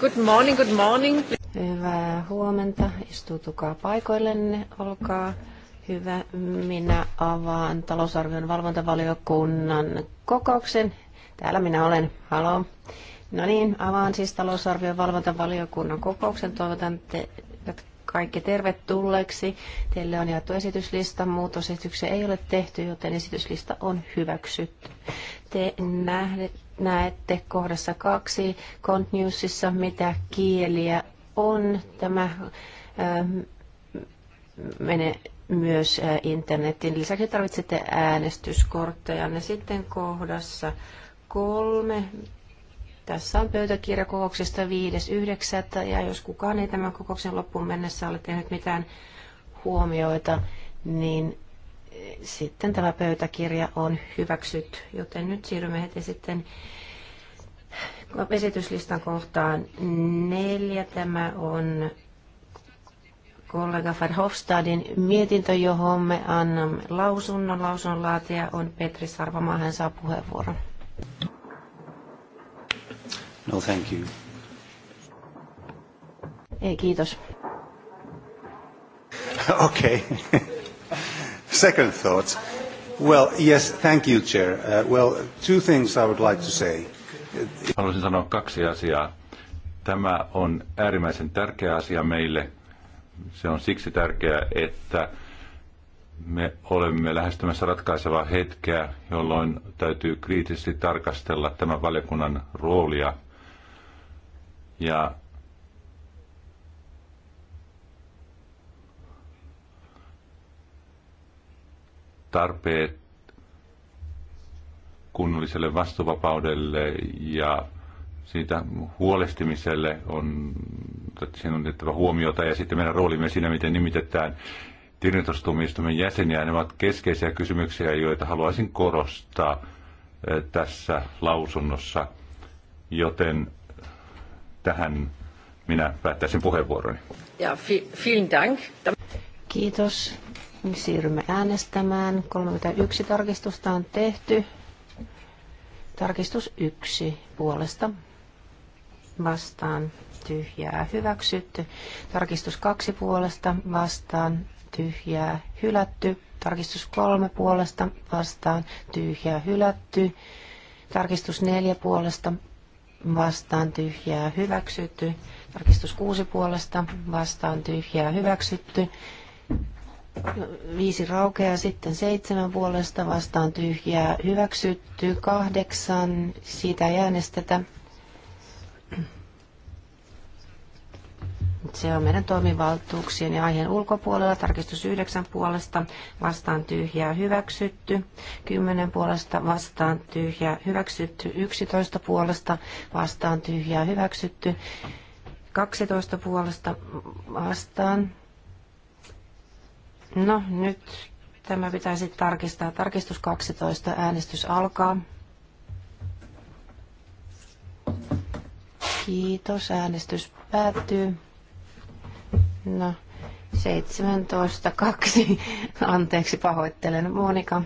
Good morning, good morning. Hyvää huomenta. Istutukaa paikoillenne. Olkaa hyvä. Minä avaan talousarvion valvontavaliokunnan kokouksen. Täällä minä olen. Halo. No niin, avaan siis talousarvion valvontavaliokunnan kokouksen. Toivotan te kaikki tervetulleeksi. Teille on jaettu esityslista, muutosesityksiä ei ole tehty, joten esityslista on hyväksytty. Te nähdette näette kohdassa kaksi Contnewsissa, mitä kieliä on. Tämä ähm, menee myös äh, internetin. Lisäksi tarvitsette äänestyskortteja. Ja sitten kohdassa kolme. Tässä on pöytäkirja 5.9. Ja jos kukaan ei tämän kokouksen loppuun mennessä ole tehnyt mitään huomioita, niin sitten tämä pöytäkirja on hyväksytty, joten nyt siirrymme heti sitten esityslistan kohtaan neljä. Tämä on kollega Verhofstadin mietintö, johon me annamme lausunnon. Lausunnonlaatija on Petri Sarvamaa, hän saa puheenvuoron. No thank you. Ei, kiitos. Okei. Okay. second thoughts. Well, yes, thank you, Chair. Uh, well, two things I would like to say. Haluaisin sanoa kaksi asiaa. Tämä on äärimmäisen tärkeä asia meille. Se on siksi tärkeä, että me olemme lähestymässä ratkaisevaa hetkeä, jolloin täytyy kriittisesti tarkastella tämän valiokunnan roolia. Ja tarpeet kunnolliselle vastuvapaudelle ja siitä huolestimiselle on, että siinä on tehtävä huomiota ja sitten meidän roolimme siinä, miten nimitetään tilintarkastustuomioistuimen jäseniä. Ne ovat keskeisiä kysymyksiä, joita haluaisin korostaa eh, tässä lausunnossa, joten tähän minä päättäisin puheenvuoroni. Ja, vielen dank. Kiitos. Siirrymme äänestämään. 31 tarkistusta on tehty. Tarkistus 1 puolesta vastaan tyhjää hyväksytty. Tarkistus 2 puolesta vastaan tyhjää hylätty. Tarkistus 3 puolesta vastaan tyhjää hylätty. Tarkistus 4 puolesta vastaan tyhjää hyväksytty. Tarkistus 6 puolesta vastaan tyhjää hyväksytty. Viisi raukeaa sitten seitsemän puolesta vastaan tyhjää hyväksytty. Kahdeksan, siitä ei äänestetä. Se on meidän toimivaltuuksien ja aiheen ulkopuolella. Tarkistus 9 puolesta vastaan tyhjää hyväksytty. 10 puolesta vastaan tyhjää hyväksytty. 11 puolesta vastaan tyhjää hyväksytty. 12 puolesta vastaan No nyt tämä pitäisi tarkistaa. Tarkistus 12. Äänestys alkaa. Kiitos. Äänestys päättyy. No, 17.2. Anteeksi, pahoittelen. Monika.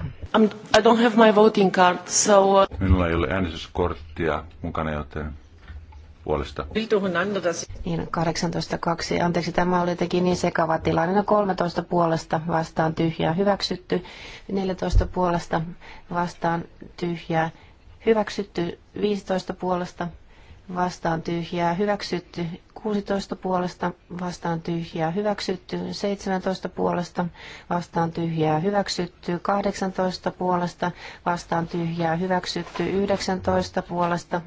I don't have my voting card, so... Uh, Minulla ei ole äänestyskorttia mukana, joten puolesta. Niin, 18.2. Anteeksi, tämä oli jotenkin niin sekava tilanne. No 13 puolesta vastaan tyhjää hyväksytty. 14 puolesta vastaan tyhjää hyväksytty. 15 puolesta vastaan tyhjää hyväksytty. 16 puolesta vastaan tyhjää hyväksytty. 17 puolesta vastaan tyhjää hyväksytty. 18 puolesta vastaan tyhjää hyväksytty. 19 puolesta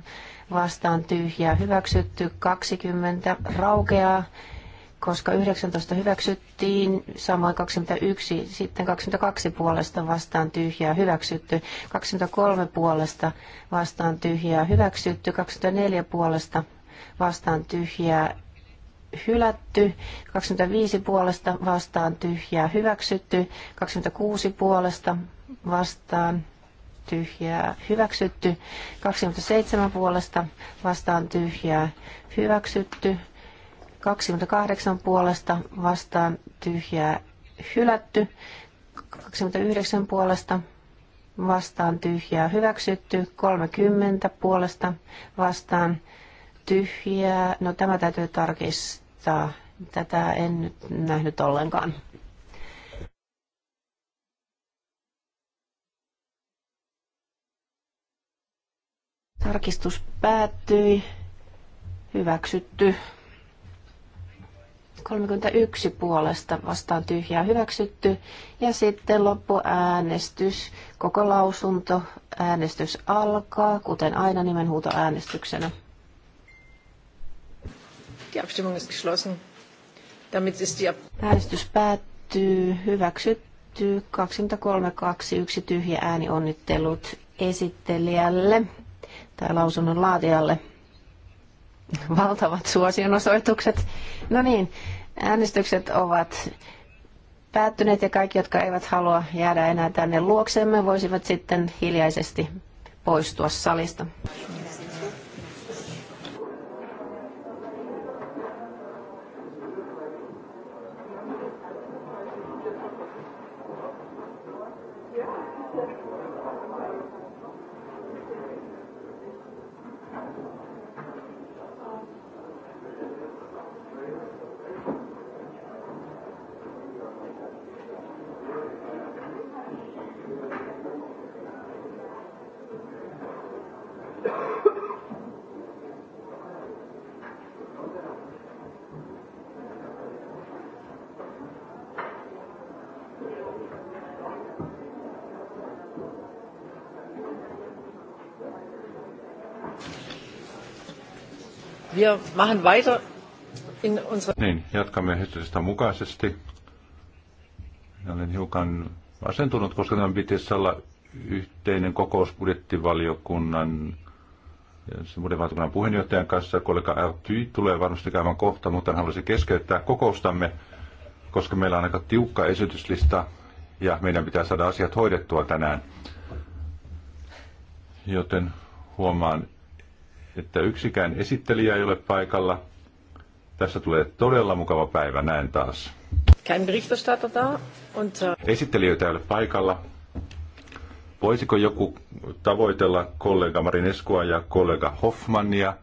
vastaan tyhjää hyväksytty, 20 raukeaa, koska 19 hyväksyttiin, samoin 21, sitten 22 puolesta vastaan tyhjää hyväksytty, 23 puolesta vastaan tyhjää hyväksytty, 24 puolesta vastaan tyhjää hylätty, 25 puolesta vastaan tyhjää hyväksytty, 26 puolesta vastaan tyhjää hyväksytty. 27 puolesta vastaan tyhjää hyväksytty. 28 puolesta vastaan tyhjää hylätty. 29 puolesta vastaan tyhjää hyväksytty. 30 puolesta vastaan tyhjää. No tämä täytyy tarkistaa. Tätä en nyt nähnyt ollenkaan. Tarkistus päättyi. Hyväksytty. 31 puolesta vastaan tyhjää hyväksytty. Ja sitten loppuäänestys, koko lausunto, äänestys alkaa, kuten aina nimenhuuto äänestyksenä. Äänestys päättyy, hyväksytty, 23.21 tyhjä ääni onnittelut esittelijälle tai lausunnon laatijalle valtavat suosionosoitukset. No niin, äänestykset ovat päättyneet ja kaikki, jotka eivät halua jäädä enää tänne luoksemme, voisivat sitten hiljaisesti poistua salista. Wir machen weiter in unserer... Niin, jatkamme hetkisestä mukaisesti. Ja olen hiukan asentunut, koska tämä pitäisi olla yhteinen kokous budjettivaliokunnan muiden valtakunnan puheenjohtajan kanssa. Kollega Arty tulee varmasti käymään kohta, mutta hän haluaisi keskeyttää kokoustamme, koska meillä on aika tiukka esityslista ja meidän pitää saada asiat hoidettua tänään. Joten huomaan, että yksikään esittelijä ei ole paikalla. Tässä tulee todella mukava päivä, näen taas. Kein Berichterstatter da und... Äh, Esittelijöitä ei ole paikalla. Voisiko joku tavoitella kollega Marineskoa ja kollega Hoffmania?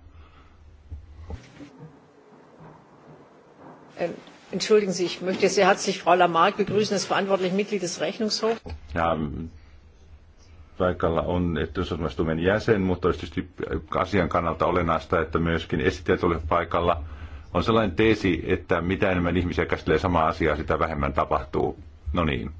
Ähm, entschuldigen Sie, ich möchte sehr herzlich Frau Lamarck begrüßen, als verantwortliche Mitglied des Rechnungshofs. Ja, paikalla on että sosiaalistumen jäsen, mutta olisi tietysti asian kannalta olennaista, että myöskin esittäjät olivat paikalla. On sellainen teesi, että mitä enemmän ihmisiä käsittelee samaa asiaa, sitä vähemmän tapahtuu. No niin.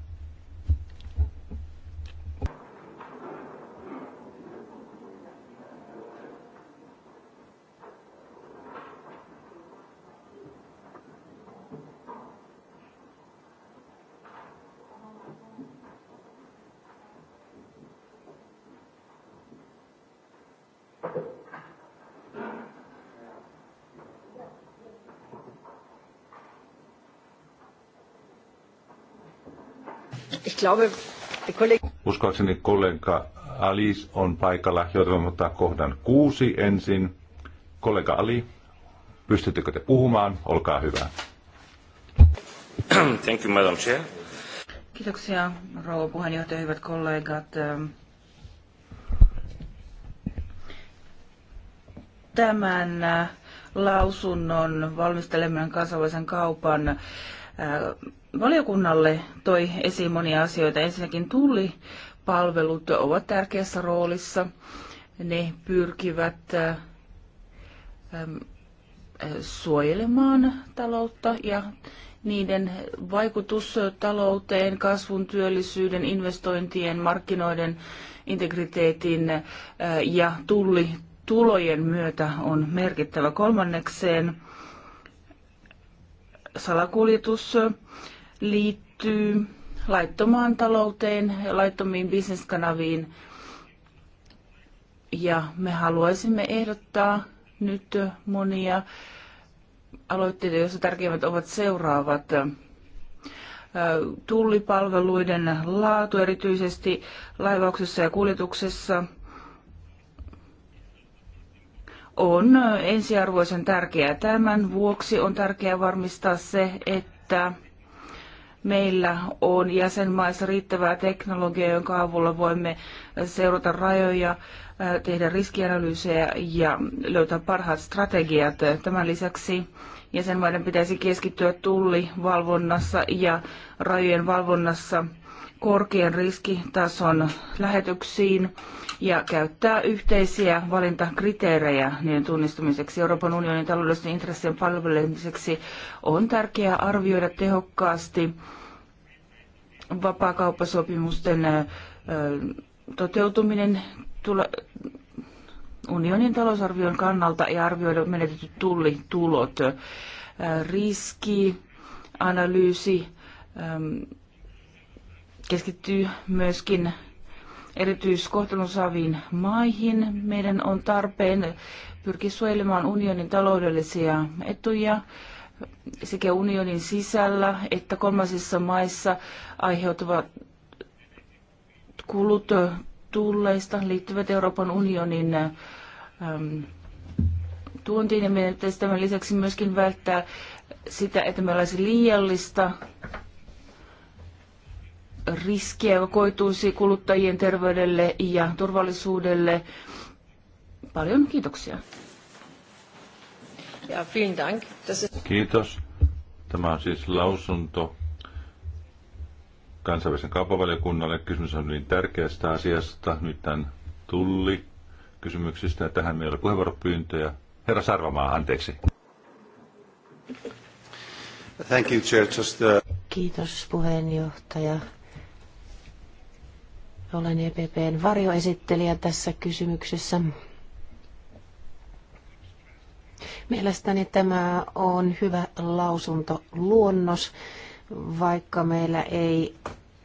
Uskoakseni kollega Alice on paikalla, joten voimme ottaa kohdan kuusi ensin. Kollega Ali, pystyttekö te puhumaan? Olkaa hyvä. Thank you, Madam Chair. Kiitoksia, rouva puheenjohtaja, hyvät kollegat. Tämän lausunnon valmisteleminen kansainvälisen kaupan valiokunnalle toi esiin monia asioita. Ensinnäkin tullipalvelut ovat tärkeässä roolissa. Ne pyrkivät suojelemaan taloutta ja niiden vaikutus talouteen, kasvun, työllisyyden, investointien, markkinoiden integriteetin ja tullitulojen myötä on merkittävä. Kolmannekseen salakuljetus liittyy laittomaan talouteen, laittomiin bisneskanaviin. Ja me haluaisimme ehdottaa nyt monia aloitteita, joissa tärkeimmät ovat seuraavat. Tullipalveluiden laatu erityisesti laivauksessa ja kuljetuksessa – on ensiarvoisen tärkeää. Tämän vuoksi on tärkeää varmistaa se, että meillä on jäsenmaissa riittävää teknologiaa, jonka avulla voimme seurata rajoja, tehdä riskianalyysejä ja löytää parhaat strategiat. Tämän lisäksi jäsenmaiden pitäisi keskittyä tullivalvonnassa ja rajojen valvonnassa – korkean riskitason lähetyksiin ja käyttää yhteisiä valintakriteerejä niiden tunnistamiseksi. Euroopan unionin taloudellisten intressien palvelemiseksi on tärkeää arvioida tehokkaasti vapaakauppasopimusten toteutuminen unionin talousarvion kannalta ja arvioida menetetyt tullitulot. Riski, analyysi, keskittyy myöskin erityiskohtelun saaviin maihin. Meidän on tarpeen pyrkiä suojelemaan unionin taloudellisia etuja sekä unionin sisällä että kolmansissa maissa aiheutuvat kulut tulleista liittyvät Euroopan unionin äm, tuontiin ja meidän tämän lisäksi myöskin välttää sitä, että meillä olisi liiallista riskiä, joka koituisi kuluttajien terveydelle ja turvallisuudelle. Paljon kiitoksia. Ja, vielen dank. Kiitos. Tämä on siis lausunto kansainvälisen kaupavaliokunnalle. Kysymys on niin tärkeästä asiasta, nyt tämän tulli kysymyksistä. Tähän meillä on puheenvuoropyyntöjä. Herra Sarvamaa, anteeksi. Thank you, Chair. Just, uh... Kiitos puheenjohtaja. Olen EPPn varjoesittelijä tässä kysymyksessä. Mielestäni tämä on hyvä lausuntoluonnos, vaikka meillä ei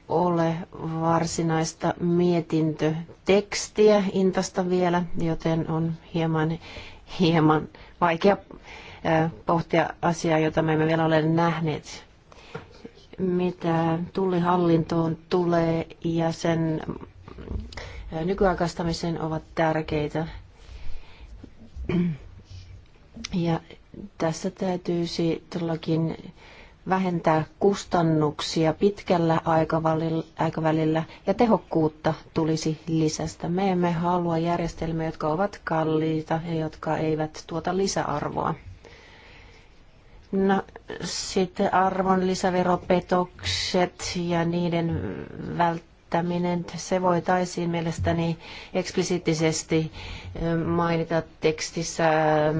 ole varsinaista mietintötekstiä Intasta vielä, joten on hieman, hieman vaikea pohtia asiaa, jota me emme vielä ole nähneet mitä tullihallintoon tulee ja sen nykyaikaistamiseen ovat tärkeitä. Ja tässä täytyisi todellakin vähentää kustannuksia pitkällä aikavälillä ja tehokkuutta tulisi lisästä. Me emme halua järjestelmiä, jotka ovat kalliita ja jotka eivät tuota lisäarvoa. No, sitten arvonlisäveropetokset ja niiden välttäminen, se voitaisiin mielestäni eksplisiittisesti ähm, mainita tekstissä. Ähm,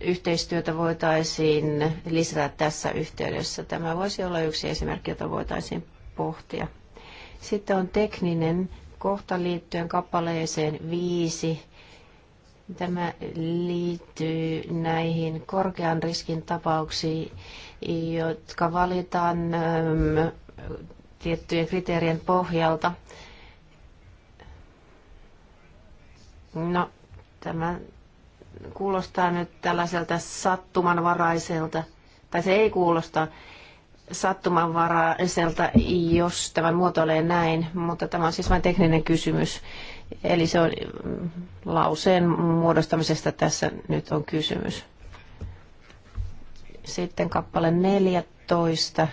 yhteistyötä voitaisiin lisätä tässä yhteydessä. Tämä voisi olla yksi esimerkki, jota voitaisiin pohtia. Sitten on tekninen kohta liittyen kappaleeseen viisi Tämä liittyy näihin korkean riskin tapauksiin, jotka valitaan ähm, tiettyjen kriteerien pohjalta. No, tämä kuulostaa nyt tällaiselta sattumanvaraiselta, tai se ei kuulosta sattumanvaraiselta, jos tämä muotoilee näin, mutta tämä on siis vain tekninen kysymys. Eli se on lauseen muodostamisesta tässä nyt on kysymys. Sitten kappale 14.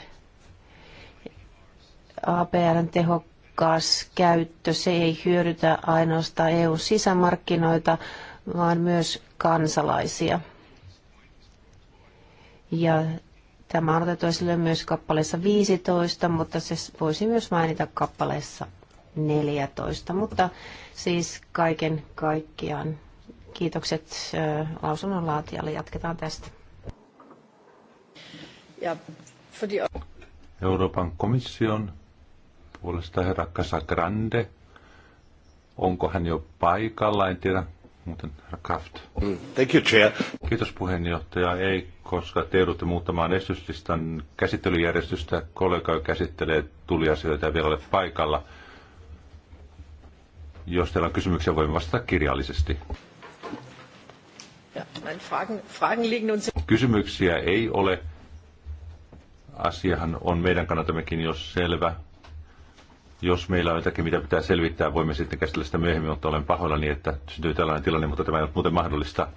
APRn tehokkaas käyttö, se ei hyödytä ainoastaan EU sisämarkkinoita, vaan myös kansalaisia. Ja tämä on otettu esille myös kappaleessa 15, mutta se voisi myös mainita kappaleessa 14. Mutta siis kaiken kaikkiaan kiitokset lausunnonlaatijalle. Jatketaan tästä. Ja Euroopan komission puolesta herra Casagrande. Onko hän jo paikalla? En tiedä. Muuten herra Kraft. Mm, thank you, chair. Kiitos puheenjohtaja. Ei, koska te joudutte muuttamaan esityslistan käsittelyjärjestystä. Kollega käsittelee tuliasioita ja vielä ole paikalla. Jos teillä on kysymyksiä, voimme vastata kirjallisesti. Kysymyksiä ei ole. Asiahan on meidän kannatammekin jo selvä. Jos meillä on jotakin, mitä pitää selvittää, voimme sitten käsitellä sitä myöhemmin, mutta olen pahoillani, että syntyy tällainen tilanne, mutta tämä ei ole muuten mahdollista.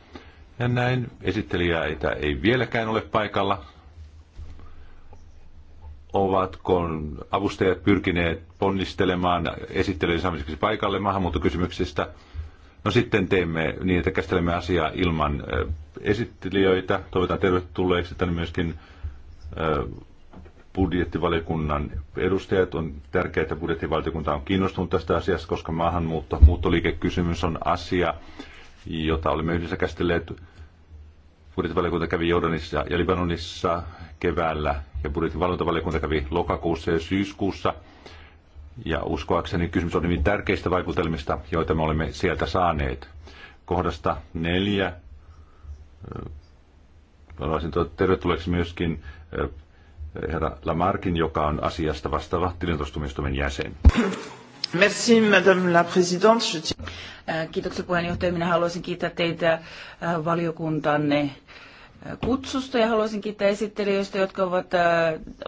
Ja näin esittelijäitä ei vieläkään ole paikalla ovatko avustajat pyrkineet ponnistelemaan esittelyjen saamiseksi paikalle maahanmuuttokysymyksistä. No sitten teemme niin, että käsittelemme asiaa ilman esittelijöitä. Toivotan tervetulleeksi tänne myöskin budjettivaliokunnan edustajat. On tärkeää, että budjettivaliokunta on kiinnostunut tästä asiasta, koska maahanmuutto, muuttoliikekysymys on asia, jota olemme yhdessä käsitelleet. Budjettivaliokunta kävi Jordanissa ja Libanonissa keväällä ja budjetin valvontavaliokunta kävi lokakuussa ja syyskuussa. Ja uskoakseni kysymys on hyvin tärkeistä vaikutelmista, joita me olemme sieltä saaneet. Kohdasta neljä. Haluaisin tervetulleeksi myöskin eh, herra Lamarkin, joka on asiasta vastaava tilintostumistoimen jäsen. Merci, Madame la Présidente. Äh, kiitoksia puheenjohtaja. Minä haluaisin kiittää teitä äh, valiokuntanne kutsusta ja haluaisin kiittää esittelijöistä, jotka ovat äh,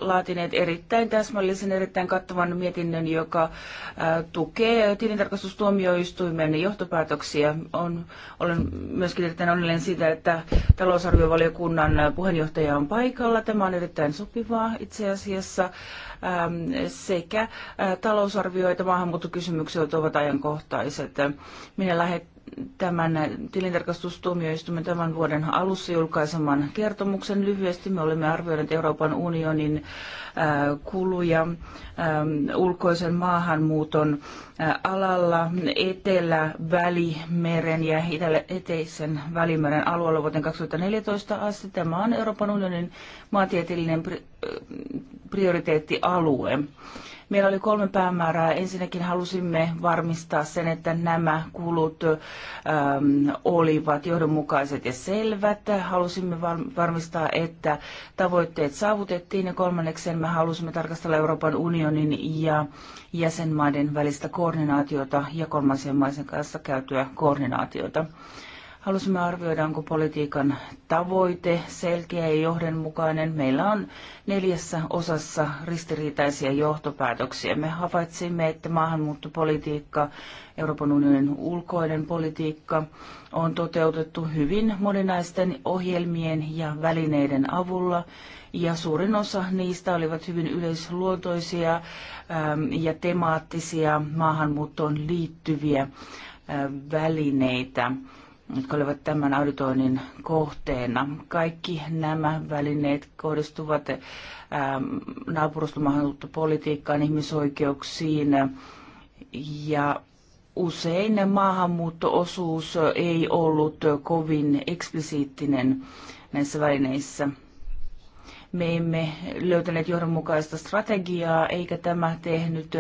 laatineet erittäin täsmällisen, erittäin kattavan mietinnön, joka äh, tukee tilintarkastustuomioistuimen johtopäätöksiä. On, olen myöskin erittäin onnellinen siitä, että talousarviovaliokunnan puheenjohtaja on paikalla. Tämä on erittäin sopivaa itse asiassa. Ähm, sekä äh, talousarvioita, että maahanmuuttokysymykset ovat ajankohtaiset. Minä lähet tämän tilintarkastustuomioistuimen tämän vuoden alussa julkaiseman kertomuksen lyhyesti. Me olemme arvioineet Euroopan unionin äh, kuluja ähm, ulkoisen maahanmuuton äh, alalla etelä, välimeren ja eteisen välimeren alueella vuoteen 2014 asti. Tämä on Euroopan unionin maantieteellinen prioriteettialue. Meillä oli kolme päämäärää. Ensinnäkin halusimme varmistaa sen, että nämä kulut äm, olivat johdonmukaiset ja selvät. Halusimme varmistaa, että tavoitteet saavutettiin. Ja kolmanneksi me halusimme tarkastella Euroopan unionin ja jäsenmaiden välistä koordinaatiota ja kolmansien maisen kanssa käytyä koordinaatiota. Halusimme arvioida, onko politiikan tavoite selkeä ja johdonmukainen. Meillä on neljässä osassa ristiriitaisia johtopäätöksiä. Me havaitsimme, että maahanmuuttopolitiikka, Euroopan unionin ulkoinen politiikka on toteutettu hyvin moninaisten ohjelmien ja välineiden avulla. Ja suurin osa niistä olivat hyvin yleisluontoisia ähm, ja temaattisia maahanmuuttoon liittyviä äh, välineitä jotka olivat tämän auditoinnin kohteena. Kaikki nämä välineet kohdistuvat ähm, naapurustumahdollisuutta politiikkaan, ihmisoikeuksiin ja usein maahanmuuttoosuus ei ollut kovin eksplisiittinen näissä välineissä. Me emme löytäneet johdonmukaista strategiaa, eikä tämä tehnyt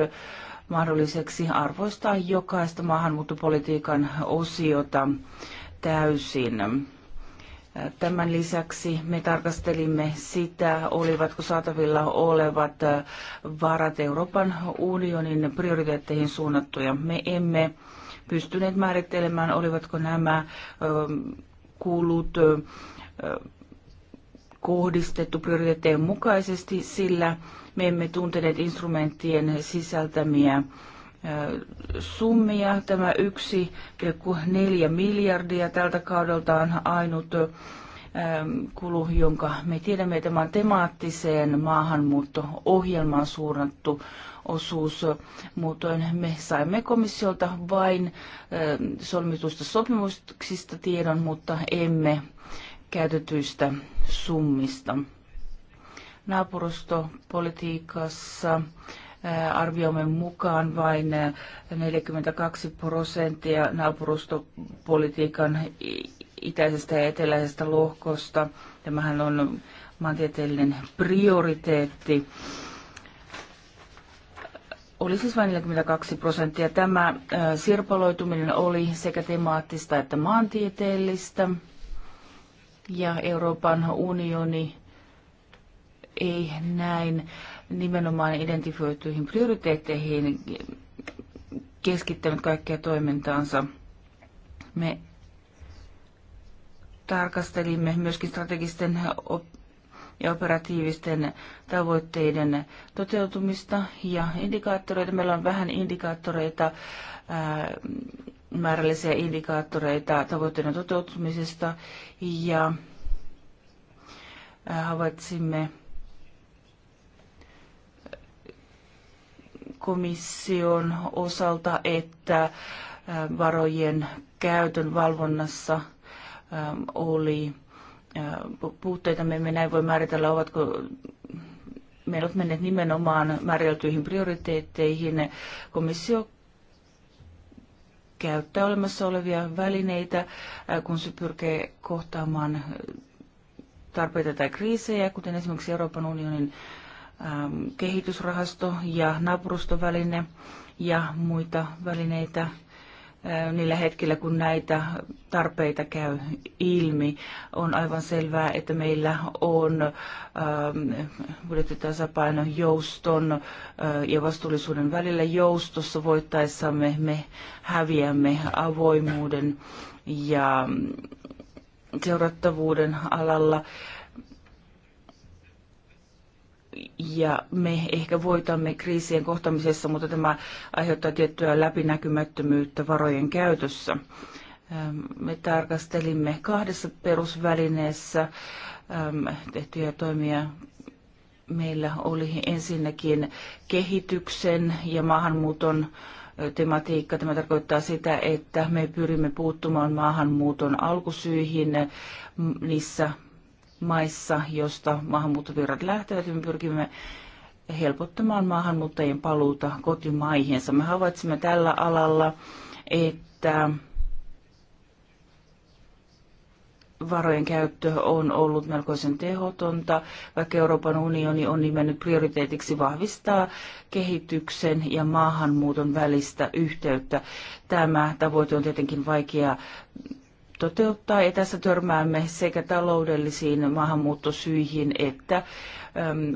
mahdolliseksi arvoistaa jokaista maahanmuuttopolitiikan osiota täysin. Tämän lisäksi me tarkastelimme sitä, olivatko saatavilla olevat varat Euroopan unionin prioriteetteihin suunnattuja. Me emme pystyneet määrittelemään, olivatko nämä ähm, kulut äh, kohdistettu prioriteettien mukaisesti, sillä me emme tunteneet instrumenttien sisältämiä summia. Tämä 1,4 miljardia tältä kaudelta on ainut ähm, kulu, jonka me tiedämme, tämän temaattiseen maahanmuutto-ohjelmaan suunnattu osuus. Muutoin me saimme komissiolta vain ähm, solmitusta sopimuksista tiedon, mutta emme käytetyistä summista. Naapurustopolitiikassa arviomme mukaan vain 42 prosenttia naapurustopolitiikan itäisestä ja eteläisestä lohkosta. Tämähän on maantieteellinen prioriteetti. Oli siis vain 42 prosenttia. Tämä sirpaloituminen oli sekä temaattista että maantieteellistä. Ja Euroopan unioni ei näin nimenomaan identifioituihin prioriteetteihin keskittänyt kaikkia toimintaansa. Me tarkastelimme myöskin strategisten ja operatiivisten tavoitteiden toteutumista ja indikaattoreita. Meillä on vähän indikaattoreita, määrällisiä indikaattoreita tavoitteiden toteutumisesta ja havaitsimme komission osalta että äh, varojen käytön valvonnassa ähm, oli äh, puutteita. Me emme näin voi määritellä, ovatko menot menneet nimenomaan määriteltyihin prioriteetteihin. Komissio käyttää olemassa olevia välineitä, äh, kun se pyrkii kohtaamaan tarpeita tai kriisejä, kuten esimerkiksi Euroopan unionin Ähm, kehitysrahasto ja naapurustoväline ja muita välineitä äh, niillä hetkillä, kun näitä tarpeita käy ilmi. On aivan selvää, että meillä on ähm, budjettitasapaino jouston äh, ja vastuullisuuden välillä joustossa voittaessamme me häviämme avoimuuden ja mm, seurattavuuden alalla ja me ehkä voitamme kriisien kohtamisessa, mutta tämä aiheuttaa tiettyä läpinäkymättömyyttä varojen käytössä. Me tarkastelimme kahdessa perusvälineessä tehtyjä toimia. Meillä oli ensinnäkin kehityksen ja maahanmuuton tematiikka. Tämä tarkoittaa sitä, että me pyrimme puuttumaan maahanmuuton alkusyihin niissä maissa, josta maahanmuuttovirrat lähtevät, me pyrkimme helpottamaan maahanmuuttajien paluuta kotimaihinsa. Me havaitsimme tällä alalla, että varojen käyttö on ollut melkoisen tehotonta, vaikka Euroopan unioni on nimennyt prioriteetiksi vahvistaa kehityksen ja maahanmuuton välistä yhteyttä. Tämä tavoite on tietenkin vaikea toteuttaa. Ja tässä törmäämme sekä taloudellisiin maahanmuuttosyihin että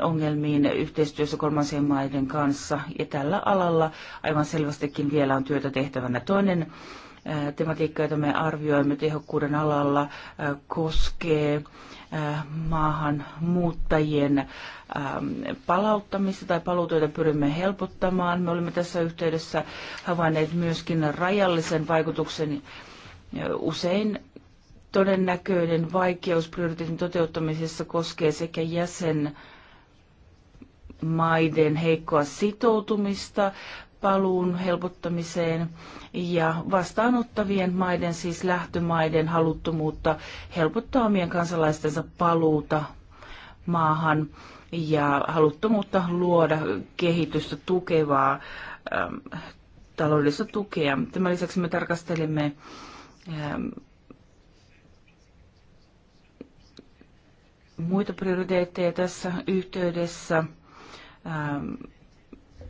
ongelmiin yhteistyössä kolmansien maiden kanssa. Ja tällä alalla aivan selvästikin vielä on työtä tehtävänä. Toinen tematiikka, jota me arvioimme tehokkuuden alalla, koskee maahanmuuttajien palauttamista tai paluutyötä pyrimme helpottamaan. Me olemme tässä yhteydessä havainneet myöskin rajallisen vaikutuksen Usein todennäköinen vaikeus prioriteetin toteuttamisessa koskee sekä jäsenmaiden heikkoa sitoutumista paluun helpottamiseen ja vastaanottavien maiden, siis lähtömaiden haluttomuutta helpottaa omien kansalaistensa paluuta maahan ja haluttomuutta luoda kehitystä tukevaa ähm, taloudellista tukea. Tämän lisäksi me tarkastelemme äh, Ähm, muita prioriteetteja tässä yhteydessä. Ähm,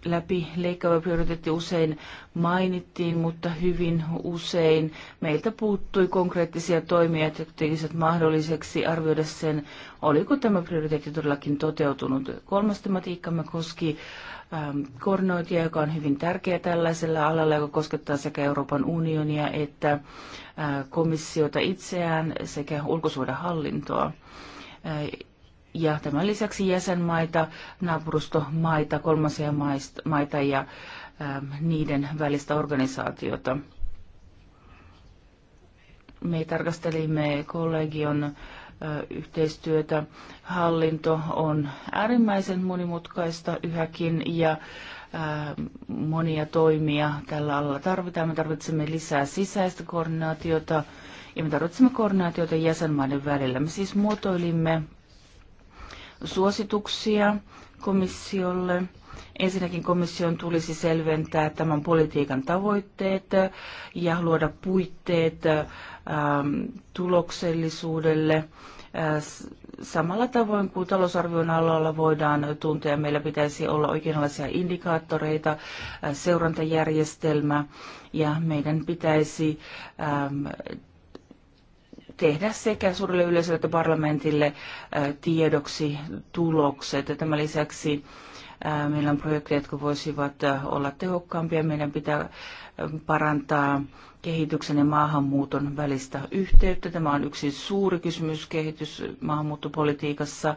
läpi leikkaava prioriteetti usein mainittiin, mutta hyvin usein meiltä puuttui konkreettisia toimia, jotka tekisivät mahdolliseksi arvioida sen, oliko tämä prioriteetti todellakin toteutunut. Kolmas tematiikkamme koski Ähm, koordinointia, joka on hyvin tärkeä tällaisella alalla, joka koskettaa sekä Euroopan unionia että äh, komissiota itseään sekä ulkosuhdehallintoa. Äh, ja tämän lisäksi jäsenmaita, naapurustomaita, kolmansia maita ja ähm, niiden välistä organisaatiota. Me tarkastelimme kollegion yhteistyötä. Hallinto on äärimmäisen monimutkaista yhäkin ja monia toimia tällä alalla tarvitaan. Me tarvitsemme lisää sisäistä koordinaatiota ja me tarvitsemme koordinaatiota jäsenmaiden välillä. Me siis muotoilimme suosituksia komissiolle. Ensinnäkin komission tulisi selventää tämän politiikan tavoitteet ja luoda puitteet Ähm, tuloksellisuudelle. Äh, samalla tavoin kuin talousarvion alalla voidaan tuntea, meillä pitäisi olla oikeanlaisia indikaattoreita, äh, seurantajärjestelmä ja meidän pitäisi ähm, tehdä sekä suurelle yleisölle että parlamentille äh, tiedoksi tulokset. Tämän lisäksi Meillä on projekteja, jotka voisivat olla tehokkaampia. Meidän pitää parantaa kehityksen ja maahanmuuton välistä yhteyttä. Tämä on yksi suuri kysymys kehitys maahanmuuttopolitiikassa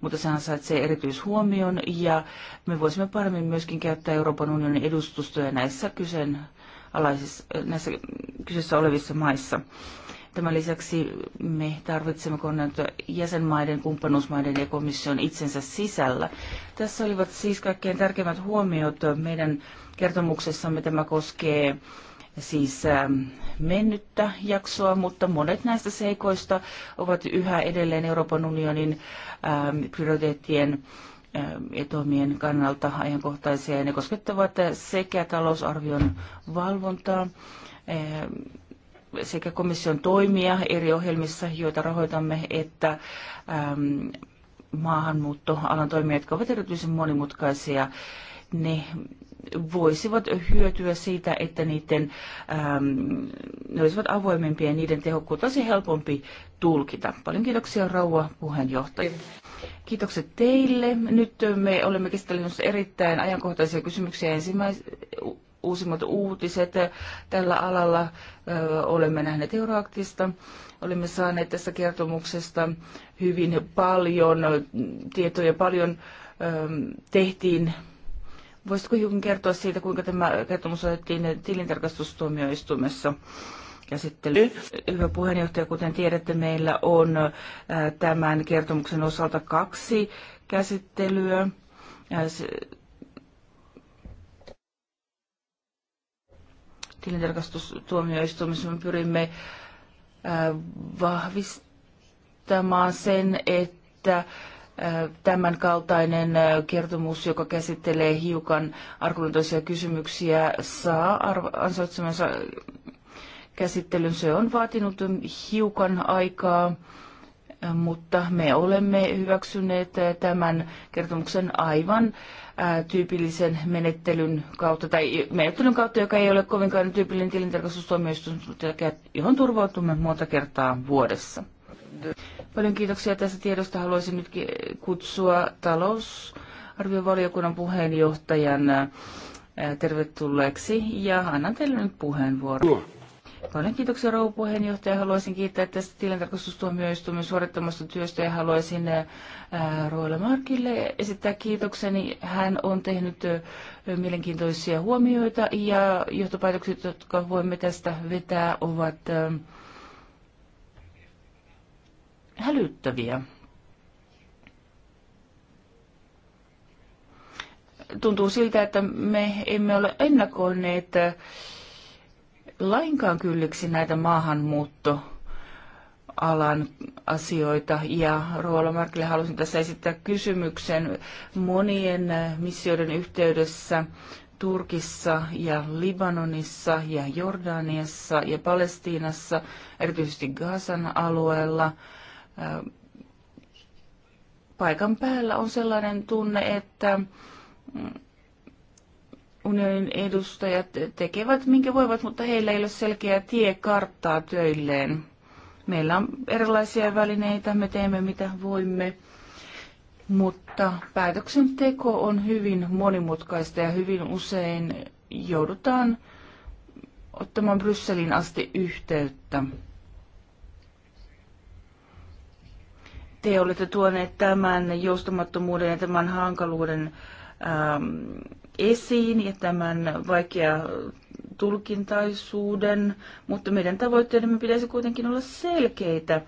mutta se ansaitsee erityishuomion ja me voisimme paremmin myöskin käyttää Euroopan unionin edustustoja näissä, näissä kyseessä olevissa maissa. Tämän lisäksi me tarvitsemme koordinaatiota jäsenmaiden, kumppanuusmaiden ja komission itsensä sisällä. Tässä olivat siis kaikkein tärkeimmät huomiot meidän kertomuksessamme. Tämä koskee siis ähm, mennyttä jaksoa, mutta monet näistä seikoista ovat yhä edelleen Euroopan unionin ähm, prioriteettien ja äh, toimien kannalta ajankohtaisia ja ne koskettavat sekä talousarvion valvontaa, äh, sekä komission toimia eri ohjelmissa, joita rahoitamme, että ähm, maahanmuuttoalan toimia, jotka ovat erityisen monimutkaisia, ne voisivat hyötyä siitä, että niiden, ähm, ne olisivat avoimempia ja niiden tehokkuutta olisi helpompi tulkita. Paljon kiitoksia Rauha puheenjohtaja. Kiitokset teille. Nyt me olemme käsitelleet erittäin ajankohtaisia kysymyksiä ensimmäisessä uusimmat uutiset tällä alalla. Olemme nähneet Euroaktista. Olemme saaneet tästä kertomuksesta hyvin paljon tietoja, paljon tehtiin. Voisitko hiukan kertoa siitä, kuinka tämä kertomus otettiin tilintarkastustuomioistuimessa? käsittely. Hyvä puheenjohtaja, kuten tiedätte, meillä on tämän kertomuksen osalta kaksi käsittelyä tilintarkastustuomioistuimessa me pyrimme vahvistamaan sen, että tämän kaltainen kertomus, joka käsittelee hiukan argumentoisia kysymyksiä, saa ansaitsemansa käsittelyn. Se on vaatinut hiukan aikaa, mutta me olemme hyväksyneet tämän kertomuksen aivan tyypillisen menettelyn kautta tai menettelyn kautta, joka ei ole kovinkaan tyypillinen tilintarkastustuomioistuin, johon turvautumme monta kertaa vuodessa. Paljon kiitoksia tästä tiedosta. Haluaisin nyt kutsua talousarviovaliokunnan puheenjohtajan tervetulleeksi ja annan teille nyt puheenvuoron. Toinen kiitoksia rouva puheenjohtaja. Haluaisin kiittää tästä tilintarkastustuomioistuimen suorittamasta työstä ja haluaisin äh, Roille Markille esittää kiitokseni. Hän on tehnyt äh, mielenkiintoisia huomioita ja johtopäätökset, jotka voimme tästä vetää, ovat äh, hälyttäviä. Tuntuu siltä, että me emme ole ennakoineet että lainkaan kylliksi näitä maahanmuutto alan asioita. Ja Ruola Markille halusin tässä esittää kysymyksen monien missioiden yhteydessä Turkissa ja Libanonissa ja Jordaniassa ja Palestiinassa, erityisesti Gazan alueella. Paikan päällä on sellainen tunne, että unionin edustajat tekevät minkä voivat, mutta heillä ei ole selkeää tiekarttaa töilleen. Meillä on erilaisia välineitä, me teemme mitä voimme, mutta päätöksenteko on hyvin monimutkaista ja hyvin usein joudutaan ottamaan Brysselin asti yhteyttä. Te olette tuoneet tämän joustamattomuuden ja tämän hankaluuden äh, Ähm, esiin ja tämän vaikea tulkintaisuuden, mutta meidän tavoitteidemme pitäisi kuitenkin olla selkeitä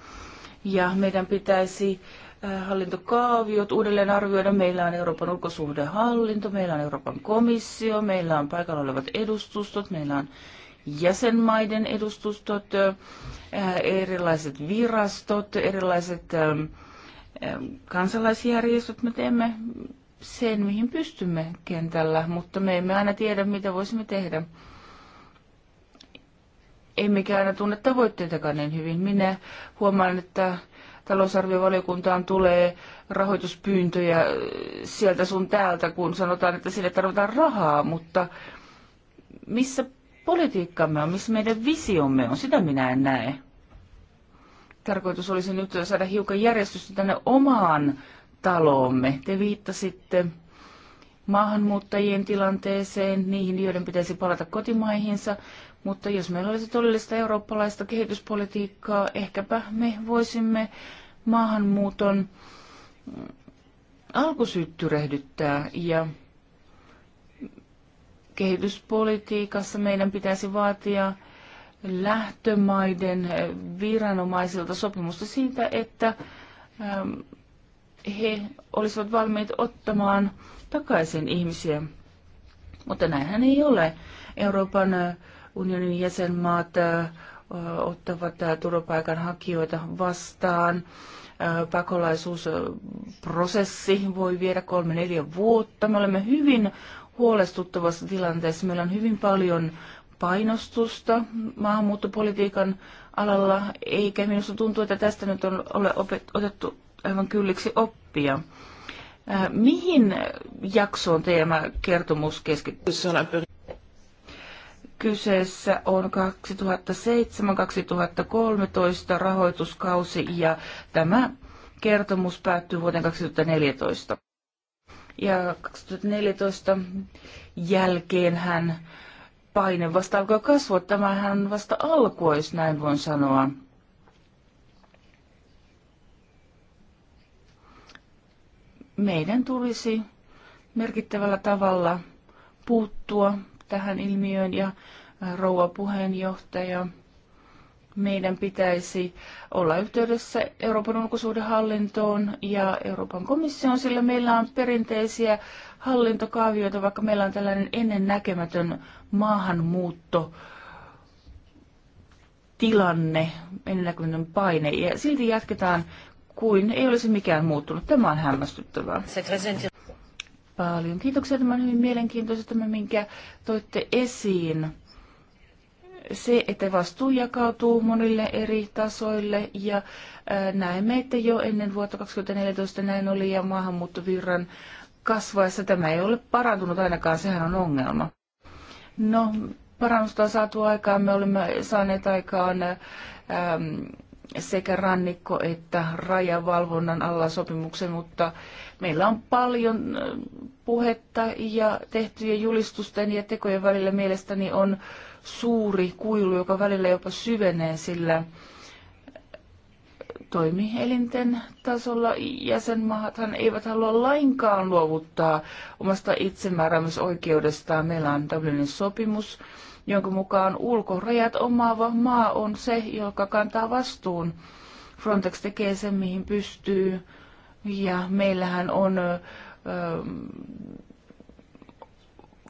ja meidän pitäisi äh, hallintokaaviot uudelleen arvioida. Meillä on Euroopan ulkosuhdehallinto, meillä on Euroopan komissio, meillä on paikalla olevat edustustot, meillä on jäsenmaiden edustustot, äh, erilaiset virastot, erilaiset ähm, äh, kansalaisjärjestöt. Me teemme sen, mihin pystymme kentällä, mutta me emme aina tiedä, mitä voisimme tehdä. Emmekä aina tunne tavoitteitakaan niin hyvin. Minä huomaan, että talousarviovaliokuntaan tulee rahoituspyyntöjä äh, sieltä sun täältä, kun sanotaan, että sille tarvitaan rahaa, mutta missä politiikkamme on, missä meidän visiomme on, sitä minä en näe. Tarkoitus olisi nyt saada hiukan järjestystä tänne omaan taloomme. Te viittasitte maahanmuuttajien tilanteeseen, niihin, joiden pitäisi palata kotimaihinsa, mutta jos meillä olisi todellista eurooppalaista kehityspolitiikkaa, ehkäpä me voisimme maahanmuuton mm, alkusyttyrehdyttää ja kehityspolitiikassa meidän pitäisi vaatia lähtömaiden eh, viranomaisilta sopimusta siitä, että he olisivat valmiit ottamaan takaisin ihmisiä. Mutta näinhän ei ole. Euroopan unionin jäsenmaat ottavat turvapaikanhakijoita vastaan. Pakolaisuusprosessi voi viedä kolme neljä vuotta. Me olemme hyvin huolestuttavassa tilanteessa. Meillä on hyvin paljon painostusta maahanmuuttopolitiikan alalla, eikä minusta tuntuu, että tästä nyt on ole otettu aivan kylliksi oppia. Äh, mihin jaksoon teema kertomus keskittyy? Kyseessä on 2007-2013 rahoituskausi ja tämä kertomus päättyy vuoteen 2014. Ja 2014 jälkeen hän paine vasta alkoi kasvua. Tämähän vasta alkuis, näin voin sanoa. meidän tulisi merkittävällä tavalla puuttua tähän ilmiöön ja rouva puheenjohtaja, meidän pitäisi olla yhteydessä Euroopan ulkosuhdehallintoon ja Euroopan komissioon, sillä meillä on perinteisiä hallintokaavioita, vaikka meillä on tällainen ennennäkemätön maahanmuutto tilanne, ennennäkemätön paine, ja silti jatketaan kuin ei olisi mikään muuttunut. Tämä on hämmästyttävää. Paljon kiitoksia. Tämä on hyvin mielenkiintoista, tämä minkä toitte esiin. Se, että vastuu jakautuu monille eri tasoille ja äh, näemme, että jo ennen vuotta 2014 näin oli ja maahanmuuttovirran kasvaessa tämä ei ole parantunut ainakaan, sehän on ongelma. No, parannusta on saatu aikaan, me olemme saaneet aikaan ähm, sekä rannikko- että rajavalvonnan alla sopimuksen, mutta meillä on paljon puhetta ja tehtyjen julistusten ja tekojen välillä mielestäni on suuri kuilu, joka välillä jopa syvenee, sillä toimielinten tasolla jäsenmaathan eivät halua lainkaan luovuttaa omasta itsemääräämisoikeudestaan. Meillä on Dublinin sopimus, jonka mukaan ulkorajat omaava maa on se, joka kantaa vastuun. Frontex tekee sen, mihin pystyy, ja meillähän on ähm,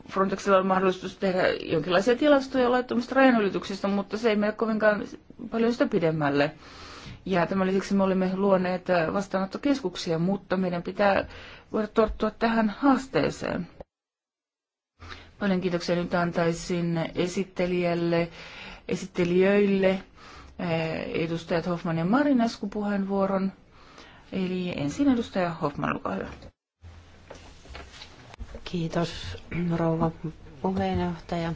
Frontexilla on mahdollisuus tehdä jonkinlaisia tilastoja laittomista rajanylityksistä, mutta se ei mene kovinkaan paljon sitä pidemmälle. Ja tämän lisäksi me olimme luoneet vastaanottokeskuksia, mutta meidän pitää voida tarttua tähän haasteeseen. Paljon kiitoksia nyt antaisin esittelijälle, esittelijöille, eh, edustajat Hoffman ja Marin puheenvuoron. Eli ensin edustaja Hoffman, olkaa hyvä. Kiitos rouva puheenjohtaja.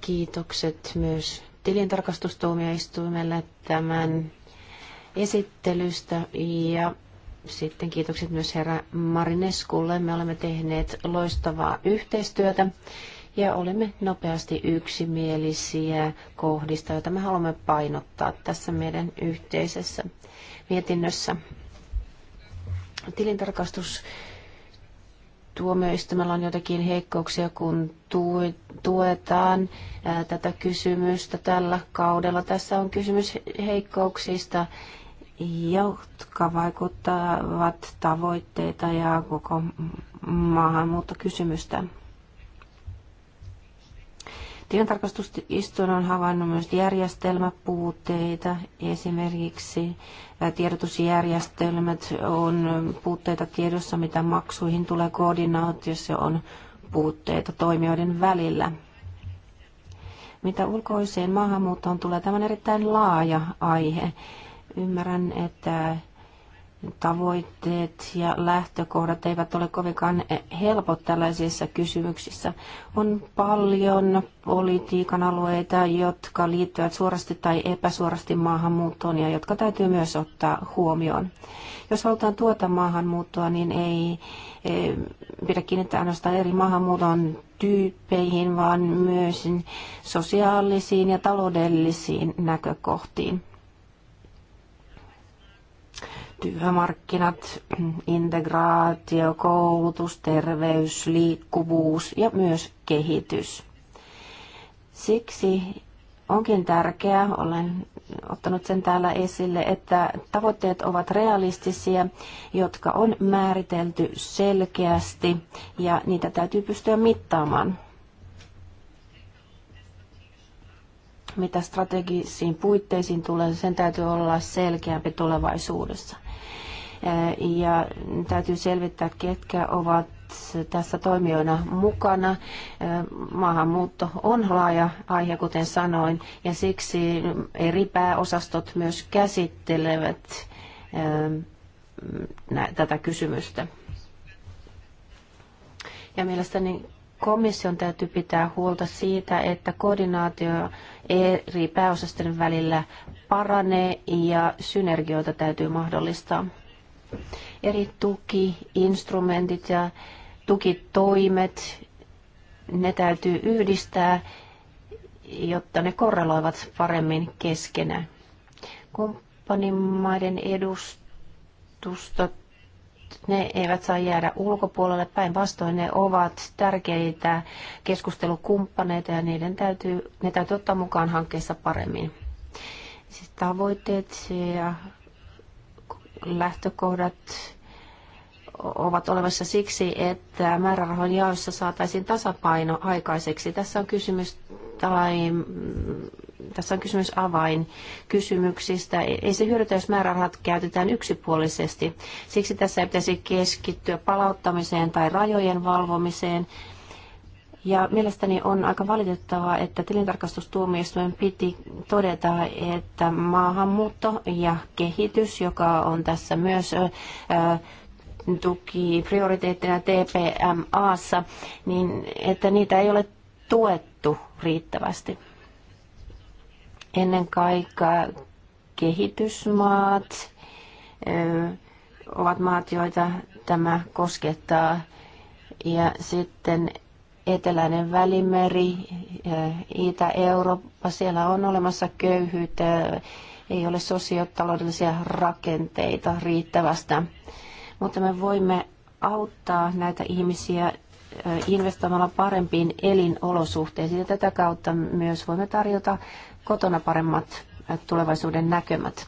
Kiitokset myös tilintarkastustuomioistuimelle tämän esittelystä ja sitten kiitokset myös herra Marineskulle. Me olemme tehneet loistavaa yhteistyötä ja olemme nopeasti yksimielisiä kohdista, joita me haluamme painottaa tässä meidän yhteisessä mietinnössä. Tilintarkastus tuomioistumalla on jotakin heikkouksia, kun tuetaan tätä kysymystä tällä kaudella. Tässä on kysymys heikkouksista jotka vaikuttavat tavoitteita ja koko maahanmuuttokysymystä. Tilintarkastusistuin on havainnut myös järjestelmäpuutteita, esimerkiksi tiedotusjärjestelmät on puutteita tiedossa, mitä maksuihin tulee koordinaatiossa on puutteita toimijoiden välillä. Mitä ulkoiseen maahanmuuttoon tulee, tämä on erittäin laaja aihe. Ymmärrän, että tavoitteet ja lähtökohdat eivät ole kovinkaan helpot tällaisissa kysymyksissä. On paljon politiikan alueita, jotka liittyvät suorasti tai epäsuorasti maahanmuuttoon ja jotka täytyy myös ottaa huomioon. Jos halutaan tuota maahanmuuttoa, niin ei e, pidä kiinnittää ainoastaan eri maahanmuuton tyyppeihin, vaan myös sosiaalisiin ja taloudellisiin näkökohtiin työmarkkinat, integraatio, koulutus, terveys, liikkuvuus ja myös kehitys. Siksi onkin tärkeää, olen ottanut sen täällä esille, että tavoitteet ovat realistisia, jotka on määritelty selkeästi ja niitä täytyy pystyä mittaamaan. mitä strategisiin puitteisiin tulee, sen täytyy olla selkeämpi tulevaisuudessa. Ja täytyy selvittää, ketkä ovat tässä toimijoina mukana. Maahanmuutto on laaja aihe, kuten sanoin, ja siksi eri pääosastot myös käsittelevät tätä kysymystä. Ja mielestäni komission täytyy pitää huolta siitä, että koordinaatio eri pääosasten välillä paranee ja synergioita täytyy mahdollistaa. Eri tukiinstrumentit ja tukitoimet, ne täytyy yhdistää, jotta ne korreloivat paremmin keskenään. Kumppanimaiden edustusta ne eivät saa jäädä ulkopuolelle. Päinvastoin ne ovat tärkeitä keskustelukumppaneita ja niiden täytyy, ne täytyy ottaa mukaan hankkeessa paremmin. Siis tavoitteet ja lähtökohdat ovat olemassa siksi, että määrärahojen jaossa saataisiin tasapaino aikaiseksi. Tässä on kysymys tai tässä on kysymys avainkysymyksistä. Ei se hyödytä, jos määrärahat käytetään yksipuolisesti. Siksi tässä ei pitäisi keskittyä palauttamiseen tai rajojen valvomiseen. Ja mielestäni on aika valitettavaa, että tilintarkastustuomioistuin piti todeta, että maahanmuutto ja kehitys, joka on tässä myös tuki prioriteettina TPMAssa, niin että niitä ei ole tuettu riittävästi. Ennen kaikkea kehitysmaat ovat maat, joita tämä koskettaa. Ja sitten eteläinen välimeri, Itä-Eurooppa, siellä on olemassa köyhyyttä, ei ole sosiotaloudellisia rakenteita riittävästä. Mutta me voimme auttaa näitä ihmisiä investoimalla parempiin elinolosuhteisiin ja tätä kautta myös voimme tarjota kotona paremmat äh, tulevaisuuden näkymät.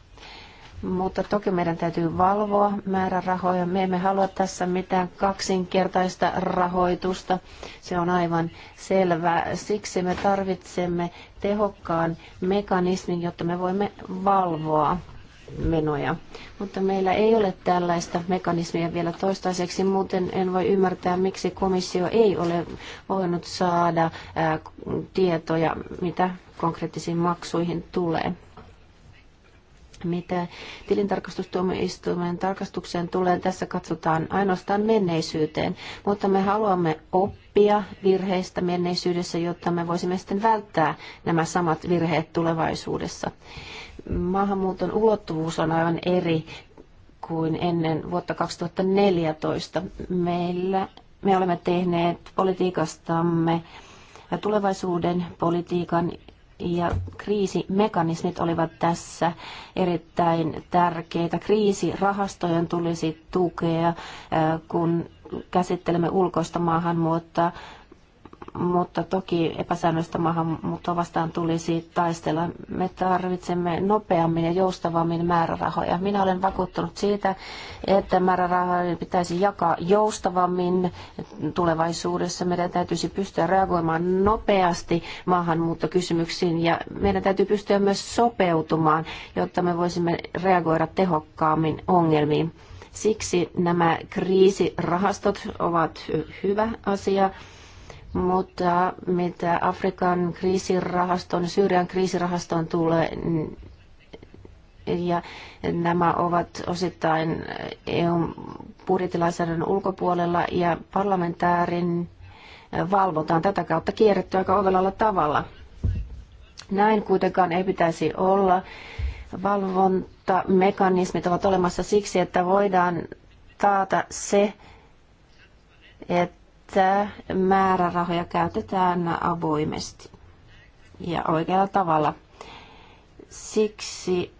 Mutta toki meidän täytyy valvoa määrärahoja. Me emme halua tässä mitään kaksinkertaista rahoitusta. Se on aivan selvää. Siksi me tarvitsemme tehokkaan mekanismin, jotta me voimme valvoa menoja. Mutta meillä ei ole tällaista mekanismia vielä toistaiseksi, muuten en voi ymmärtää, miksi komissio ei ole voinut saada ää, äh, tietoja, mitä konkreettisiin maksuihin tulee. Mitä tilintarkastustuomioistuimen tarkastukseen tulee, tässä katsotaan ainoastaan menneisyyteen, mutta me haluamme oppia virheistä menneisyydessä, jotta me voisimme sitten välttää nämä samat virheet tulevaisuudessa. Maahanmuuton ulottuvuus on aivan eri kuin ennen vuotta 2014. Meillä, me olemme tehneet politiikastamme ja tulevaisuuden politiikan ja kriisimekanismit olivat tässä erittäin tärkeitä. Kriisirahastojen tulisi tukea, äh, kun käsittelemme ulkoista maahanmuuttoa mutta toki epäsäännöistä maahanmuuttoa vastaan tulisi taistella. Me tarvitsemme nopeammin ja joustavammin määrärahoja. Minä olen vakuuttunut siitä, että määrärahoja pitäisi jakaa joustavammin tulevaisuudessa. Meidän täytyisi pystyä reagoimaan nopeasti maahanmuuttokysymyksiin ja meidän täytyy pystyä myös sopeutumaan, jotta me voisimme reagoida tehokkaammin ongelmiin. Siksi nämä kriisirahastot ovat hyvä asia mutta mitä Afrikan kriisirahaston, Syyrian kriisirahastoon tulee, ja nämä ovat osittain EUn budjettilainsäädännön ulkopuolella ja parlamentaarin valvotaan tätä kautta kierretty aika ovelalla tavalla. Näin kuitenkaan ei pitäisi olla. Valvontamekanismit ovat olemassa siksi, että voidaan taata se, että että määrärahoja käytetään avoimesti ja oikealla tavalla. Siksi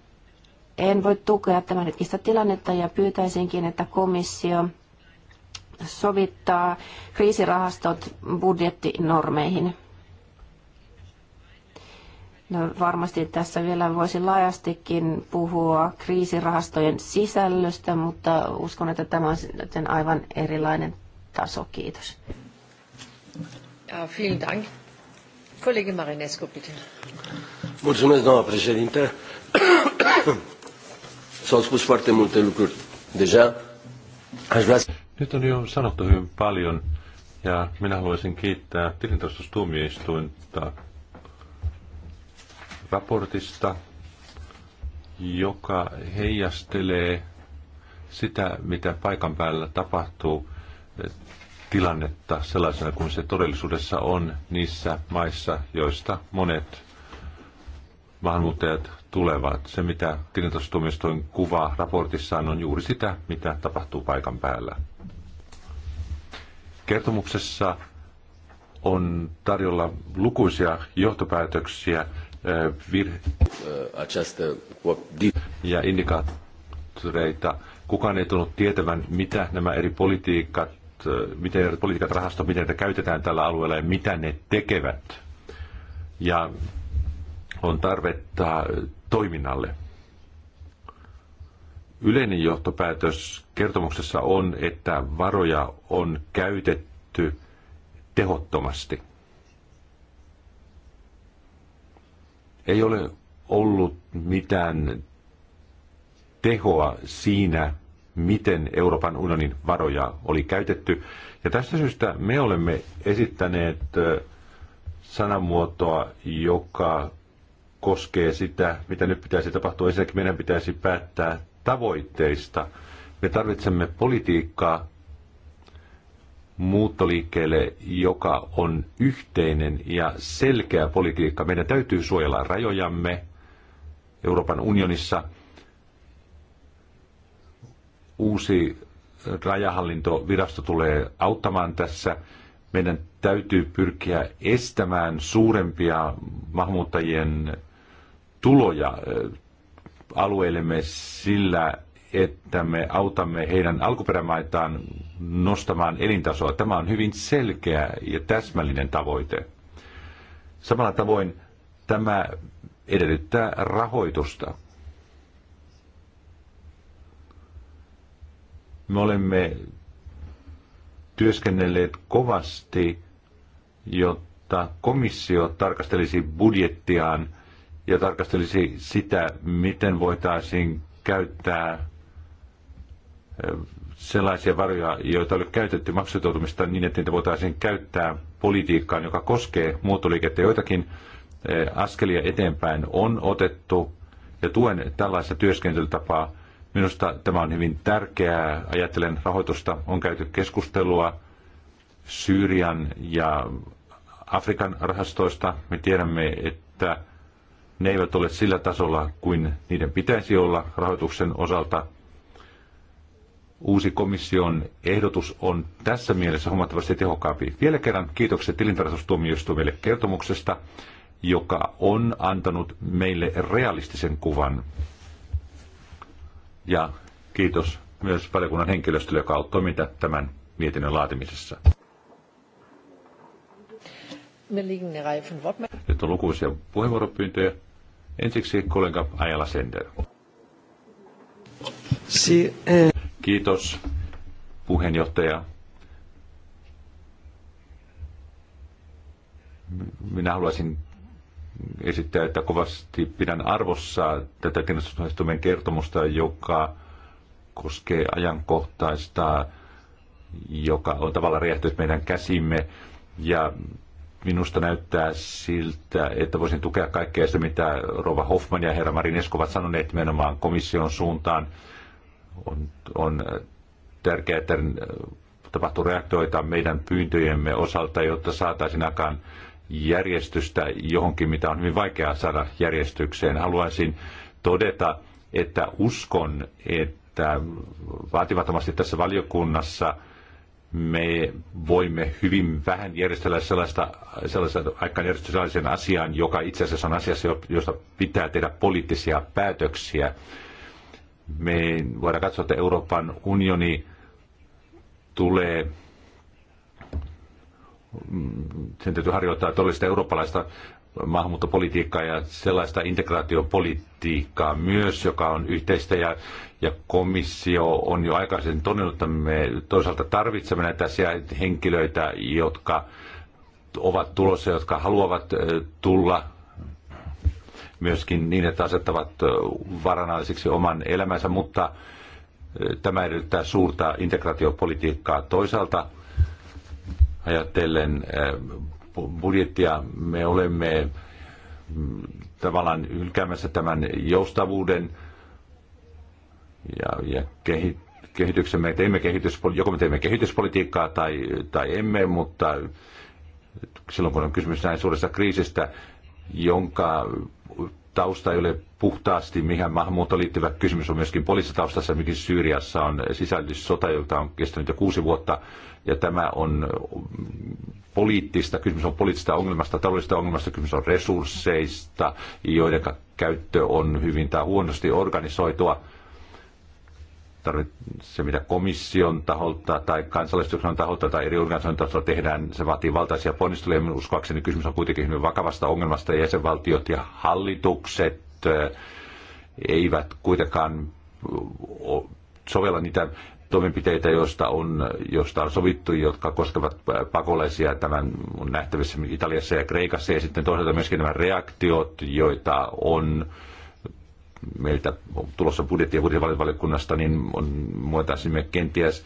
en voi tukea tämän hetkistä tilannetta ja pyytäisinkin, että komissio sovittaa kriisirahastot budjettinormeihin. No, varmasti tässä vielä voisi laajastikin puhua kriisirahastojen sisällöstä, mutta uskon, että tämä on aivan erilainen taso. Kiitos. Ja, vielen Dank. Kollege Marinescu, bitte. Mulțumesc, doamna președinte. S-au spus foarte multe lucruri deja. Aș vrea să... Nyt on jo sanottu hyvin paljon ja minä haluaisin kiittää tilintarkastustuomioistuinta raportista, joka heijastelee sitä, mitä paikan päällä tapahtuu tilannetta sellaisena kuin se todellisuudessa on niissä maissa, joista monet maahanmuuttajat tulevat. Se, mitä tilintastumistoin kuva raportissaan, on juuri sitä, mitä tapahtuu paikan päällä. Kertomuksessa on tarjolla lukuisia johtopäätöksiä virhe- ja indikaattoreita. Kukaan ei tunnu tietävän, mitä nämä eri politiikat Äh, miten eri politiikat rahastot, miten ne käytetään tällä alueella ja mitä ne tekevät. Ja on tarvetta toiminnalle. Yleinen johtopäätös kertomuksessa on, että varoja on käytetty tehottomasti. Ei ole ollut mitään tehoa siinä, miten Euroopan unionin varoja oli käytetty. Ja tästä syystä me olemme esittäneet sanamuotoa, joka koskee sitä, mitä nyt pitäisi tapahtua. Ensinnäkin meidän pitäisi päättää tavoitteista. Me tarvitsemme politiikkaa muuttoliikkeelle, joka on yhteinen ja selkeä politiikka. Meidän täytyy suojella rajojamme Euroopan unionissa uusi rajahallintovirasto tulee auttamaan tässä. Meidän täytyy pyrkiä estämään suurempia maahanmuuttajien tuloja alueillemme sillä, että me autamme heidän alkuperämaitaan nostamaan elintasoa. Tämä on hyvin selkeä ja täsmällinen tavoite. Samalla tavoin tämä edellyttää rahoitusta. Me olemme työskennelleet kovasti, jotta komissio tarkastelisi budjettiaan ja tarkastelisi sitä, miten voitaisiin käyttää sellaisia varoja, joita oli käytetty maksutoutumista niin, että niitä voitaisiin käyttää politiikkaan, joka koskee muuttoliikettä. Joitakin askelia eteenpäin on otettu ja tuen tällaista työskentelytapaa, Minusta tämä on hyvin tärkeää. Ajattelen rahoitusta. On käyty keskustelua Syyrian ja Afrikan rahastoista. Me tiedämme, että ne eivät ole sillä tasolla kuin niiden pitäisi olla rahoituksen osalta. Uusi komission ehdotus on tässä mielessä huomattavasti tehokkaampi. Vielä kerran kiitokset tilintarkastustuomioistuimelle kertomuksesta, joka on antanut meille realistisen kuvan ja kiitos myös valiokunnan henkilöstölle, joka auttoi mitä tämän mietinnön laatimisessa. Nyt on lukuisia puheenvuoropyyntöjä. Ensiksi kollega Ajala Sender. Eh. Kiitos puheenjohtaja. Minä haluaisin esittää, että kovasti pidän arvossa tätä kirjastusohjelman kertomusta, joka koskee ajankohtaista, joka on tavallaan räjähtynyt meidän käsimme. Ja minusta näyttää siltä, että voisin tukea kaikkea sitä, mitä Rova Hoffman ja herra Marinesko ovat sanoneet nimenomaan komission suuntaan. On, on tärkeää, että tapahtuu reaktioita meidän pyyntöjemme osalta, jotta saataisiin aikaan järjestystä johonkin, mitä on hyvin vaikeaa saada järjestykseen. Haluaisin todeta, että uskon, että vaatimattomasti tässä valiokunnassa me voimme hyvin vähän järjestellä sellaista, sellaista aikaan sellaisen asian, joka itse asiassa on asiassa, josta pitää tehdä poliittisia päätöksiä. Me voidaan katsoa, että Euroopan unioni tulee sen täytyy harjoittaa todellista eurooppalaista maahanmuuttopolitiikkaa ja sellaista integraatiopolitiikkaa myös, joka on yhteistä ja, ja komissio on jo aikaisemmin todennut, että me toisaalta tarvitsemme näitä henkilöitä, jotka ovat tulossa, jotka haluavat tulla myöskin niin, että asettavat varanallisiksi oman elämänsä, mutta tämä edellyttää suurta integraatiopolitiikkaa toisaalta – ajatellen äh, budjettia me olemme mm, tavallaan ylkäämässä tämän joustavuuden ja, ja kehit, kehityksen. Me teemme kehityspoli- joko me teemme kehityspolitiikkaa tai, tai emme, mutta silloin kun on kysymys näin suuresta kriisistä, jonka tausta ei ole puhtaasti mihin maahanmuuttoon liittyvä kysymys on myöskin poliisitaustassa, mikä Syyriassa on sisällissota, jota on kestänyt jo kuusi vuotta, ja tämä on poliittista, kysymys on poliittista ongelmasta, taloudellista ongelmasta, kysymys on resursseista, joiden käyttö on hyvin tai huonosti organisoitua se, mitä komission taholta tai kansallistuksen taholta tai eri organisaation taholta tehdään, se vaatii valtaisia ponnisteluja. Minun uskoakseni kysymys on kuitenkin hyvin vakavasta ongelmasta. Jäsenvaltiot ja hallitukset eh, eivät kuitenkaan eh, sovella niitä toimenpiteitä, joista on, joista on sovittu, jotka koskevat eh, pakolaisia. Tämän on nähtävissä Italiassa ja Kreikassa ja sitten toisaalta myöskin nämä reaktiot, joita on meiltä tulossa budjetti- ja budjettivaliokunnasta, niin on, voitaisiin kenties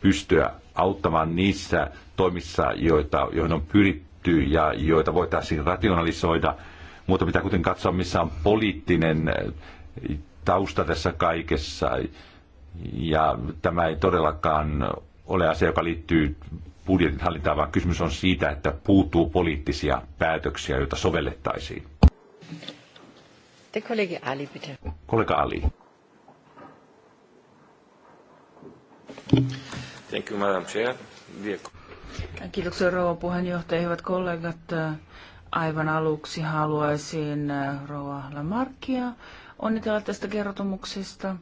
pystyä auttamaan niissä toimissa, joita, joihin on pyritty ja joita voitaisiin rationalisoida, mutta pitää kuitenkin katsoa, missä on poliittinen eh, tausta tässä kaikessa. Ja tämä ei todellakaan ole asia, joka liittyy budjetin hallintaan, vaan kysymys on siitä, että puuttuu poliittisia päätöksiä, joita sovellettaisiin. Der Kollege Ali, bitte. Kollega Ali. Thank you, Madam Chair. Kiitoksia rouva puheenjohtaja, hyvät kollegat. Äh, aivan aluksi haluaisin äh, rouva Lamarckia onnitella tästä kertomuksesta.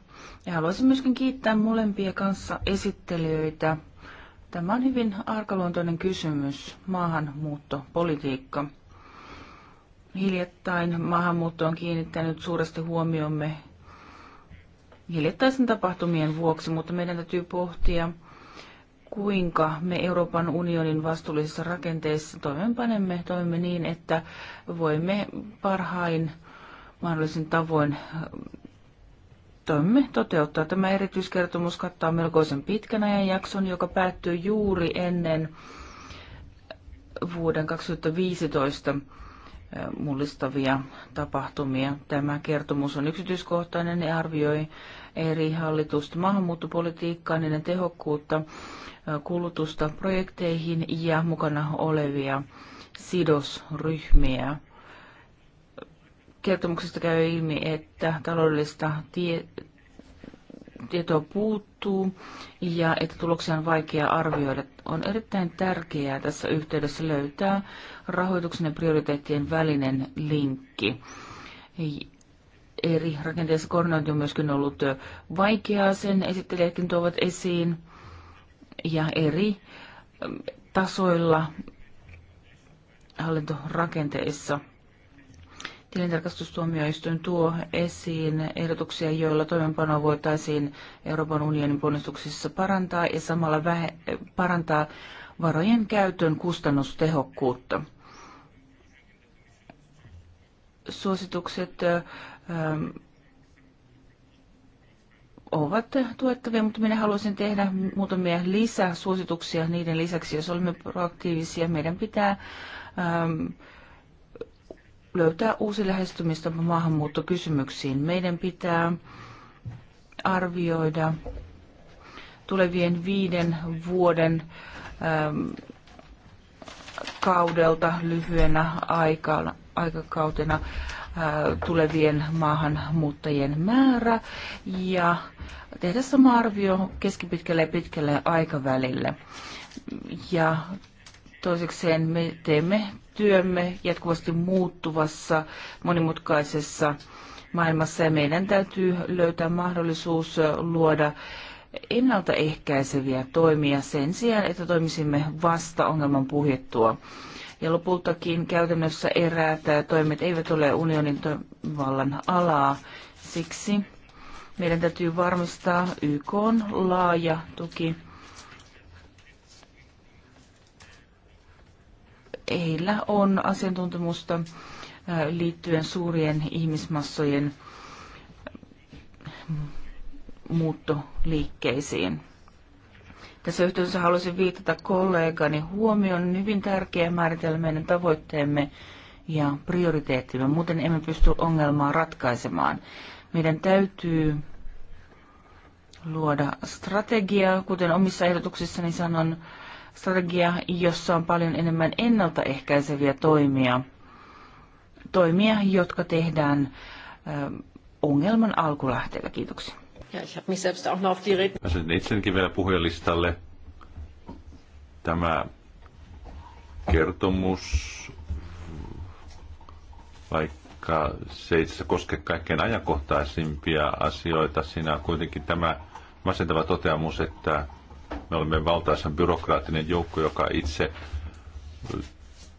Ja haluaisin myöskin kiittää molempia kanssa esittelijöitä. Tämä on hyvin arkaluontoinen kysymys, maahanmuuttopolitiikka. Hiljattain maahanmuutto on kiinnittänyt suuresti huomiomme hiljattaisen tapahtumien vuoksi, mutta meidän täytyy pohtia, kuinka me Euroopan unionin vastuullisissa rakenteissa toimeenpanemme, toimimme niin, että voimme parhain mahdollisin tavoin äh, toimme toteuttaa. Tämä erityiskertomus kattaa melkoisen pitkän ajan jakson, joka päättyy juuri ennen vuoden 2015 mullistavia tapahtumia. Tämä kertomus on yksityiskohtainen ja arvioi eri hallitusta maahanmuuttopolitiikkaa, niiden tehokkuutta, kulutusta projekteihin ja mukana olevia sidosryhmiä. Kertomuksesta käy ilmi, että taloudellista tie- tietoa puuttuu ja että tuloksia on vaikea arvioida. On erittäin tärkeää tässä yhteydessä löytää rahoituksen ja prioriteettien välinen linkki. Eri rakenteessa koordinointi on myöskin ollut vaikeaa, sen esittelijätkin tuovat esiin, ja eri mm, tasoilla hallintorakenteissa – Tilintarkastustuomioistuin tuo esiin ehdotuksia, joilla toimenpanoa voitaisiin Euroopan unionin ponnistuksissa parantaa ja samalla vähe- parantaa varojen käytön kustannustehokkuutta suositukset ähm, ovat tuettavia, mutta minä haluaisin tehdä muutamia lisäsuosituksia niiden lisäksi, jos olemme proaktiivisia. Meidän pitää ähm, löytää uusi lähestymistapa maahanmuuttokysymyksiin. Meidän pitää arvioida tulevien viiden vuoden ähm, kaudelta lyhyenä aikana aikakautena tulevien maahanmuuttajien määrä ja tehdä sama arvio keskipitkälle ja pitkälle aikavälille. Ja toisekseen me teemme työmme jatkuvasti muuttuvassa, monimutkaisessa maailmassa ja meidän täytyy löytää mahdollisuus luoda ennaltaehkäiseviä toimia sen sijaan, että toimisimme vasta ongelman puhjettua. Ja lopultakin käytännössä eräät toimet eivät ole unionin toimivallan alaa. Siksi meidän täytyy varmistaa YK on laaja tuki. Heillä on asiantuntemusta äh, liittyen suurien ihmismassojen muuttoliikkeisiin. Tässä yhteydessä haluaisin viitata kollegani huomioon hyvin tärkeä määritellä meidän tavoitteemme ja prioriteettimme. Muuten emme pysty ongelmaa ratkaisemaan. Meidän täytyy luoda strategia, kuten omissa ehdotuksissani sanon, strategia, jossa on paljon enemmän ennaltaehkäiseviä toimia, toimia jotka tehdään ongelman alkulähteellä. Kiitoksia. Ja, ich habe mich selbst auch noch auf die vielä puhujalistalle. Tämä kertomus, vaikka se ei itse koske kaikkein ajankohtaisimpia asioita, siinä on kuitenkin tämä masentava toteamus, että me olemme valtaisen byrokraattinen joukko, joka itse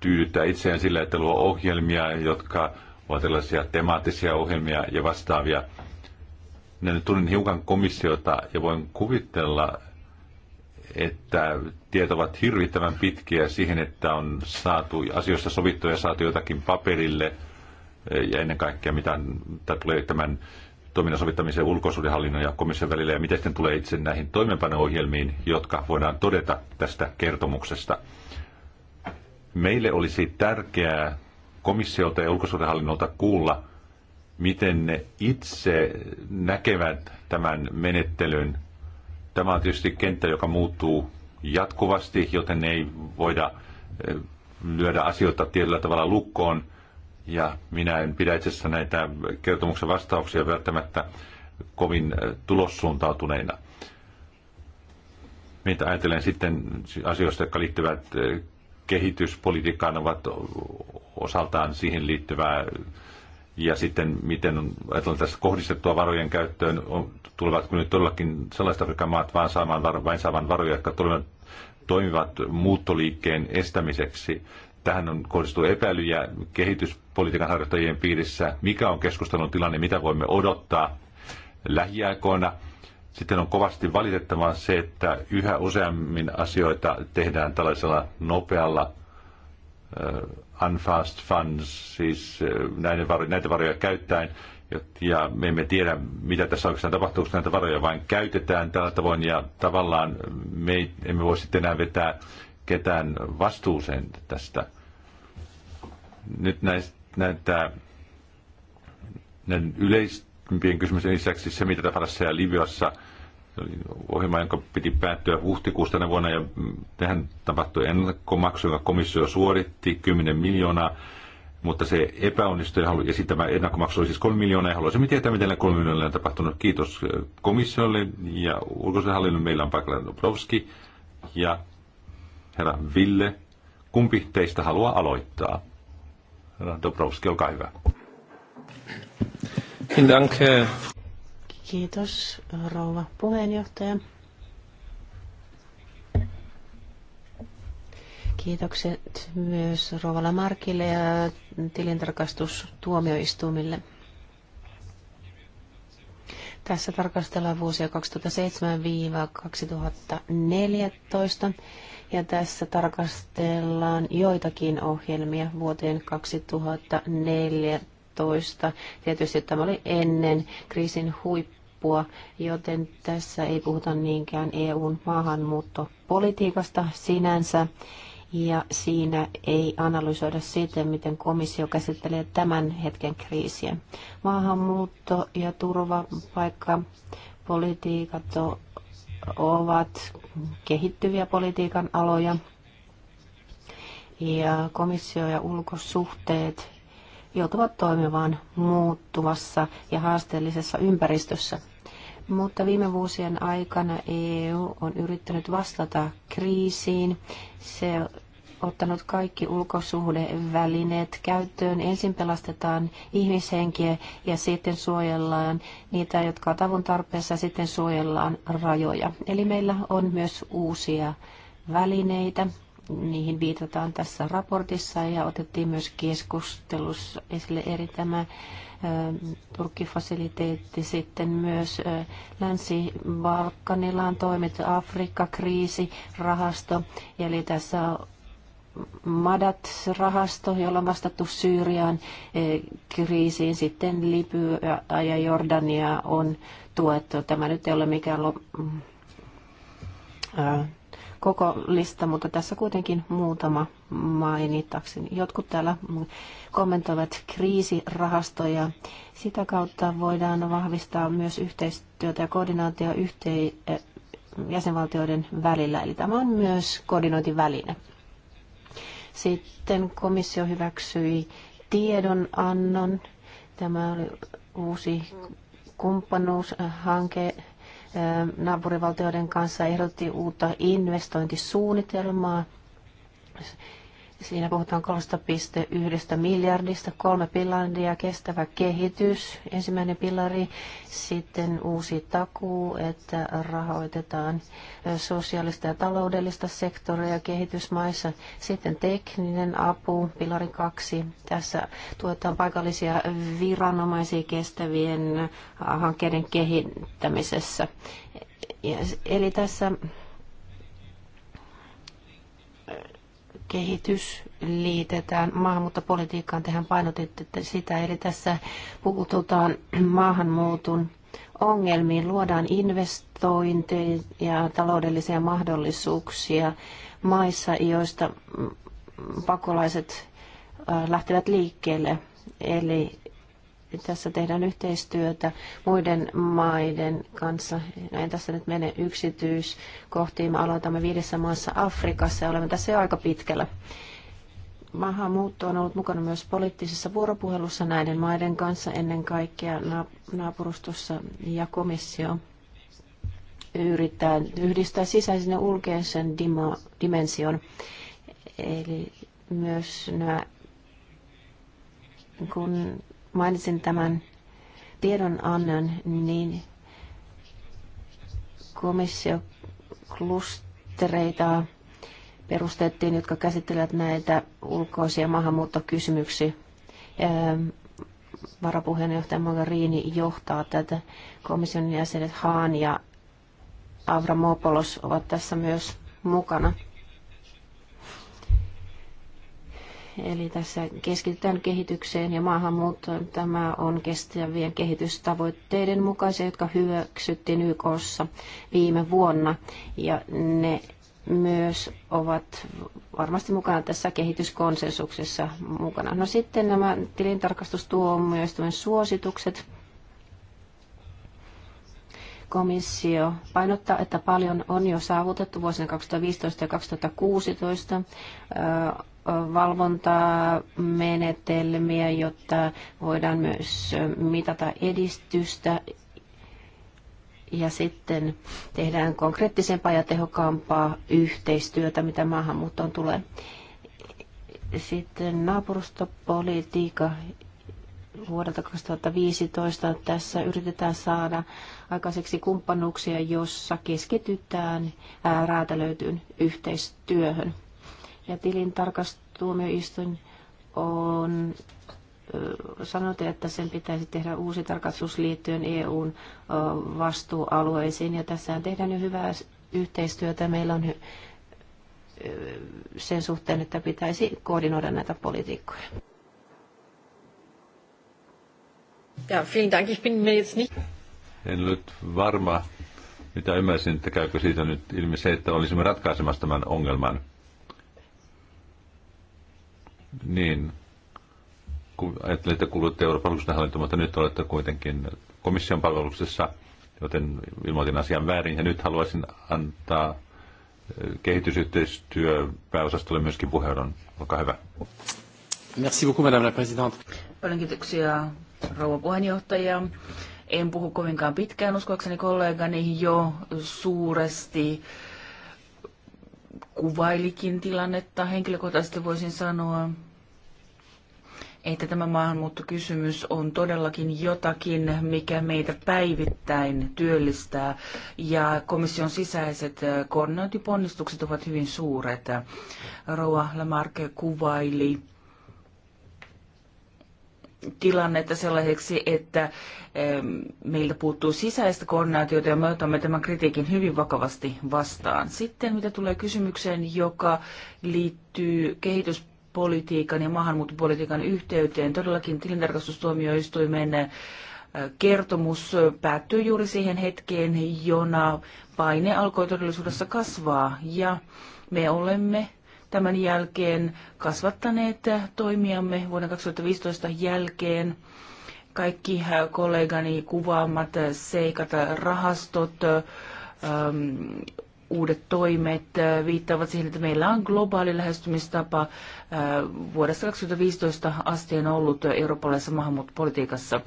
tyydyttää itseään sillä, että luo ohjelmia, jotka ovat erilaisia temaattisia ohjelmia ja vastaavia – minä nyt tunnen hiukan komissiota ja voin kuvitella, että tiet ovat hirvittävän pitkiä siihen, että on saatu asioista sovittu ja saatu jotakin paperille ja ennen kaikkea mitä tulee tämän toiminnan sovittamisen ulkosuudenhallinnon ja komission välillä ja miten sitten tulee itse näihin toimenpano-ohjelmiin, jotka voidaan todeta tästä kertomuksesta. Meille olisi tärkeää komissiolta ja ulkosuudenhallinnolta kuulla – miten ne itse näkevät tämän menettelyn. Tämä on tietysti kenttä, joka muuttuu jatkuvasti, joten ei voida eh, lyödä asioita tietyllä tavalla lukkoon. Ja minä en pidä itse asiassa näitä kertomuksen vastauksia välttämättä kovin eh, tulossuuntautuneina. Mitä ajatellen sitten asioista, jotka liittyvät eh, kehityspolitiikkaan, ovat osaltaan siihen liittyvää ja sitten miten on, ajatellaan tässä kohdistettua varojen käyttöön, on, tulevatko nyt todellakin sellaiset Afrikan maat vain saamaan, varo, vain saamaan varoja, jotka tulevat, toimivat muuttoliikkeen estämiseksi. Tähän on kohdistu epäilyjä kehityspolitiikan harjoittajien piirissä, mikä on keskustelun tilanne, mitä voimme odottaa lähiaikoina. Sitten on kovasti valitettavaa se, että yhä useammin asioita tehdään tällaisella nopealla unfast funds, siis äh, näiden näitä varoja käyttäen. Ja me emme tiedä, mitä tässä oikeastaan tapahtuu, kun näitä varoja vain käytetään tällä tavoin. Ja tavallaan me emme voi sitten enää vetää ketään vastuuseen tästä. Nyt näistä, näitä näiden yleisimpien kysymysten lisäksi se, mitä tapahtuu siellä Libyassa – ohjelma, jonka piti päättyä huhtikuusta tänä vuonna, ja tähän tapahtui ennakkomaksu, jonka komissio suoritti 10 miljoonaa, mutta se epäonnistui, ja, ja sitten tämä ennakkomaksu oli siis 3 miljoonaa, ja haluaisimme tietää, miten näillä 3 miljoonaa on tapahtunut. Kiitos äh, komissiolle ja ulkoisen hallinnon. Meillä on paikalla Dobrovski ja herra Ville. Kumpi teistä haluaa aloittaa? Herra Dobrovski, olkaa hyvä. Danke. Äh, Kiitos, rouva puheenjohtaja. Kiitokset myös Rovala Markille ja tilintarkastustuomioistuimille. Tässä tarkastellaan vuosia 2007-2014 ja tässä tarkastellaan joitakin ohjelmia vuoteen 2014. Tietysti tämä oli ennen kriisin huippua loppua, joten tässä ei puhuta niinkään EUn maahanmuuttopolitiikasta sinänsä, ja siinä ei analysoida sitä, miten komissio käsittelee tämän hetken kriisiä. Maahanmuutto- ja turvapaikkapolitiikat ovat kehittyviä politiikan aloja, ja komissio ja ulkosuhteet joutuvat toimimaan muuttuvassa ja haasteellisessa ympäristössä. Mutta viime vuosien aikana EU on yrittänyt vastata kriisiin. Se ottanut kaikki ulkosuhdevälineet käyttöön. Ensin pelastetaan ihmishenkiä ja sitten suojellaan niitä, jotka ovat avun tarpeessa, ja sitten suojellaan rajoja. Eli meillä on myös uusia välineitä niihin viitataan tässä raportissa ja otettiin myös keskustelussa esille eri tämä Turkki-fasiliteetti, sitten myös Länsi-Balkanilla on toimittu Afrikka-kriisi, rahasto, eli tässä Madat-rahasto, jolla on vastattu Syyrian kriisiin. Sitten Libya ja Jordania on tuettu. Tämä nyt ei ole mikään lo- koko lista, mutta tässä kuitenkin muutama mainitakseni. Jotkut täällä kommentoivat kriisirahastoja. Sitä kautta voidaan vahvistaa myös yhteistyötä ja koordinaatio yhtei- eh, jäsenvaltioiden välillä, eli tämä on myös koordinointiväline. Sitten komissio hyväksyi tiedonannon. Tämä oli uusi kumppanuushanke naapurivaltioiden kanssa ehdotti uutta investointisuunnitelmaa Siinä puhutaan 3,1 miljardista, kolme pilaria, kestävä kehitys, ensimmäinen pilari, sitten uusi takuu, että rahoitetaan sosiaalista ja taloudellista sektoria kehitysmaissa, sitten tekninen apu, pilari kaksi, tässä tuetaan paikallisia viranomaisia kestävien hankkeiden kehittämisessä. Eli tässä kehitys liitetään maahanmuuttopolitiikkaan. Tehän painotitte sitä, eli tässä puututaan maahanmuuton ongelmiin, luodaan investointeja ja taloudellisia mahdollisuuksia maissa, joista pakolaiset äh, lähtevät liikkeelle. Eli tässä tehdään yhteistyötä muiden maiden kanssa. En tässä nyt mene yksityiskohtiin. Me aloitamme viidessä maassa Afrikassa ja olemme tässä jo aika pitkällä. Maahanmuutto on ollut mukana myös poliittisessa vuoropuhelussa näiden maiden kanssa, ennen kaikkea naapurustossa ja komissio yrittää yhdistää sisäisen ja ulkeisen dimension. Eli myös nämä, kun mainitsin tämän tiedonannon, niin komissioklustereita perustettiin, jotka käsittelevät näitä ulkoisia maahanmuuttokysymyksiä. Ähm, varapuheenjohtaja Mogherini johtaa tätä. Komission jäsenet Haan ja Avramopoulos ovat tässä myös mukana. Eli tässä keskitytään kehitykseen ja maahanmuuttoon. Tämä on kestävien kehitystavoitteiden mukaisia, jotka hyväksyttiin YKssa viime vuonna. Ja ne myös ovat varmasti mukana tässä kehityskonsensuksessa mukana. No sitten nämä tilintarkastustuomioistuimen suositukset. Komissio painottaa, että paljon on jo saavutettu vuosina 2015 ja 2016 valvontamenetelmiä, jotta voidaan myös mitata edistystä ja sitten tehdään konkreettisempaa ja tehokkaampaa yhteistyötä, mitä maahanmuuttoon tulee. Sitten naapurustopolitiikka vuodelta 2015. Tässä yritetään saada aikaiseksi kumppanuuksia, jossa keskitytään räätälöityyn yhteistyöhön. Ja tilintarkastuomioistuin on sanottu, että sen pitäisi tehdä uusi tarkastus liittyen EUn vastuualueisiin. Ja tässähän tehdään jo hyvää yhteistyötä. Meillä on sen suhteen, että pitäisi koordinoida näitä politiikkoja. Ja, vielen Dank. Ich bin mir jetzt nicht... En nyt varma, mitä ymmärsin, että käykö siitä nyt ilmi se, että olisimme ratkaisemassa tämän ongelman niin kun ajattelin, että kuulutte Euroopan hallinto, mutta nyt olette kuitenkin komission palveluksessa, joten ilmoitin asian väärin. Ja nyt haluaisin antaa eh, pääosastolle myöskin puheenvuoron. Olkaa hyvä. Merci beaucoup, madame la présidente. Paljon kiitoksia, rouva puheenjohtaja. En puhu kovinkaan pitkään, uskoakseni kollegani jo suuresti kuvailikin tilannetta. Henkilökohtaisesti voisin sanoa, että tämä maahanmuuttokysymys on todellakin jotakin, mikä meitä päivittäin työllistää ja komission sisäiset koordinointiponnistukset ovat hyvin suuret. Roa Lamarke kuvaili tilannetta sellaiseksi, että meiltä puuttuu sisäistä koordinaatiota ja me otamme tämän kritiikin hyvin vakavasti vastaan. Sitten mitä tulee kysymykseen, joka liittyy kehitys politiikan ja maahanmuuttopolitiikan yhteyteen. Todellakin tilintarkastustuomioistuimen äh, kertomus päättyi juuri siihen hetkeen, jona paine alkoi todellisuudessa kasvaa ja me olemme tämän jälkeen kasvattaneet toimiamme vuoden 2015 jälkeen. Kaikki äh, kollegani kuvaamat seikat, rahastot, ähm, uudet toimet äh, viittaavat siihen, että meillä on globaali lähestymistapa äh, vuodesta 2015 asti on ollut eurooppalaisessa maahanmuuttopolitiikassa.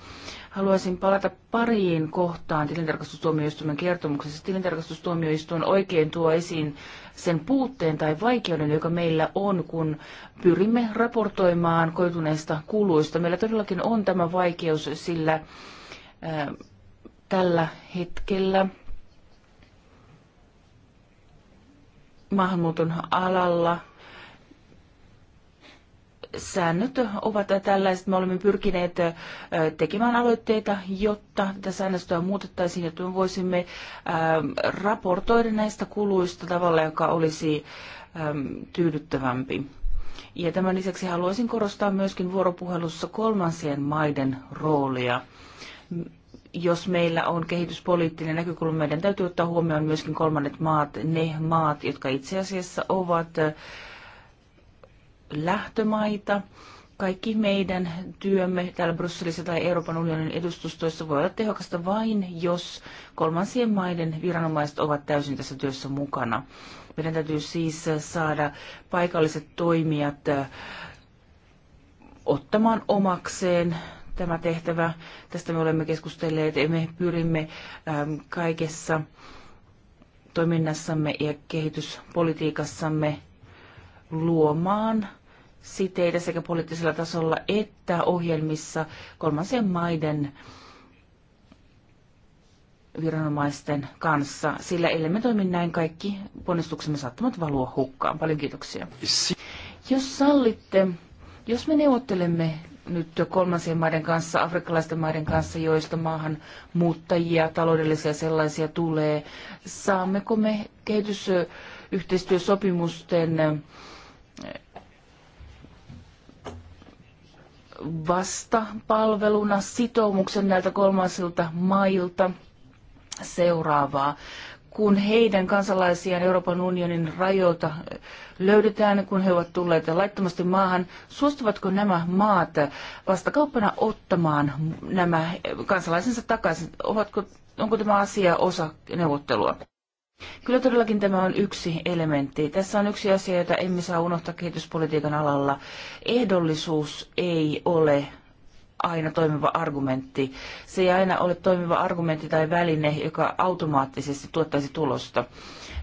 Haluaisin palata pariin kohtaan tilintarkastustuomioistuimen kertomuksessa. Tilintarkastustuomioistuin oikein tuo esiin sen puutteen tai vaikeuden, joka meillä on, kun pyrimme raportoimaan koituneista kuluista. Meillä todellakin on tämä vaikeus, sillä äh, tällä hetkellä – maahanmuuton alalla. Säännöt ovat tällaiset. Me olemme pyrkineet tekemään aloitteita, jotta tätä säännöstöä muutettaisiin, jotta me voisimme raportoida näistä kuluista tavalla, joka olisi tyydyttävämpi. Ja tämän lisäksi haluaisin korostaa myöskin vuoropuhelussa kolmansien maiden roolia jos meillä on kehityspoliittinen näkökulma, meidän täytyy ottaa huomioon myöskin kolmannet maat, ne maat, jotka itse asiassa ovat lähtömaita. Kaikki meidän työmme täällä Brysselissä tai Euroopan unionin edustustoissa voi olla tehokasta vain, jos kolmansien maiden viranomaiset ovat täysin tässä työssä mukana. Meidän täytyy siis saada paikalliset toimijat ottamaan omakseen tämä tehtävä. Tästä me olemme keskustelleet ja me pyrimme ähm, kaikessa toiminnassamme ja kehityspolitiikassamme luomaan siteitä sekä poliittisella tasolla että ohjelmissa kolmansien maiden viranomaisten kanssa, sillä ellemme toimi näin kaikki ponnistuksemme saattavat valua hukkaan. Paljon kiitoksia. Jos sallitte, jos me neuvottelemme nyt kolmansien maiden kanssa, afrikkalaisten maiden kanssa, joista maahan muuttajia, taloudellisia sellaisia tulee. Saammeko me kehitysyhteistyösopimusten eh, vastapalveluna sitoumuksen näiltä kolmansilta mailta seuraavaa kun heidän kansalaisiaan Euroopan unionin rajoilta löydetään, kun he ovat tulleet laittomasti maahan, suostuvatko nämä maat vastakauppana ottamaan nämä kansalaisensa takaisin? Ovatko, onko tämä asia osa neuvottelua? Kyllä todellakin tämä on yksi elementti. Tässä on yksi asia, jota emme saa unohtaa kehityspolitiikan alalla. Ehdollisuus ei ole aina toimiva argumentti. Se ei aina ole toimiva argumentti tai väline, joka automaattisesti tuottaisi tulosta.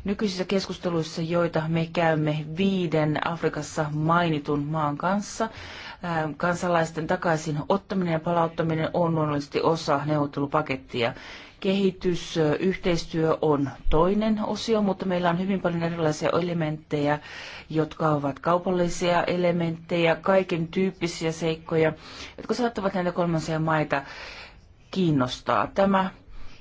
Nykyisissä keskusteluissa, joita me käymme viiden Afrikassa mainitun maan kanssa, ähm, kansalaisten takaisin ottaminen ja palauttaminen on luonnollisesti osa neuvottelupakettia kehitysyhteistyö on toinen osio, mutta meillä on hyvin paljon erilaisia elementtejä, jotka ovat kaupallisia elementtejä, kaiken tyyppisiä seikkoja, jotka saattavat näitä kolmansia maita kiinnostaa. Tämä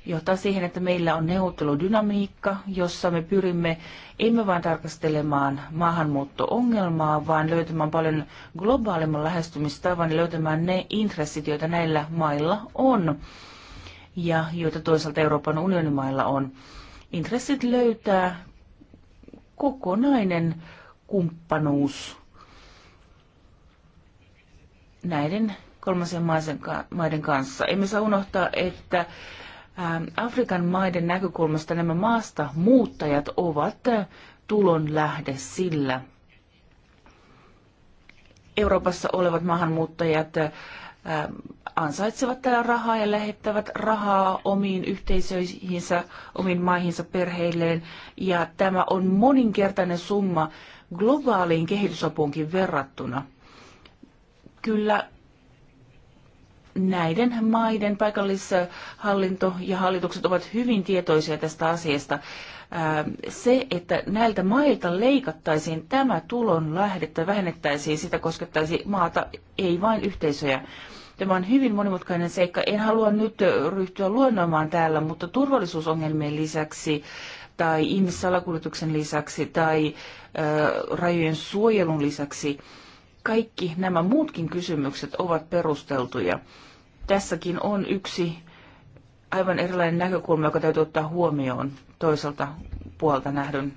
johtaa siihen, että meillä on neuvotteludynamiikka, jossa me pyrimme emme vain tarkastelemaan maahanmuutto-ongelmaa, vaan löytämään paljon globaalimman lähestymistavan ja löytämään ne intressit, joita näillä mailla on ja joita toisaalta Euroopan unionin mailla on. Intressit löytää kokonainen kumppanuus näiden kolmansien maiden kanssa. Emme saa unohtaa, että ähm, Afrikan maiden näkökulmasta nämä maasta muuttajat ovat äh, lähde sillä. Euroopassa olevat maahanmuuttajat äh, Ähm, ansaitsevat tällä rahaa ja lähettävät rahaa omiin yhteisöihinsä, omiin maihinsa, perheilleen. Ja tämä on moninkertainen summa globaaliin kehitysapuunkin verrattuna. Kyllä näiden maiden paikallishallinto ja hallitukset ovat hyvin tietoisia tästä asiasta se, että näiltä mailta leikattaisiin tämä tulon lähde tai vähennettäisiin sitä koskettaisi maata, ei vain yhteisöjä. Tämä on hyvin monimutkainen seikka. En halua nyt ryhtyä luonnoimaan täällä, mutta turvallisuusongelmien lisäksi tai ihmissalakuljetuksen lisäksi tai ö, rajojen suojelun lisäksi kaikki nämä muutkin kysymykset ovat perusteltuja. Tässäkin on yksi aivan erilainen näkökulma, joka täytyy ottaa huomioon toiselta puolta nähdyn.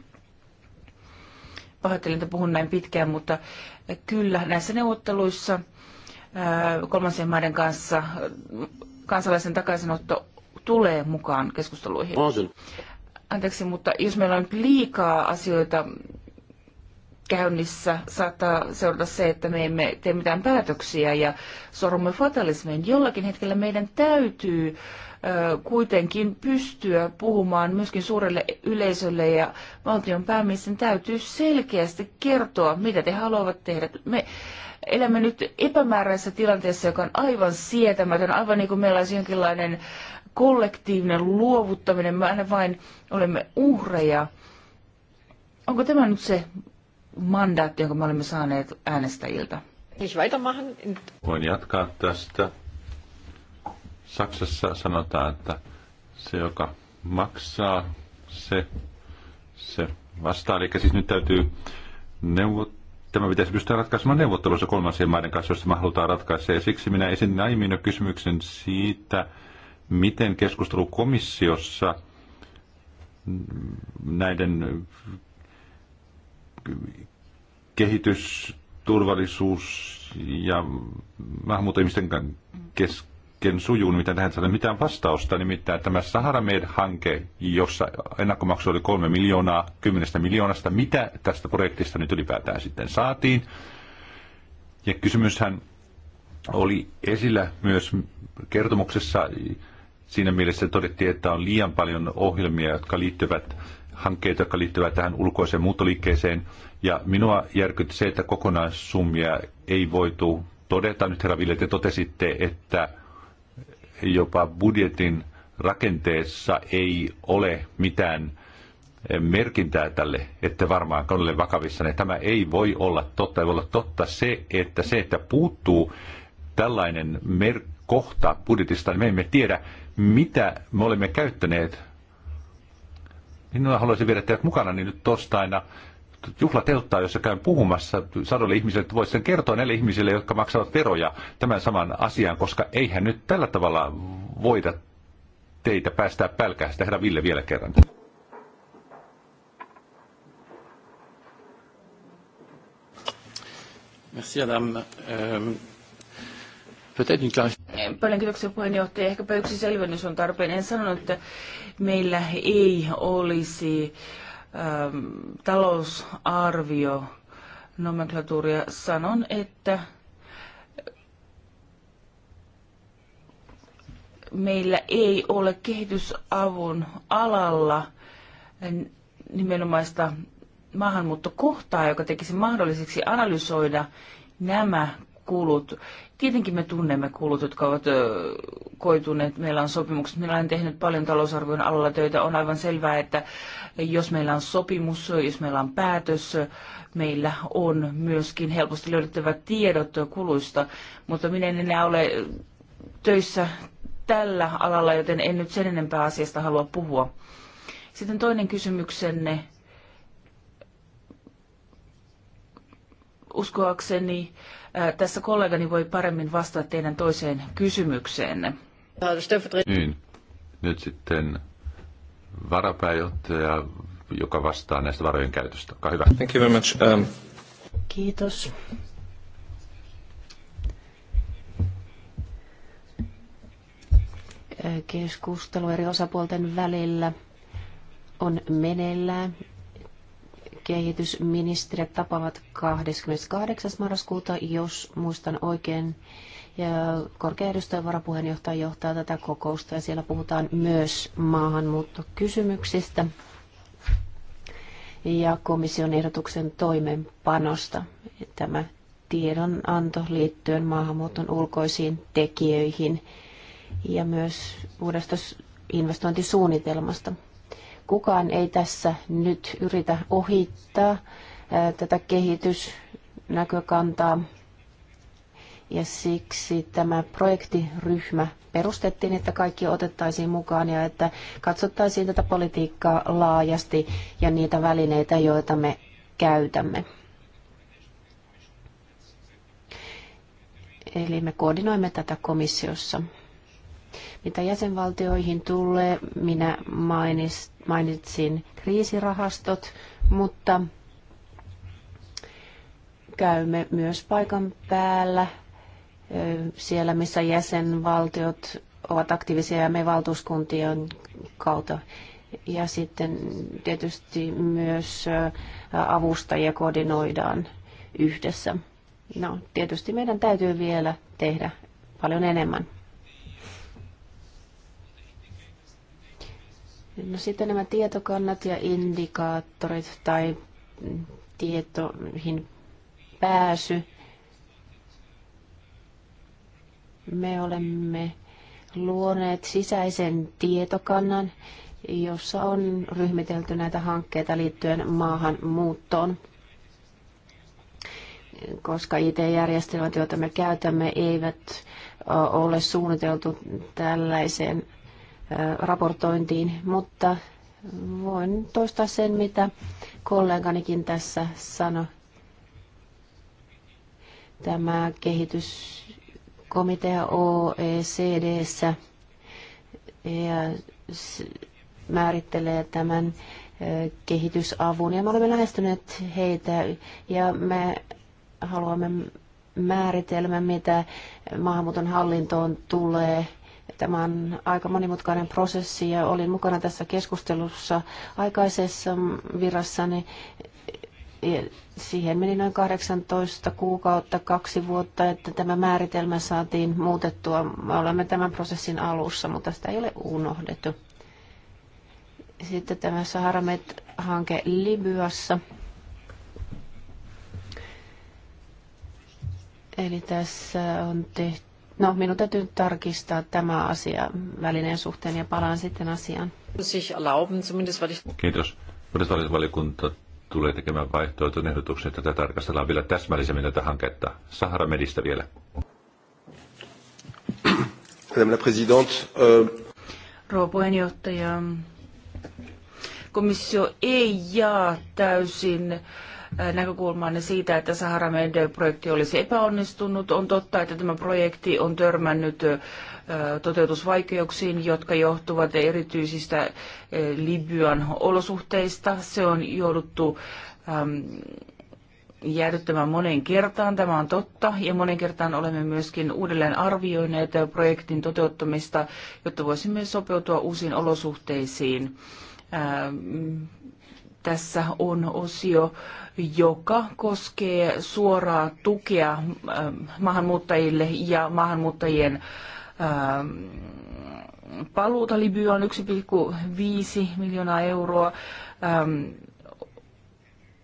Pahoittelen, että puhun näin pitkään, mutta kyllä näissä neuvotteluissa kolmansien maiden kanssa kansalaisen takaisinotto tulee mukaan keskusteluihin. Anteeksi, mutta jos meillä on liikaa asioita käynnissä, saattaa seurata se, että me emme tee mitään päätöksiä ja sorumme fatalismiin. Jollakin hetkellä meidän täytyy äh, kuitenkin pystyä puhumaan myöskin suurelle yleisölle ja valtion päämiesten täytyy selkeästi kertoa, mitä te haluavat tehdä. Me elämme nyt epämääräisessä tilanteessa, joka on aivan sietämätön, aivan niin kuin meillä olisi jonkinlainen kollektiivinen luovuttaminen, me aina vain olemme uhreja. Onko tämä nyt se mandaatti, jonka me olemme saaneet äänestäjiltä? Voin jatkaa tästä. Saksassa sanotaan, että se, joka maksaa, se, se vastaa. Eli siis nyt täytyy neuvot, tämä pitäisi pystyä ratkaisemaan neuvottelussa kolmansien maiden kanssa, jos tämä halutaan ratkaista. Ja siksi minä esitin aiemmin jo kysymyksen siitä, miten keskustelu komissiossa näiden kehitys, turvallisuus ja maahanmuuttajien kesken kaiken sujuun, mitä tähän saada mitään vastausta, nimittäin tämä Saharamed-hanke, jossa ennakkomaksu oli kolme miljoonaa, kymmenestä miljoonasta, mitä tästä projektista nyt ylipäätään sitten saatiin. Ja kysymyshän oli esillä myös kertomuksessa siinä mielessä todettiin, että on liian paljon ohjelmia, jotka liittyvät hankkeita, jotka liittyvät tähän ulkoiseen muuttoliikkeeseen. Ja minua järkytti se, että kokonaissummia ei voitu todeta. Nyt herra Ville, te totesitte, että jopa budjetin rakenteessa ei ole mitään eh, merkintää tälle, että varmaan ole vakavissa. Niin tämä ei voi olla totta. Ei voi olla totta se, että se, että puuttuu tällainen mer- kohta budjetista, niin me emme tiedä, mitä me olemme käyttäneet. Minä haluaisin viedä teidät mukana niin nyt torstaina juhlatelttaa, jossa käyn puhumassa sadolle ihmisille, että voisin kertoa näille ihmisille, jotka maksavat veroja tämän saman asian, koska eihän nyt tällä tavalla voida teitä päästää Sitä Herra Ville vielä kerran. Merci, madame. Euh, peut-être une clarification. Paljon kiitoksia puheenjohtaja. Ehkäpä yksi selvennys on tarpeen. En sanonut, että meillä ei olisi äh, Ähm, talousarvio nomenklatuuria, sanon, että meillä ei ole kehitysavun alalla nimenomaista maahanmuuttokohtaa, joka tekisi mahdolliseksi analysoida nämä kulut. Tietenkin me tunnemme kulut, jotka ovat koituneet. Meillä on sopimukset. meillä on tehnyt paljon talousarvion alalla töitä. On aivan selvää, että jos meillä on sopimus, jos meillä on päätös, meillä on myöskin helposti löydettävät tiedot kuluista. Mutta minä en enää ole töissä tällä alalla, joten en nyt sen enempää asiasta halua puhua. Sitten toinen kysymyksenne. Uskoakseni Äh, tässä kollegani voi paremmin vastata teidän toiseen kysymykseenne. Niin. Nyt sitten varapääjohtaja, joka vastaa näistä varojen käytöstä. Olkaa hyvä. Thank you very much. Um... Kiitos. Keskustelu eri osapuolten välillä on meneillään kehitysministerit tapaavat 28. marraskuuta, jos muistan oikein. Ja korkean edustajan varapuheenjohtaja johtaa tätä kokousta ja siellä puhutaan myös maahanmuuttokysymyksistä ja komission ehdotuksen toimeenpanosta. Tämä tiedonanto liittyen maahanmuuton ulkoisiin tekijöihin ja myös uudesta investointisuunnitelmasta. Kukaan ei tässä nyt yritä ohittaa tätä kehitysnäkökantaa. Ja siksi tämä projektiryhmä perustettiin, että kaikki otettaisiin mukaan ja että katsottaisiin tätä politiikkaa laajasti ja niitä välineitä, joita me käytämme. Eli me koordinoimme tätä komissiossa. Mitä jäsenvaltioihin tulee, minä mainitsin kriisirahastot, mutta käymme myös paikan päällä siellä, missä jäsenvaltiot ovat aktiivisia ja me valtuuskuntien kautta. Ja sitten tietysti myös avustajia koordinoidaan yhdessä. No, tietysti meidän täytyy vielä tehdä paljon enemmän. No sitten nämä tietokannat ja indikaattorit tai tietoihin pääsy. Me olemme luoneet sisäisen tietokannan, jossa on ryhmitelty näitä hankkeita liittyen maahanmuuttoon. Koska IT-järjestelmät, joita me käytämme, eivät ole suunniteltu tällaiseen raportointiin, mutta voin toistaa sen, mitä kolleganikin tässä sanoi. Tämä kehityskomitea OECDssä ja määrittelee tämän kehitysavun ja me olemme lähestyneet heitä ja me haluamme määritelmän, mitä maahanmuuton hallintoon tulee – Tämä on aika monimutkainen prosessi ja olin mukana tässä keskustelussa aikaisessa virassani. Siihen meni noin 18 kuukautta, kaksi vuotta, että tämä määritelmä saatiin muutettua. Me olemme tämän prosessin alussa, mutta sitä ei ole unohdettu. Sitten tämä Saharamet-hanke Libyassa. Eli tässä on tehty No, minun täytyy tarkistaa tämä asia välineen suhteen ja palaan sitten asiaan. Kiitos. Puolustusvaliokunta tulee tekemään vaihtoehtoinen ehdotuksen, että tätä tarkastellaan vielä täsmällisemmin tätä hanketta. Sahara Medistä vielä. Madame la Présidente. Euh- Rouva puheenjohtaja, komissio ei jaa täysin Äh, näkökulmanne siitä, että Sahara Med-projekti olisi epäonnistunut. On totta, että tämä projekti on törmännyt äh, toteutusvaikeuksiin, jotka johtuvat erityisistä äh, Libyan olosuhteista. Se on jouduttu jäädyttämään monen kertaan, tämä on totta, ja monen kertaan olemme myöskin uudelleen arvioineet projektin toteuttamista, jotta voisimme sopeutua uusiin olosuhteisiin tässä on osio, joka koskee suoraa tukea ähm, maahanmuuttajille ja maahanmuuttajien ähm, paluuta Libyaan 1,5 miljoonaa euroa ähm,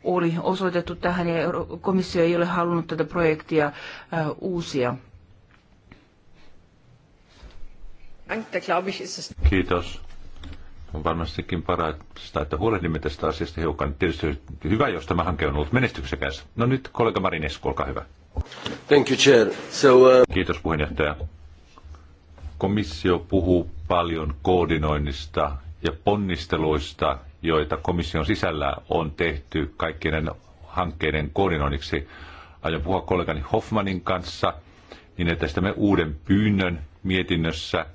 oli osoitettu tähän ja komissio ei ole halunnut tätä projektia äh, uusia. Kiitos. On varmastikin parasta, että huolehdimme tästä asiasta hiukan. Tietysti hyvä, jos tämä hanke on ollut menestyksekäs. No nyt kollega Marinesku, olkaa hyvä. Thank you, Chair. So, uh... Kiitos puheenjohtaja. Komissio puhuu paljon koordinoinnista ja ponnisteluista, joita komission sisällä on tehty kaikkien hankkeiden koordinoinniksi. Aion puhua kollegani Hoffmanin kanssa, niin että me uuden pyynnön mietinnössä,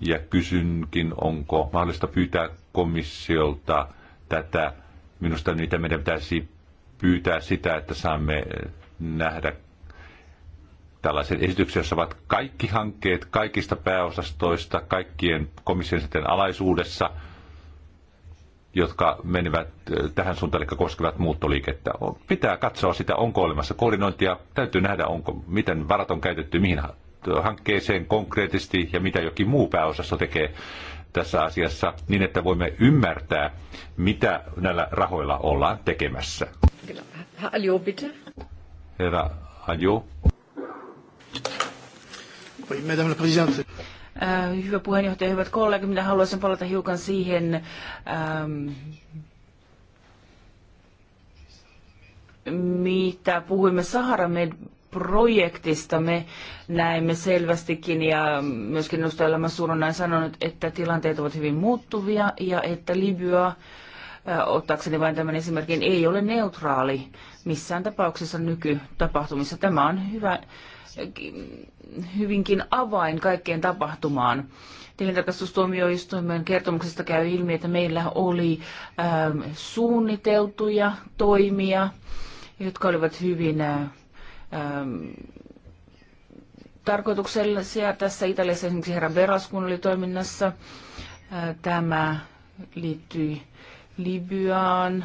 ja kysynkin, onko mahdollista pyytää komissiolta tätä. Minusta niitä meidän pitäisi pyytää sitä, että saamme nähdä tällaisen esityksen, jossa ovat kaikki hankkeet kaikista pääosastoista, kaikkien komission sitten alaisuudessa, jotka menevät tähän suuntaan, eli koskevat muuttoliikettä. Pitää katsoa sitä, onko olemassa koordinointia, täytyy nähdä, onko, miten varat on käytetty, mihin hankkeeseen konkreettisesti ja mitä jokin muu pääosassa tekee tässä asiassa, niin että voimme ymmärtää, mitä näillä rahoilla ollaan tekemässä. Aljo, bitte. Herra Aljo. Oui, madame la présidente. Äh, hyvä puheenjohtaja, hyvät kollegat, minä haluaisin palata hiukan siihen, ähm, mitä puhuimme Saharamed projektista me näemme selvästikin ja myöskin Nusta Elämä Surun on sanonut, että tilanteet ovat hyvin muuttuvia ja että Libya, ottaakseni vain tämän esimerkin, ei ole neutraali missään tapauksessa nykytapahtumissa. Tämä on hyvä, hyvinkin avain kaikkeen tapahtumaan. Tilintarkastustuomioistuimen kertomuksesta käy ilmi, että meillä oli äh, suunniteltuja toimia, jotka olivat hyvin äh, Ähm, tarkoituksellisia. Tässä Italiassa esimerkiksi herra Beras kun oli toiminnassa, äh, tämä liittyi Libyaan,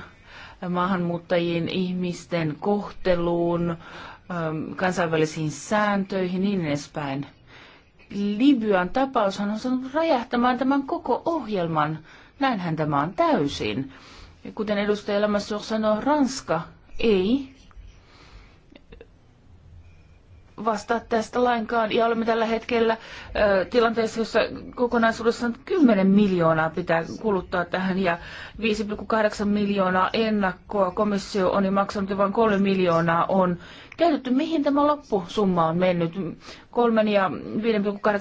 maahanmuuttajien ihmisten kohteluun, ähm, kansainvälisiin sääntöihin niin edespäin. Libyan tapaushan on saanut räjähtämään tämän koko ohjelman. Näinhän tämä on täysin. Kuten edustaja Lamassur sanoi, Ranska ei vastaa tästä lainkaan. Ja olemme tällä hetkellä ö, tilanteessa, jossa kokonaisuudessaan 10 miljoonaa pitää kuluttaa tähän ja 5,8 miljoonaa ennakkoa komissio on jo maksanut ja vain 3 miljoonaa on käytetty. Mihin tämä loppusumma on mennyt? 3 ja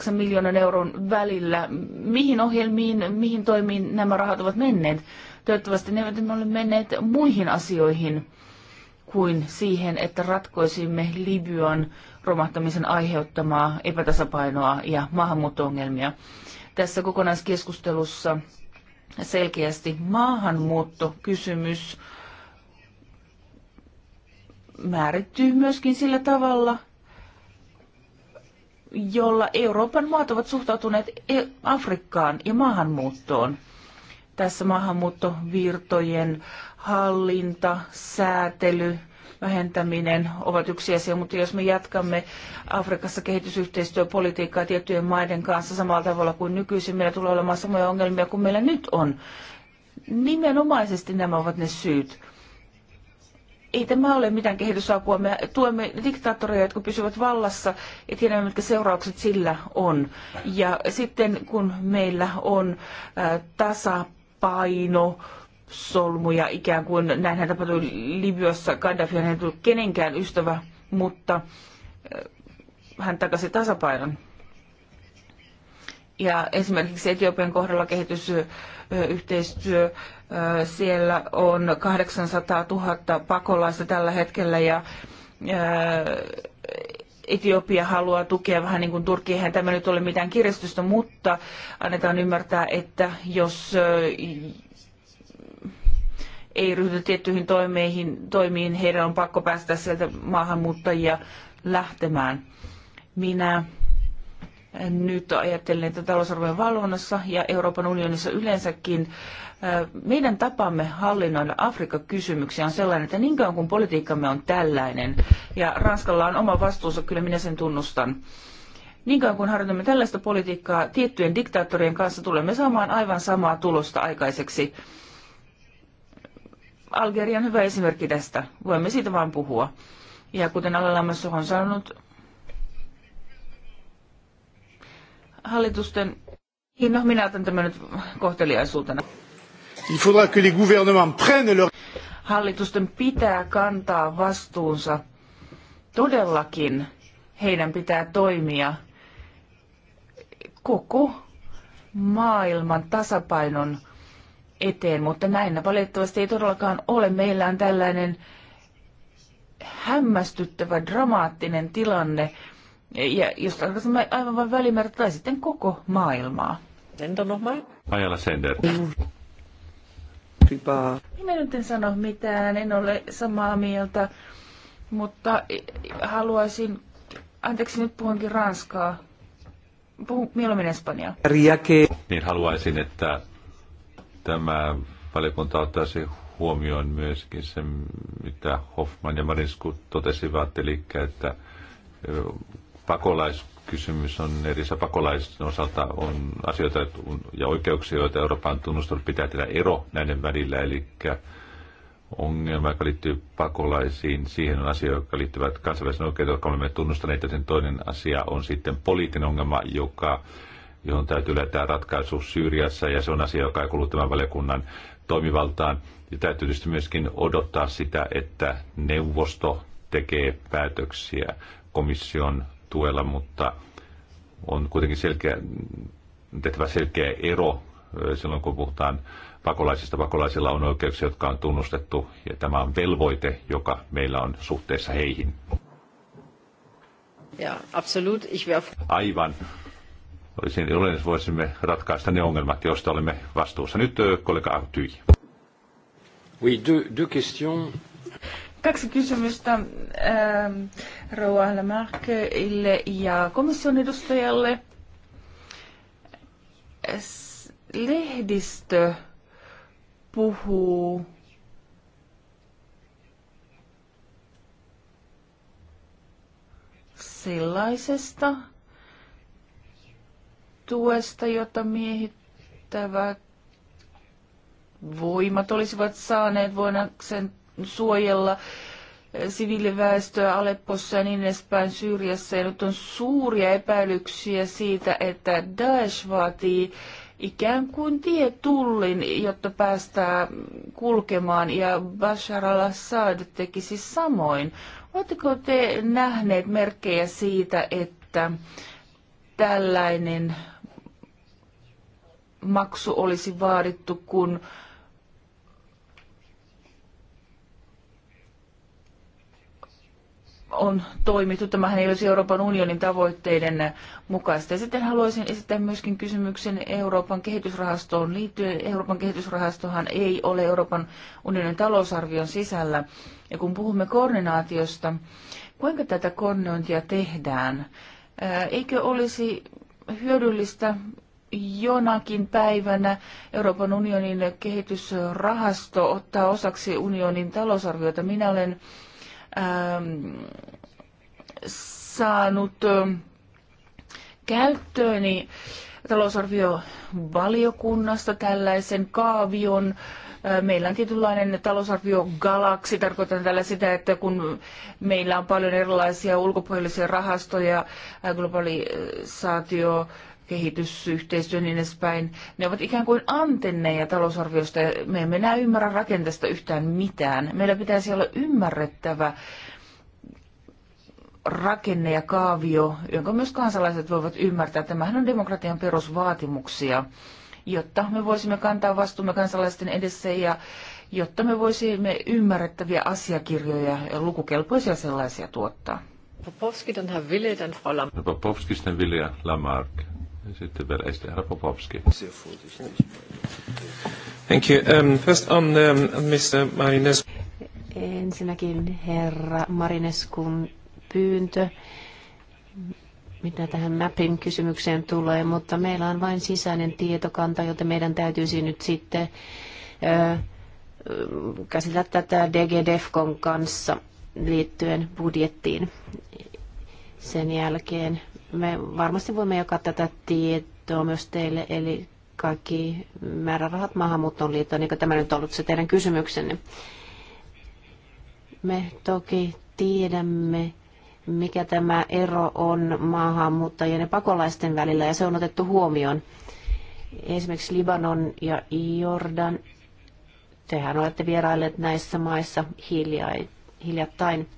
5,8 miljoonan euron välillä. Mihin ohjelmiin, mihin toimiin nämä rahat ovat menneet? Toivottavasti ne eivät ole menneet muihin asioihin kuin siihen, että ratkoisimme Libyan romahtamisen aiheuttamaa epätasapainoa ja maahanmuuttoongelmia. Tässä kokonaiskeskustelussa selkeästi maahanmuuttokysymys määrittyy myöskin sillä tavalla, jolla Euroopan maat ovat suhtautuneet e- Afrikkaan ja maahanmuuttoon. Tässä maahanmuuttovirtojen hallinta, säätely, vähentäminen ovat yksi asia, mutta jos me jatkamme Afrikassa kehitysyhteistyöpolitiikkaa tiettyjen maiden kanssa samalla tavalla kuin nykyisin, meillä tulee olemaan samoja ongelmia kuin meillä nyt on. Nimenomaisesti nämä ovat ne syyt ei tämä ole mitään kehitysapua. Me tuemme diktaattoreja, jotka pysyvät vallassa ja tiedämme, mitkä seuraukset sillä on. Ja sitten kun meillä on äh, tasapaino solmuja ikään kuin. Näinhän tapahtui Libyassa. Gaddafi ei tullut kenenkään ystävä, mutta äh, hän takasi tasapainon. Ja esimerkiksi Etiopian kohdalla kehitysyhteistyö, äh, siellä on 800 000 pakolaista tällä hetkellä ja äh, Etiopia haluaa tukea vähän niin kuin Turkki, eihän tämä nyt ole mitään kiristystä, mutta annetaan ymmärtää, että jos ei ryhdytä tiettyihin toimiin, toimiin, heidän on pakko päästä sieltä maahanmuuttajia lähtemään. Minä nyt ajattelen, että talousarvojen valvonnassa ja Euroopan unionissa yleensäkin meidän tapamme hallinnoida Afrikka-kysymyksiä on sellainen, että niin kauan kuin politiikkamme on tällainen, ja Ranskalla on oma vastuunsa, kyllä minä sen tunnustan, niin kauan kun harjoitamme tällaista politiikkaa tiettyjen diktaattorien kanssa, tulemme saamaan aivan samaa tulosta aikaiseksi. Algeria on hyvä esimerkki tästä. Voimme siitä vain puhua. Ja kuten Alalamassa on sanonut, hallitusten... Niin, no, minä otan tämän nyt kohteliaisuutena. Il faudra que les gouvernements prennent leur... Hallitusten pitää kantaa vastuunsa. Todellakin heidän pitää toimia koko maailman tasapainon eteen, mutta näin valitettavasti ei todellakaan ole. Meillä on tällainen hämmästyttävä, dramaattinen tilanne, ja jos tarkastamme aivan vain välimäärä tai sitten koko maailmaa. Sender nochmal. Ajalla Sender. Minä nyt en sano mitään, en ole samaa mieltä, mutta haluaisin, anteeksi nyt puhunkin ranskaa, puhun mieluummin espanjaa. Niin haluaisin, että tämä valiokunta ottaisi huomioon myöskin se, mitä Hoffman ja Marinsku totesivat, eli että pakolaiskysymys on eri pakolaisten osalta on asioita ja oikeuksia, joita Euroopan tunnustanut pitää tehdä ero näiden välillä, eli ongelma, joka liittyy pakolaisiin, siihen on asia, joka liittyvät kansainvälisen oikeuteen, jotka olemme tunnustaneet, ja sen toinen asia on sitten poliittinen ongelma, joka johon täytyy löytää ratkaisu Syyriassa, ja se on asia, joka ei kuulu tämän valiokunnan toimivaltaan. Ja täytyy tietysti myöskin odottaa sitä, että neuvosto tekee päätöksiä komission tuella, mutta on kuitenkin selkeä, tehtävä selkeä ero silloin, kun puhutaan pakolaisista. Pakolaisilla on oikeuksia, jotka on tunnustettu, ja tämä on velvoite, joka meillä on suhteessa heihin. Ja, absolut. Ich werf... Aivan. Olisin iloinen, että voisimme ratkaista ne ongelmat, joista olemme vastuussa. Nyt kollega Artyi. Oui, deux, deux questions. Kaksi kysymystä ähm, Rouva Lamarckille ja komission edustajalle. Lehdistö puhuu sellaisesta, tuesta, jota miehittävät voimat olisivat saaneet voidakseen suojella eh, siviiliväestöä Aleppossa ja niin edespäin Syyriassa. Ja nyt on suuria epäilyksiä siitä, että Daesh vaatii ikään kuin tietullin, jotta päästään kulkemaan, ja Bashar al-Assad tekisi samoin. Oletteko te nähneet merkkejä siitä, että tällainen maksu olisi vaadittu, kun on toimittu. Tämähän ei olisi Euroopan unionin tavoitteiden mukaista. Ja sitten haluaisin esittää myöskin kysymyksen Euroopan kehitysrahastoon liittyen. Euroopan kehitysrahastohan ei ole Euroopan unionin talousarvion sisällä. Ja kun puhumme koordinaatiosta, kuinka tätä koordinointia tehdään? Eikö olisi hyödyllistä jonakin päivänä Euroopan unionin kehitysrahasto ottaa osaksi unionin talousarviota. Minä olen ähm, saanut ähm, käyttööni talousarviovaliokunnasta tällaisen kaavion. Äh, meillä on tietynlainen talousarviogalaksi. Tarkoitan tällä sitä, että kun meillä on paljon erilaisia ulkopuolisia rahastoja, äh, globalisaatio, kehitysyhteistyö niin edespäin. Ne ovat ikään kuin antenneja talousarviosta ja me emme enää ymmärrä rakenteesta yhtään mitään. Meillä pitäisi olla ymmärrettävä rakenne ja kaavio, jonka myös kansalaiset voivat ymmärtää. Tämähän on demokratian perusvaatimuksia, jotta me voisimme kantaa vastuumme kansalaisten edessä ja jotta me voisimme ymmärrettäviä asiakirjoja ja lukukelpoisia sellaisia tuottaa. Popovski, dann Herr Wille, dann Frau Lamarck. No, Popovski, sitten Wille Lamarck. Sitten vielä este herra Popovski. Thank you. Um, first on um, Mr. Marines. Ensinnäkin herra Marineskun pyyntö, mitä tähän MAPin kysymykseen tulee, mutta meillä on vain sisäinen tietokanta, joten meidän täytyisi nyt sitten ö, käsitellä tätä DGDEFCON kanssa liittyen budjettiin sen jälkeen me varmasti voimme jakaa tätä tietoa myös teille, eli kaikki määrärahat maahanmuuttoon liittyen, niin kuin tämä nyt on ollut se teidän kysymyksenne. Me toki tiedämme, mikä tämä ero on maahanmuuttajien ja pakolaisten välillä, ja se on otettu huomioon. Esimerkiksi Libanon ja Jordan, tehän olette vierailleet näissä maissa hiljaa, hiljattain.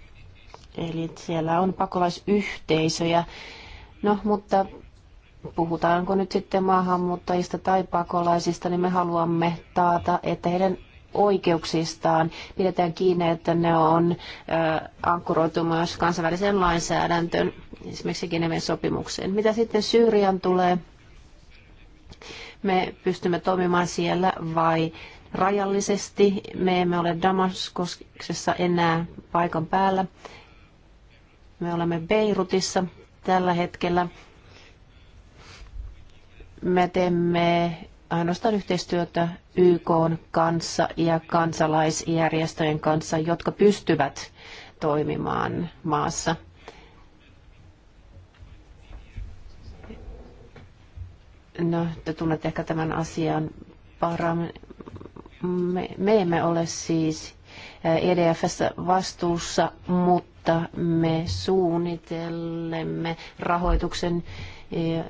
Eli siellä on pakolaisyhteisöjä, No, mutta puhutaanko nyt sitten maahanmuuttajista tai pakolaisista, niin me haluamme taata, että heidän oikeuksistaan pidetään kiinni, että ne on ankkuroitu myös kansainväliseen lainsäädäntöön, esimerkiksi Geneven sopimukseen. Mitä sitten Syyrian tulee? Me pystymme toimimaan siellä vai rajallisesti? Me emme ole Damaskoksessa enää paikan päällä. Me olemme Beirutissa tällä hetkellä. Me teemme ainoastaan yhteistyötä YK kanssa ja kansalaisjärjestöjen kanssa, jotka pystyvät toimimaan maassa. No, te tunnette ehkä tämän asian paremmin. Me, me emme ole siis EDFssä vastuussa, mutta jotta me suunnitellemme rahoituksen e,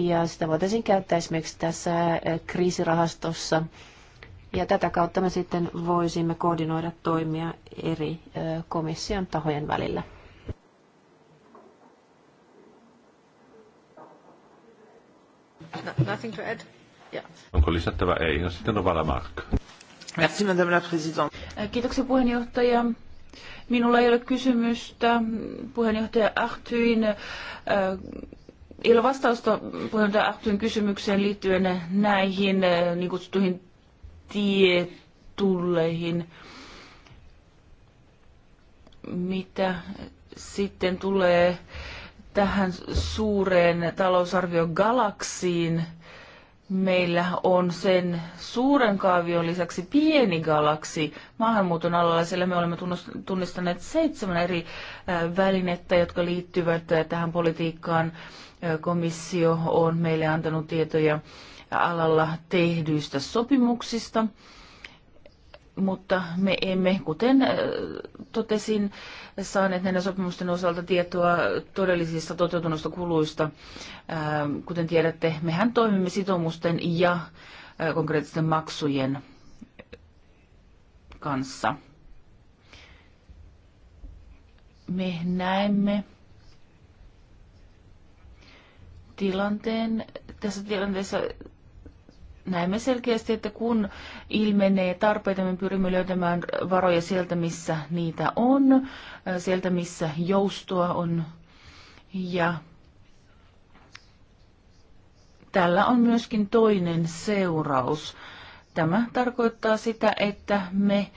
ja sitä voitaisiin käyttää esimerkiksi tässä e, kriisirahastossa. Ja tätä kautta me sitten voisimme koordinoida toimia eri e, komission tahojen välillä. No, nothing to add? Yeah. Onko lisättävä? Ei. No sitten on Valamark. Merci, madame Kiitoksia puheenjohtaja. Minulla ei ole kysymystä puheenjohtaja Ahtyin. Äh, ei ole vastausta puheenjohtaja Ahtyin kysymykseen liittyen näihin äh, niin kutsuttuihin tietulleihin. Mitä sitten tulee tähän suureen talousarviogalaksiin, galaksiin, meillä on sen suuren kaavion lisäksi pieni galaksi maahanmuuton alalla, sillä me olemme tunnistaneet seitsemän eri äh, välinettä, jotka liittyvät äh, tähän politiikkaan. Äh, komissio on meille antanut tietoja alalla tehdyistä sopimuksista mutta me emme, kuten äh, totesin, saaneet näiden sopimusten osalta tietoa todellisista toteutuneista kuluista. Ähm, kuten tiedätte, mehän toimimme sitoumusten ja äh, konkreettisten maksujen kanssa. Me näemme tilanteen, tässä tilanteessa näemme selkeästi, että kun ilmenee tarpeita, me pyrimme löytämään varoja sieltä, missä niitä on, sieltä, missä joustoa on. Ja tällä on myöskin toinen seuraus. Tämä tarkoittaa sitä, että me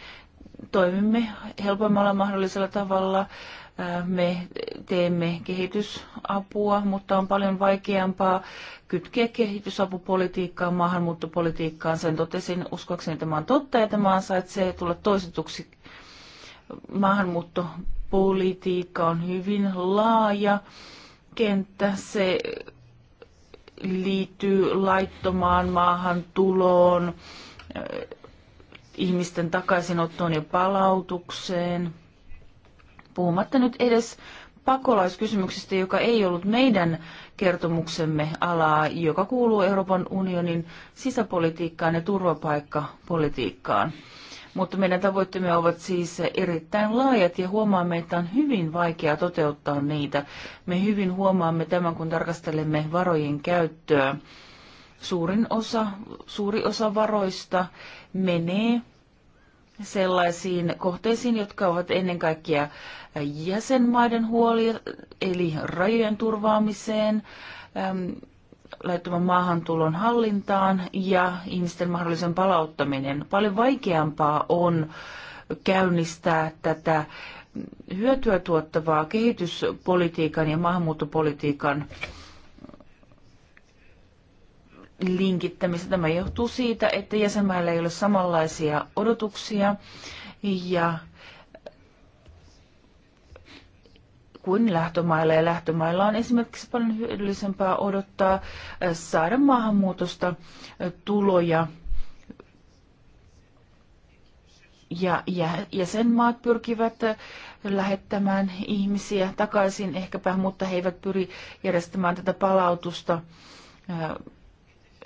toimimme helpommalla mahdollisella tavalla me teemme kehitysapua, mutta on paljon vaikeampaa kytkeä kehitysapupolitiikkaa maahanmuuttopolitiikkaan. Sen totesin, uskoakseni tämä on totta ja tämä ansaitsee tulla toistetuksi. Maahanmuuttopolitiikka on hyvin laaja kenttä. Se liittyy laittomaan maahantuloon, ihmisten takaisinottoon ja palautukseen – puhumatta nyt edes pakolaiskysymyksestä, joka ei ollut meidän kertomuksemme alaa, joka kuuluu Euroopan unionin sisäpolitiikkaan ja turvapaikkapolitiikkaan. Mutta meidän tavoitteemme ovat siis erittäin laajat ja huomaamme, että on hyvin vaikea toteuttaa niitä. Me hyvin huomaamme tämän, kun tarkastelemme varojen käyttöä. Suurin osa, suuri osa varoista menee sellaisiin kohteisiin, jotka ovat ennen kaikkea jäsenmaiden huoli, eli rajojen turvaamiseen, laittoman maahantulon hallintaan ja ihmisten mahdollisen palauttaminen. Paljon vaikeampaa on käynnistää tätä hyötyä tuottavaa kehityspolitiikan ja maahanmuuttopolitiikan linkittämistä. Tämä johtuu siitä, että jäsenmailla ei ole samanlaisia odotuksia ja kuin lähtömailla. Ja lähtömailla on esimerkiksi paljon hyödyllisempää odottaa äh, saada maahanmuutosta äh, tuloja. Ja jäsenmaat pyrkivät äh, lähettämään ihmisiä takaisin ehkäpä, mutta he eivät pyri järjestämään tätä palautusta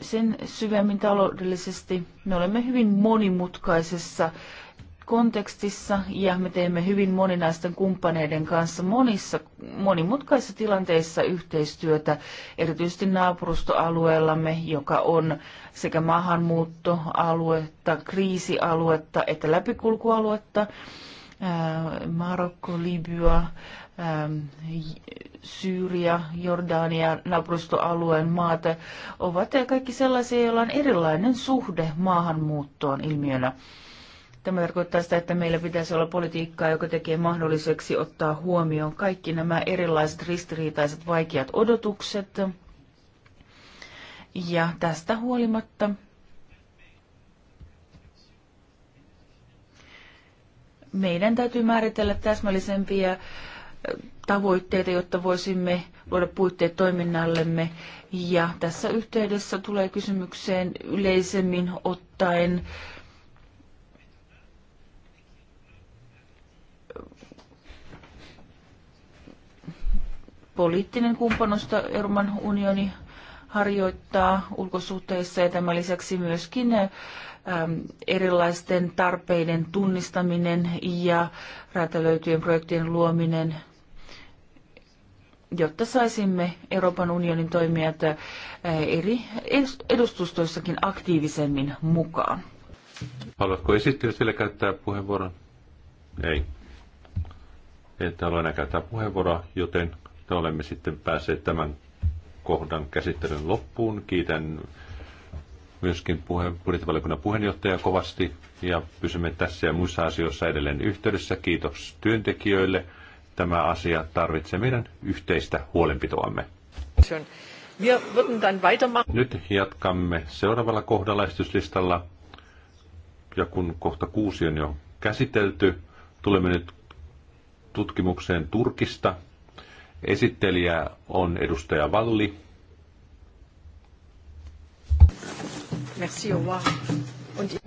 sen syvemmin taloudellisesti. Me olemme hyvin monimutkaisessa kontekstissa ja me teemme hyvin moninaisten kumppaneiden kanssa monissa monimutkaisissa tilanteissa yhteistyötä, erityisesti naapurustoalueellamme, joka on sekä maahanmuuttoaluetta, kriisialuetta että läpikulkualuetta. Marokko, Libya, Syyria, Jordania, Naprustoalueen maat ovat ja kaikki sellaisia, joilla on erilainen suhde maahanmuuttoon ilmiönä. Tämä tarkoittaa sitä, että meillä pitäisi olla politiikkaa, joka tekee mahdolliseksi ottaa huomioon kaikki nämä erilaiset ristiriitaiset vaikeat odotukset. Ja tästä huolimatta meidän täytyy määritellä täsmällisempiä tavoitteita, jotta voisimme luoda puitteet toiminnallemme. Ja tässä yhteydessä tulee kysymykseen yleisemmin ottaen poliittinen kumppanusta Euroopan unioni harjoittaa ulkosuhteissa ja tämän lisäksi myöskin ähm, erilaisten tarpeiden tunnistaminen ja räätälöityjen projektien luominen jotta saisimme Euroopan unionin toimijat eh, eri edustustoissakin aktiivisemmin mukaan. Haluatko esittää sille käyttää puheenvuoron? Ei. Että halua enää käyttää puheenvuoroa, joten me olemme sitten päässeet tämän kohdan käsittelyn loppuun. Kiitän myöskin puhe, budjettivaliokunnan puheenjohtaja kovasti ja pysymme tässä ja muissa asioissa edelleen yhteydessä. Kiitos työntekijöille tämä asia tarvitsee meidän yhteistä huolenpitoamme. Nyt jatkamme seuraavalla kohdalla esityslistalla. Ja kun kohta kuusi on jo käsitelty, tulemme nyt tutkimukseen Turkista. Esittelijä on edustaja Valli. Merci,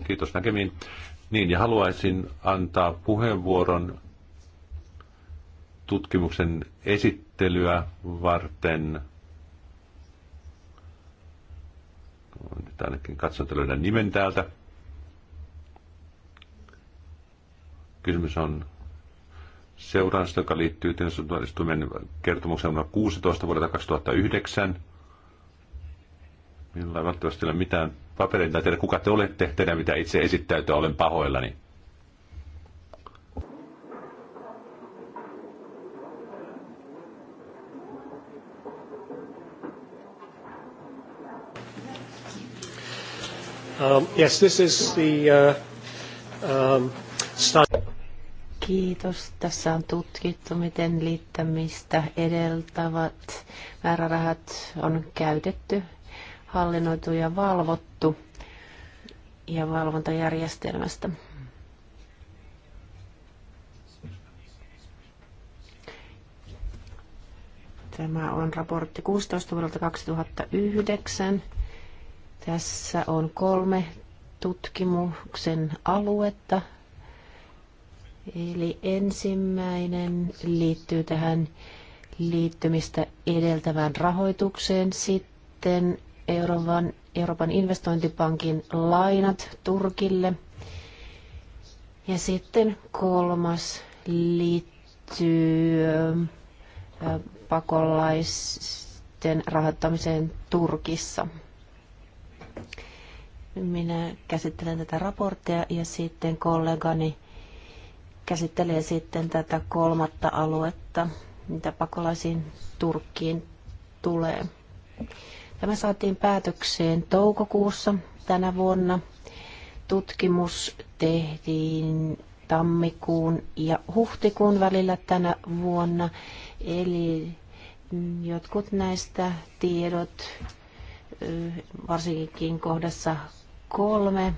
Kiitos näkemiin. Niin, ja haluaisin antaa puheenvuoron tutkimuksen esittelyä varten. Nyt ainakin katson, että löydän nimen täältä. Kysymys on seurannasta, joka liittyy tietysti kertomuksen vuonna 16 vuodelta 2009. Minulla ei välttämättä ole mitään papereita, tiedä kuka te olette, tehdä mitä itse esittäytyä, olen pahoillani. Um, yes, this is the, uh, um, Kiitos. Tässä on tutkittu, miten liittämistä edeltävät määrärahat on käytetty, hallinnoitu ja valvottu ja valvontajärjestelmästä. Tämä on raportti 16 vuodelta 2009 tässä on kolme tutkimuksen aluetta. Eli ensimmäinen liittyy tähän liittymistä edeltävään rahoitukseen, sitten Euroopan, Euroopan investointipankin lainat Turkille ja sitten kolmas liittyy pakolaisten rahoittamiseen Turkissa. Minä käsittelen tätä raporttia ja sitten kollegani käsittelee sitten tätä kolmatta aluetta, mitä pakolaisiin Turkkiin tulee. Tämä saatiin päätökseen toukokuussa tänä vuonna. Tutkimus tehtiin tammikuun ja huhtikuun välillä tänä vuonna. Eli jotkut näistä tiedot varsinkin kohdassa kolme.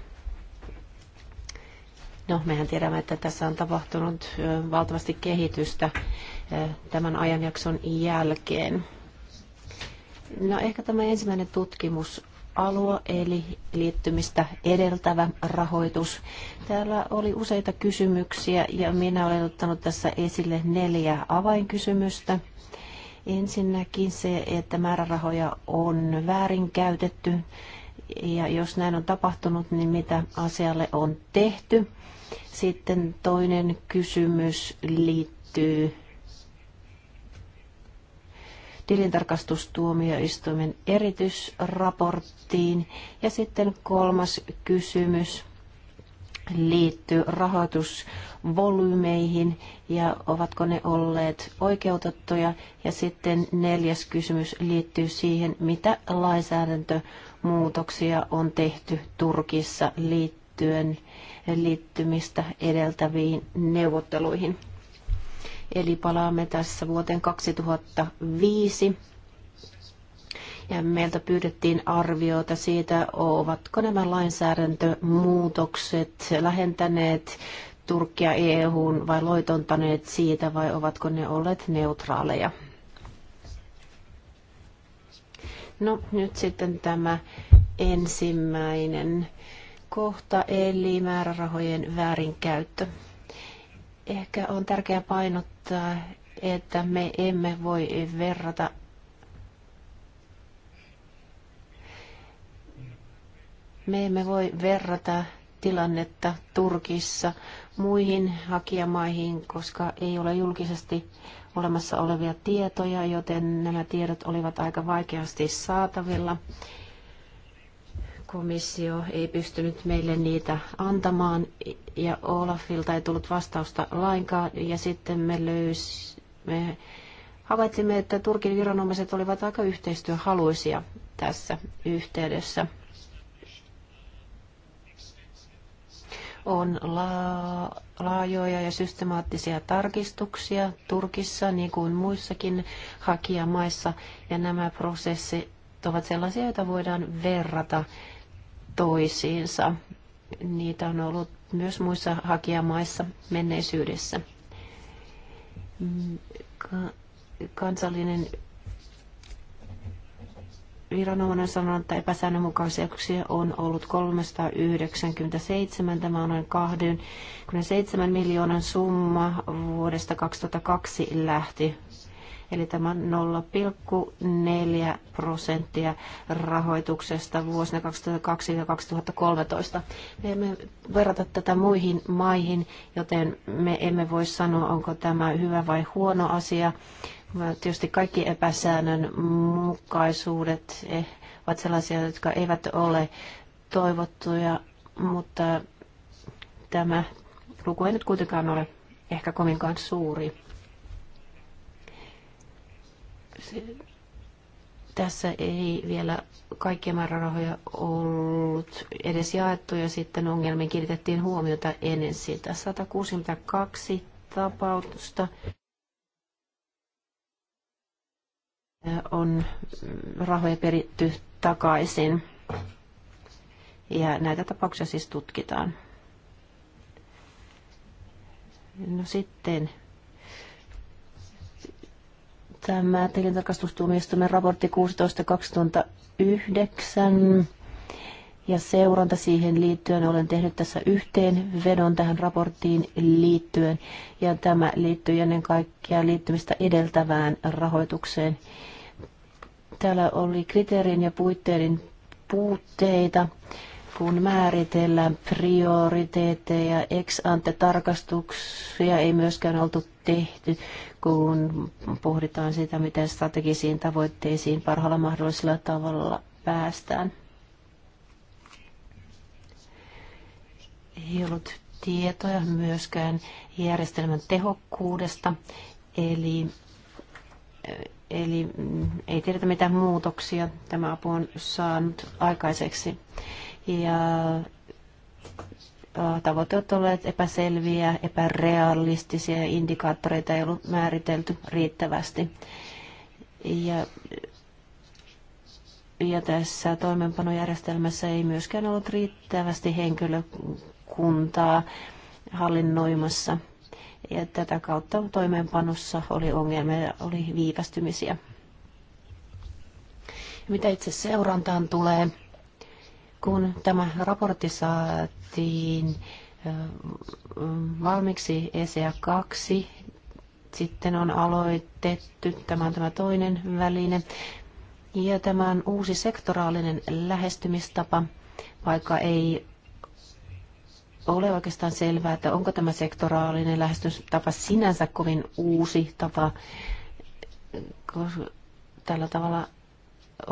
No, mehän tiedämme, että tässä on tapahtunut valtavasti kehitystä tämän ajanjakson jälkeen. No ehkä tämä ensimmäinen tutkimusalue, eli liittymistä edeltävä rahoitus. Täällä oli useita kysymyksiä ja minä olen ottanut tässä esille neljä avainkysymystä. Ensinnäkin se, että määrärahoja on väärinkäytetty ja jos näin on tapahtunut, niin mitä asialle on tehty. Sitten toinen kysymys liittyy tilintarkastustuomioistuimen erityisraporttiin. Ja sitten kolmas kysymys liittyy rahoitusvolyymeihin ja ovatko ne olleet oikeutettuja. Ja sitten neljäs kysymys liittyy siihen, mitä lainsäädäntömuutoksia on tehty Turkissa liittyen liittymistä edeltäviin neuvotteluihin. Eli palaamme tässä vuoteen 2005 ja meiltä pyydettiin arviota siitä, ovatko nämä lainsäädäntömuutokset lähentäneet Turkkia EU:hun vai loitontaneet siitä vai ovatko ne olleet neutraaleja. No nyt sitten tämä ensimmäinen kohta eli määrärahojen väärinkäyttö. Ehkä on tärkeää painottaa, että me emme voi verrata Me emme voi verrata tilannetta Turkissa muihin hakijamaihin, koska ei ole julkisesti olemassa olevia tietoja, joten nämä tiedot olivat aika vaikeasti saatavilla. Komissio ei pystynyt meille niitä antamaan ja Olafilta ei tullut vastausta lainkaan ja sitten me löysimme havaitsimme, että Turkin viranomaiset olivat aika yhteistyöhaluisia tässä yhteydessä. on laajoja ja systemaattisia tarkistuksia Turkissa niin kuin muissakin hakijamaissa ja nämä prosessit ovat sellaisia, joita voidaan verrata toisiinsa. Niitä on ollut myös muissa hakijamaissa menneisyydessä. Kansallinen viranomainen sanoi, että epäsäännönmukaisuuksia on ollut 397. Tämä on noin 27 miljoonan summa vuodesta 2002 lähti. Eli tämä 0,4 prosenttia rahoituksesta vuosina 2002 ja 2013. Me emme verrata tätä muihin maihin, joten me emme voi sanoa, onko tämä hyvä vai huono asia Tietysti kaikki mukaisuudet eh, ovat sellaisia, jotka eivät ole toivottuja, mutta tämä luku ei nyt kuitenkaan ole ehkä kovinkaan suuri. Tässä ei vielä kaikkia määrärahoja ollut edes jaettu ja sitten ongelmiin kiinnitettiin huomiota ennen sitä. 162 tapausta on rahoja peritty takaisin. Ja näitä tapauksia siis tutkitaan. No sitten tämä tilintarkastustuomioistuimen raportti 16.2009 ja seuranta siihen liittyen. Olen tehnyt tässä yhteenvedon tähän raporttiin liittyen ja tämä liittyy ennen kaikkea liittymistä edeltävään rahoitukseen. Täällä oli kriteerin ja puitteiden puutteita, kun määritellään prioriteetteja, ex ante tarkastuksia ei myöskään oltu tehty, kun pohditaan sitä, miten strategisiin tavoitteisiin parhaalla mahdollisella tavalla päästään. Ei ollut tietoja myöskään järjestelmän tehokkuudesta, eli Eli mm, ei tiedetä mitä muutoksia tämä apu on saanut aikaiseksi. Ja tavoitteet olleet epäselviä, epärealistisia ja indikaattoreita ei ollut määritelty riittävästi. Ja, ja tässä toimenpanojärjestelmässä ei myöskään ollut riittävästi henkilökuntaa hallinnoimassa ja tätä kautta toimeenpanossa oli ongelmia, oli viivästymisiä. Mitä itse seurantaan tulee, kun tämä raportti saatiin valmiiksi ECA 2, sitten on aloitettu, tämä on tämä toinen väline, ja tämä on uusi sektoraalinen lähestymistapa, vaikka ei ole oikeastaan selvää, että onko tämä sektoraalinen lähestymistapa sinänsä kovin uusi tapa, koska tällä tavalla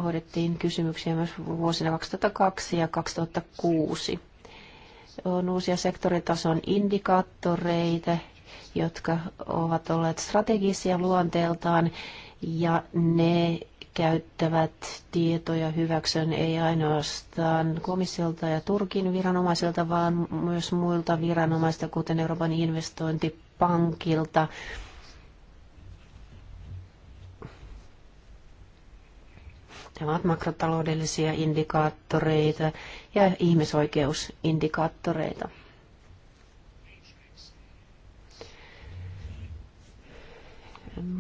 hoidettiin kysymyksiä myös vuosina 2002 ja 2006. On uusia sektoritason indikaattoreita, jotka ovat olleet strategisia luonteeltaan ja ne käyttävät tietoja hyväksön ei ainoastaan komissiolta ja Turkin viranomaisilta, vaan myös muilta viranomaista, kuten Euroopan investointipankilta. Ne ovat makrotaloudellisia indikaattoreita ja ihmisoikeusindikaattoreita.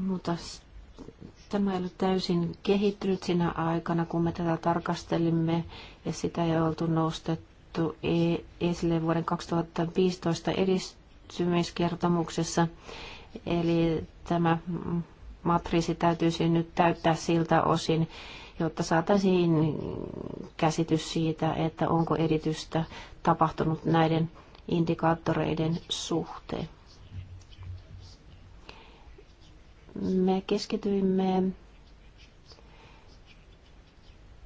Mutta Tämä ei ole täysin kehittynyt sinä aikana, kun me tätä tarkastelimme ja sitä ei oltu nostettu e- esille vuoden 2015 edistymiskertomuksessa. Eli tämä matriisi täytyisi nyt täyttää siltä osin, jotta saataisiin käsitys siitä, että onko editystä tapahtunut näiden indikaattoreiden suhteen. Me keskityimme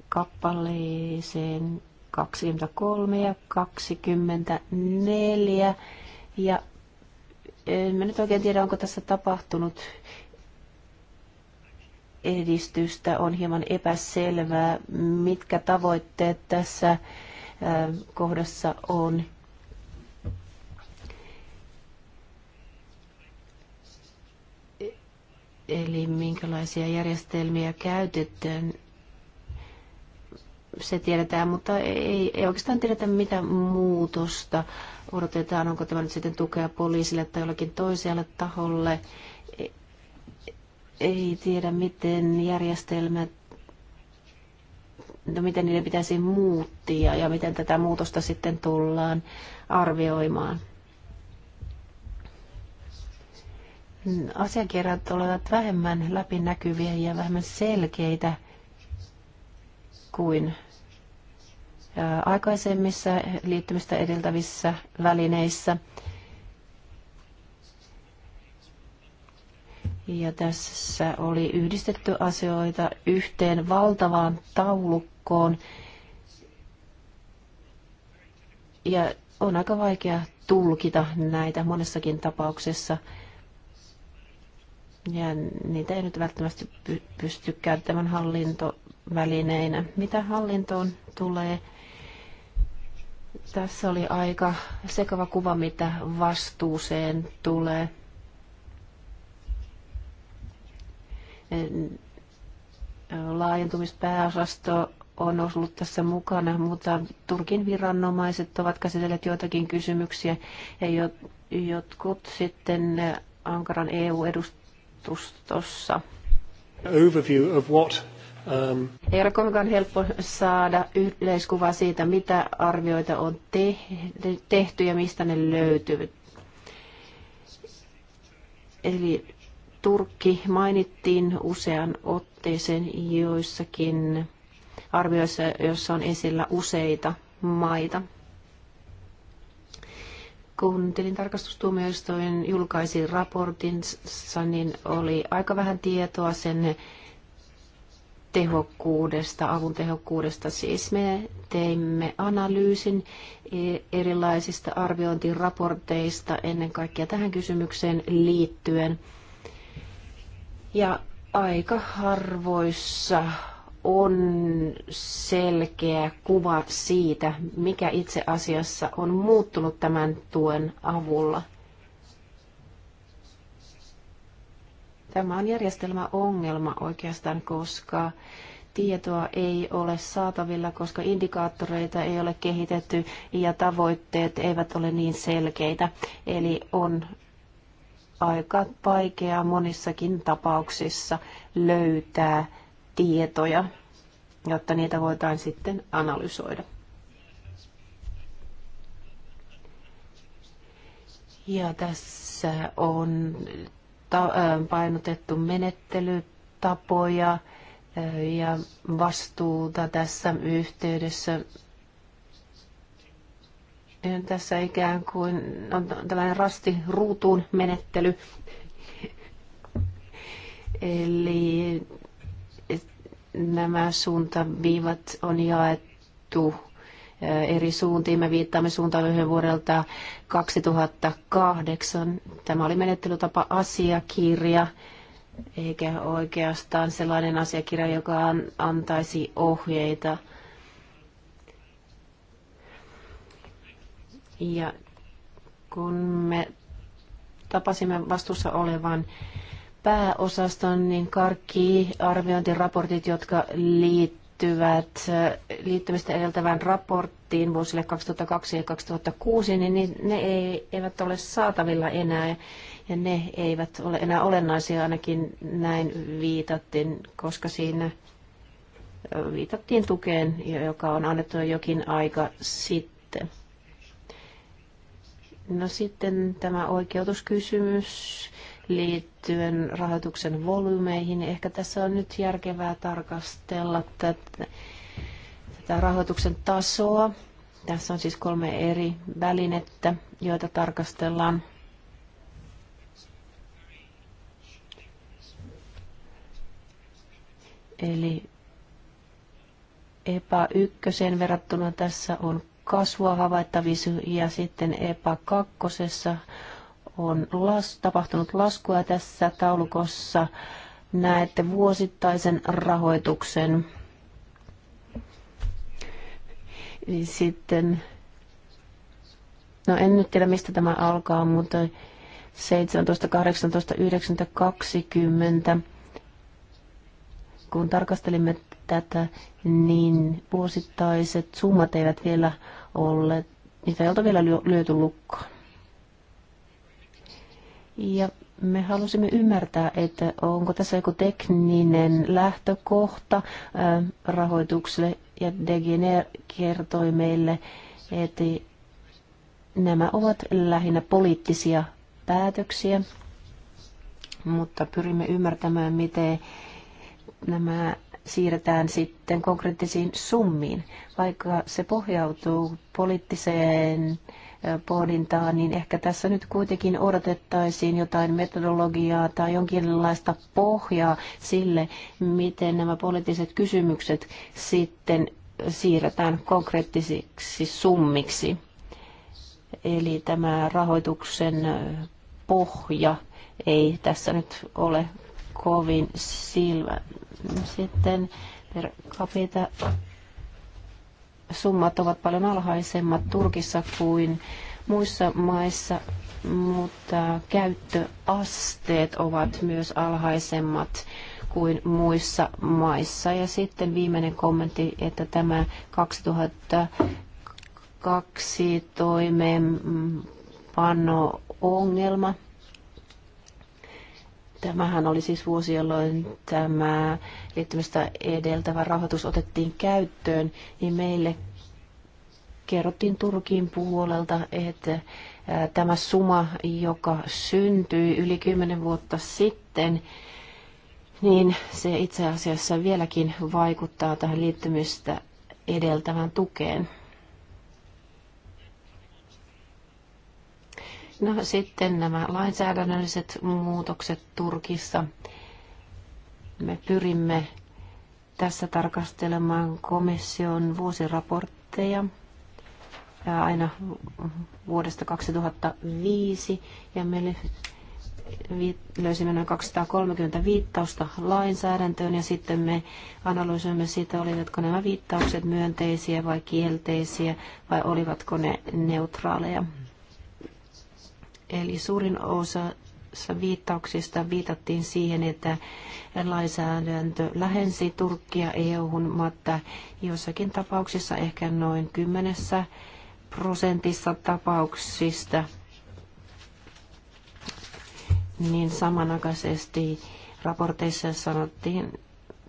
kappaleeseen 23 ja 24. Ja en mä nyt oikein tiedä, onko tässä tapahtunut edistystä. On hieman epäselvää, mitkä tavoitteet tässä kohdassa on eli minkälaisia järjestelmiä käytetään, se tiedetään, mutta ei, ei oikeastaan tiedetä, mitä muutosta odotetaan, onko tämä nyt sitten tukea poliisille tai jollekin toiselle taholle. Ei tiedä, miten järjestelmät, no miten niiden pitäisi muuttia ja miten tätä muutosta sitten tullaan arvioimaan. asiakirjat olivat vähemmän läpinäkyviä ja vähemmän selkeitä kuin aikaisemmissa liittymistä edeltävissä välineissä. Ja tässä oli yhdistetty asioita yhteen valtavaan taulukkoon. Ja on aika vaikea tulkita näitä monessakin tapauksessa ja niitä ei nyt välttämättä pysty käyttämään hallintovälineinä. Mitä hallintoon tulee? Tässä oli aika sekava kuva, mitä vastuuseen tulee. Laajentumispääosasto on ollut tässä mukana, mutta Turkin viranomaiset ovat käsitelleet joitakin kysymyksiä ja jotkut sitten Ankaran EU-edustajat verkostossa. Overview of what Um, Ei ole kovinkaan helppo saada yleiskuvaa siitä, mitä arvioita on tehty ja mistä ne löytyvät. Eli Turkki mainittiin usean otteeseen joissakin arvioissa, joissa on esillä useita maita kun tilintarkastustuomioistuin julkaisi raportinsa, niin oli aika vähän tietoa sen tehokkuudesta, avun tehokkuudesta. Siis me teimme analyysin e- erilaisista arviointiraporteista ennen kaikkea tähän kysymykseen liittyen. Ja aika harvoissa on selkeä kuva siitä, mikä itse asiassa on muuttunut tämän tuen avulla. Tämä on järjestelmäongelma oikeastaan, koska tietoa ei ole saatavilla, koska indikaattoreita ei ole kehitetty ja tavoitteet eivät ole niin selkeitä. Eli on aika vaikeaa monissakin tapauksissa löytää tietoja, jotta niitä voidaan sitten analysoida. Ja tässä on painotettu menettelytapoja ja vastuuta tässä yhteydessä. Ja tässä ikään kuin on tällainen rasti ruutuun menettely. Eli nämä suuntaviivat on jaettu eh, eri suuntiin. Me viittaamme suuntaviivien vuodelta 2008. Tämä oli menettelytapa asiakirja, eikä oikeastaan sellainen asiakirja, joka antaisi ohjeita. Ja kun me tapasimme vastuussa olevan pääosaston, niin kaikki arviointiraportit, jotka liittyvät liittymistä edeltävään raporttiin vuosille 2002 ja 2006, niin ne ei, eivät ole saatavilla enää ja ne eivät ole enää olennaisia, ainakin näin viitattiin, koska siinä viitattiin tukeen, joka on annettu jokin aika sitten. No sitten tämä oikeutuskysymys liittyen rahoituksen volyymeihin. Ehkä tässä on nyt järkevää tarkastella tätä, tätä rahoituksen tasoa. Tässä on siis kolme eri välinettä, joita tarkastellaan. Eli EPA 1 verrattuna tässä on kasvua havaittavissa ja sitten EPA 2 on las, tapahtunut laskua tässä taulukossa. Näette vuosittaisen rahoituksen. Sitten, no en nyt tiedä mistä tämä alkaa, mutta 17, 18, 19, 20. Kun tarkastelimme tätä, niin vuosittaiset summat eivät vielä olleet, niitä ei ole vielä lyöty lukkoon. Ja me halusimme ymmärtää, että onko tässä joku tekninen lähtökohta rahoitukselle, ja Degener kertoi meille, että nämä ovat lähinnä poliittisia päätöksiä, mutta pyrimme ymmärtämään, miten nämä siirretään sitten konkreettisiin summiin, vaikka se pohjautuu poliittiseen pohdintaa, niin ehkä tässä nyt kuitenkin odotettaisiin jotain metodologiaa tai jonkinlaista pohjaa sille, miten nämä poliittiset kysymykset sitten siirretään konkreettisiksi summiksi. Eli tämä rahoituksen pohja ei tässä nyt ole kovin silmä. Sitten per capita summat ovat paljon alhaisemmat Turkissa kuin muissa maissa, mutta käyttöasteet ovat myös alhaisemmat kuin muissa maissa. Ja sitten viimeinen kommentti, että tämä 2002 toimeenpano ongelma – Tämähän oli siis vuosi, jolloin tämä liittymistä edeltävä rahoitus otettiin käyttöön, niin meille kerrottiin Turkin puolelta, että tämä suma, joka syntyi yli kymmenen vuotta sitten, niin se itse asiassa vieläkin vaikuttaa tähän liittymistä edeltävän tukeen. No sitten nämä lainsäädännölliset muutokset Turkissa. Me pyrimme tässä tarkastelemaan komission vuosiraportteja aina vuodesta 2005 ja me löysimme noin 230 viittausta lainsäädäntöön ja sitten me analysoimme sitä, olivatko nämä viittaukset myönteisiä vai kielteisiä vai olivatko ne neutraaleja. Eli suurin osa viittauksista viitattiin siihen, että lainsäädäntö lähensi Turkkia EU-hun, mutta jossakin tapauksissa ehkä noin kymmenessä prosentissa tapauksista niin samanaikaisesti raporteissa sanottiin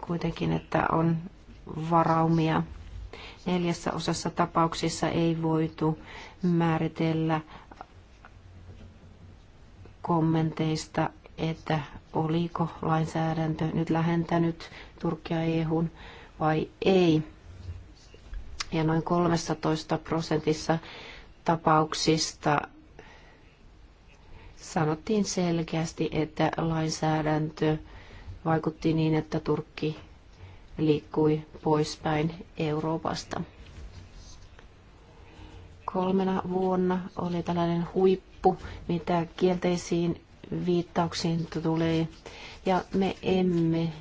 kuitenkin, että on varaumia. Neljässä osassa tapauksissa ei voitu määritellä kommenteista, että oliko lainsäädäntö nyt lähentänyt Turkia EUn vai ei. Ja noin 13 prosentissa tapauksista sanottiin selkeästi, että lainsäädäntö vaikutti niin, että Turkki liikkui poispäin Euroopasta. Kolmena vuonna oli tällainen huippu loppu, mitä kielteisiin viittauksiin tulee. Ja me emme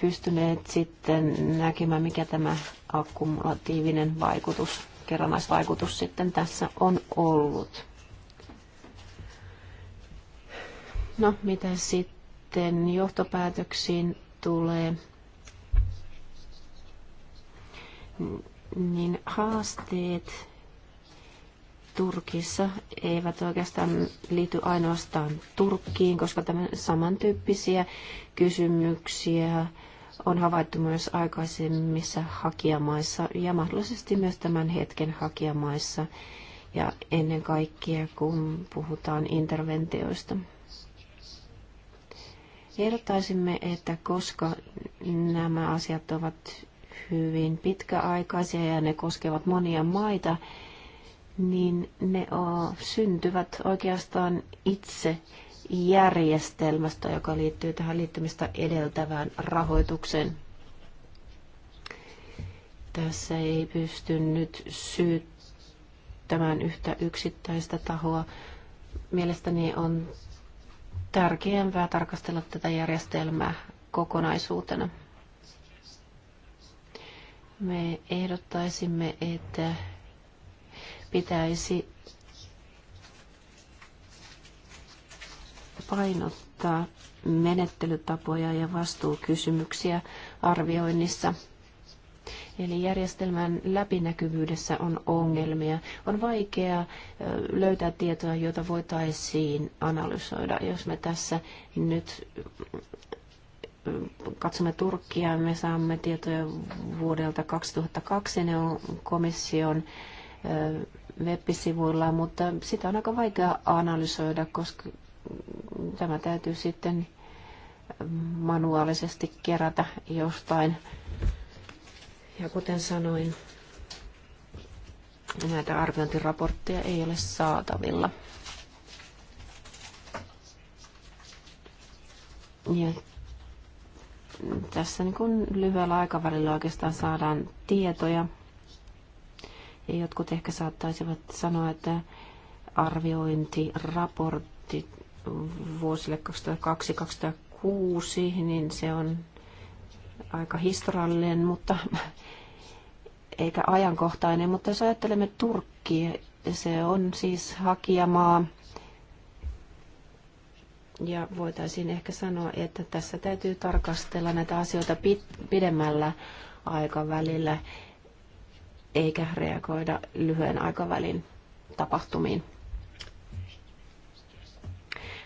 pystyneet sitten näkemään, mikä tämä akkumulatiivinen vaikutus, kerranaisvaikutus sitten tässä on ollut. No, mitä sitten johtopäätöksiin tulee? Niin haasteet Turkissa eivät oikeastaan liity ainoastaan Turkkiin, koska tämän samantyyppisiä kysymyksiä on havaittu myös aikaisemmissa hakijamaissa ja mahdollisesti myös tämän hetken hakijamaissa ja ennen kaikkea kun puhutaan interventioista. Ehdottaisimme, että koska nämä asiat ovat hyvin pitkäaikaisia ja ne koskevat monia maita, niin ne syntyvät oikeastaan itse järjestelmästä, joka liittyy tähän liittymistä edeltävään rahoitukseen. Tässä ei pysty nyt syyttämään yhtä yksittäistä tahoa. Mielestäni on tärkeämpää tarkastella tätä järjestelmää kokonaisuutena. Me ehdottaisimme, että pitäisi painottaa menettelytapoja ja vastuukysymyksiä arvioinnissa. Eli järjestelmän läpinäkyvyydessä on ongelmia. On vaikea löytää tietoa, jota voitaisiin analysoida. Jos me tässä nyt katsomme Turkkia, me saamme tietoja vuodelta 2002, ne on komission web sivuilla mutta sitä on aika vaikea analysoida, koska tämä täytyy sitten manuaalisesti kerätä jostain. Ja kuten sanoin, näitä arviointiraportteja ei ole saatavilla. Ja tässä niin kuin lyhyellä aikavälillä oikeastaan saadaan tietoja Jotkut ehkä saattaisivat sanoa, että arviointiraportti vuosille 2002-2006, niin se on aika historiallinen, mutta eikä ajankohtainen, mutta jos ajattelemme Turkki, se on siis hakijamaa. Ja voitaisiin ehkä sanoa, että tässä täytyy tarkastella näitä asioita pidemmällä aikavälillä eikä reagoida lyhyen aikavälin tapahtumiin.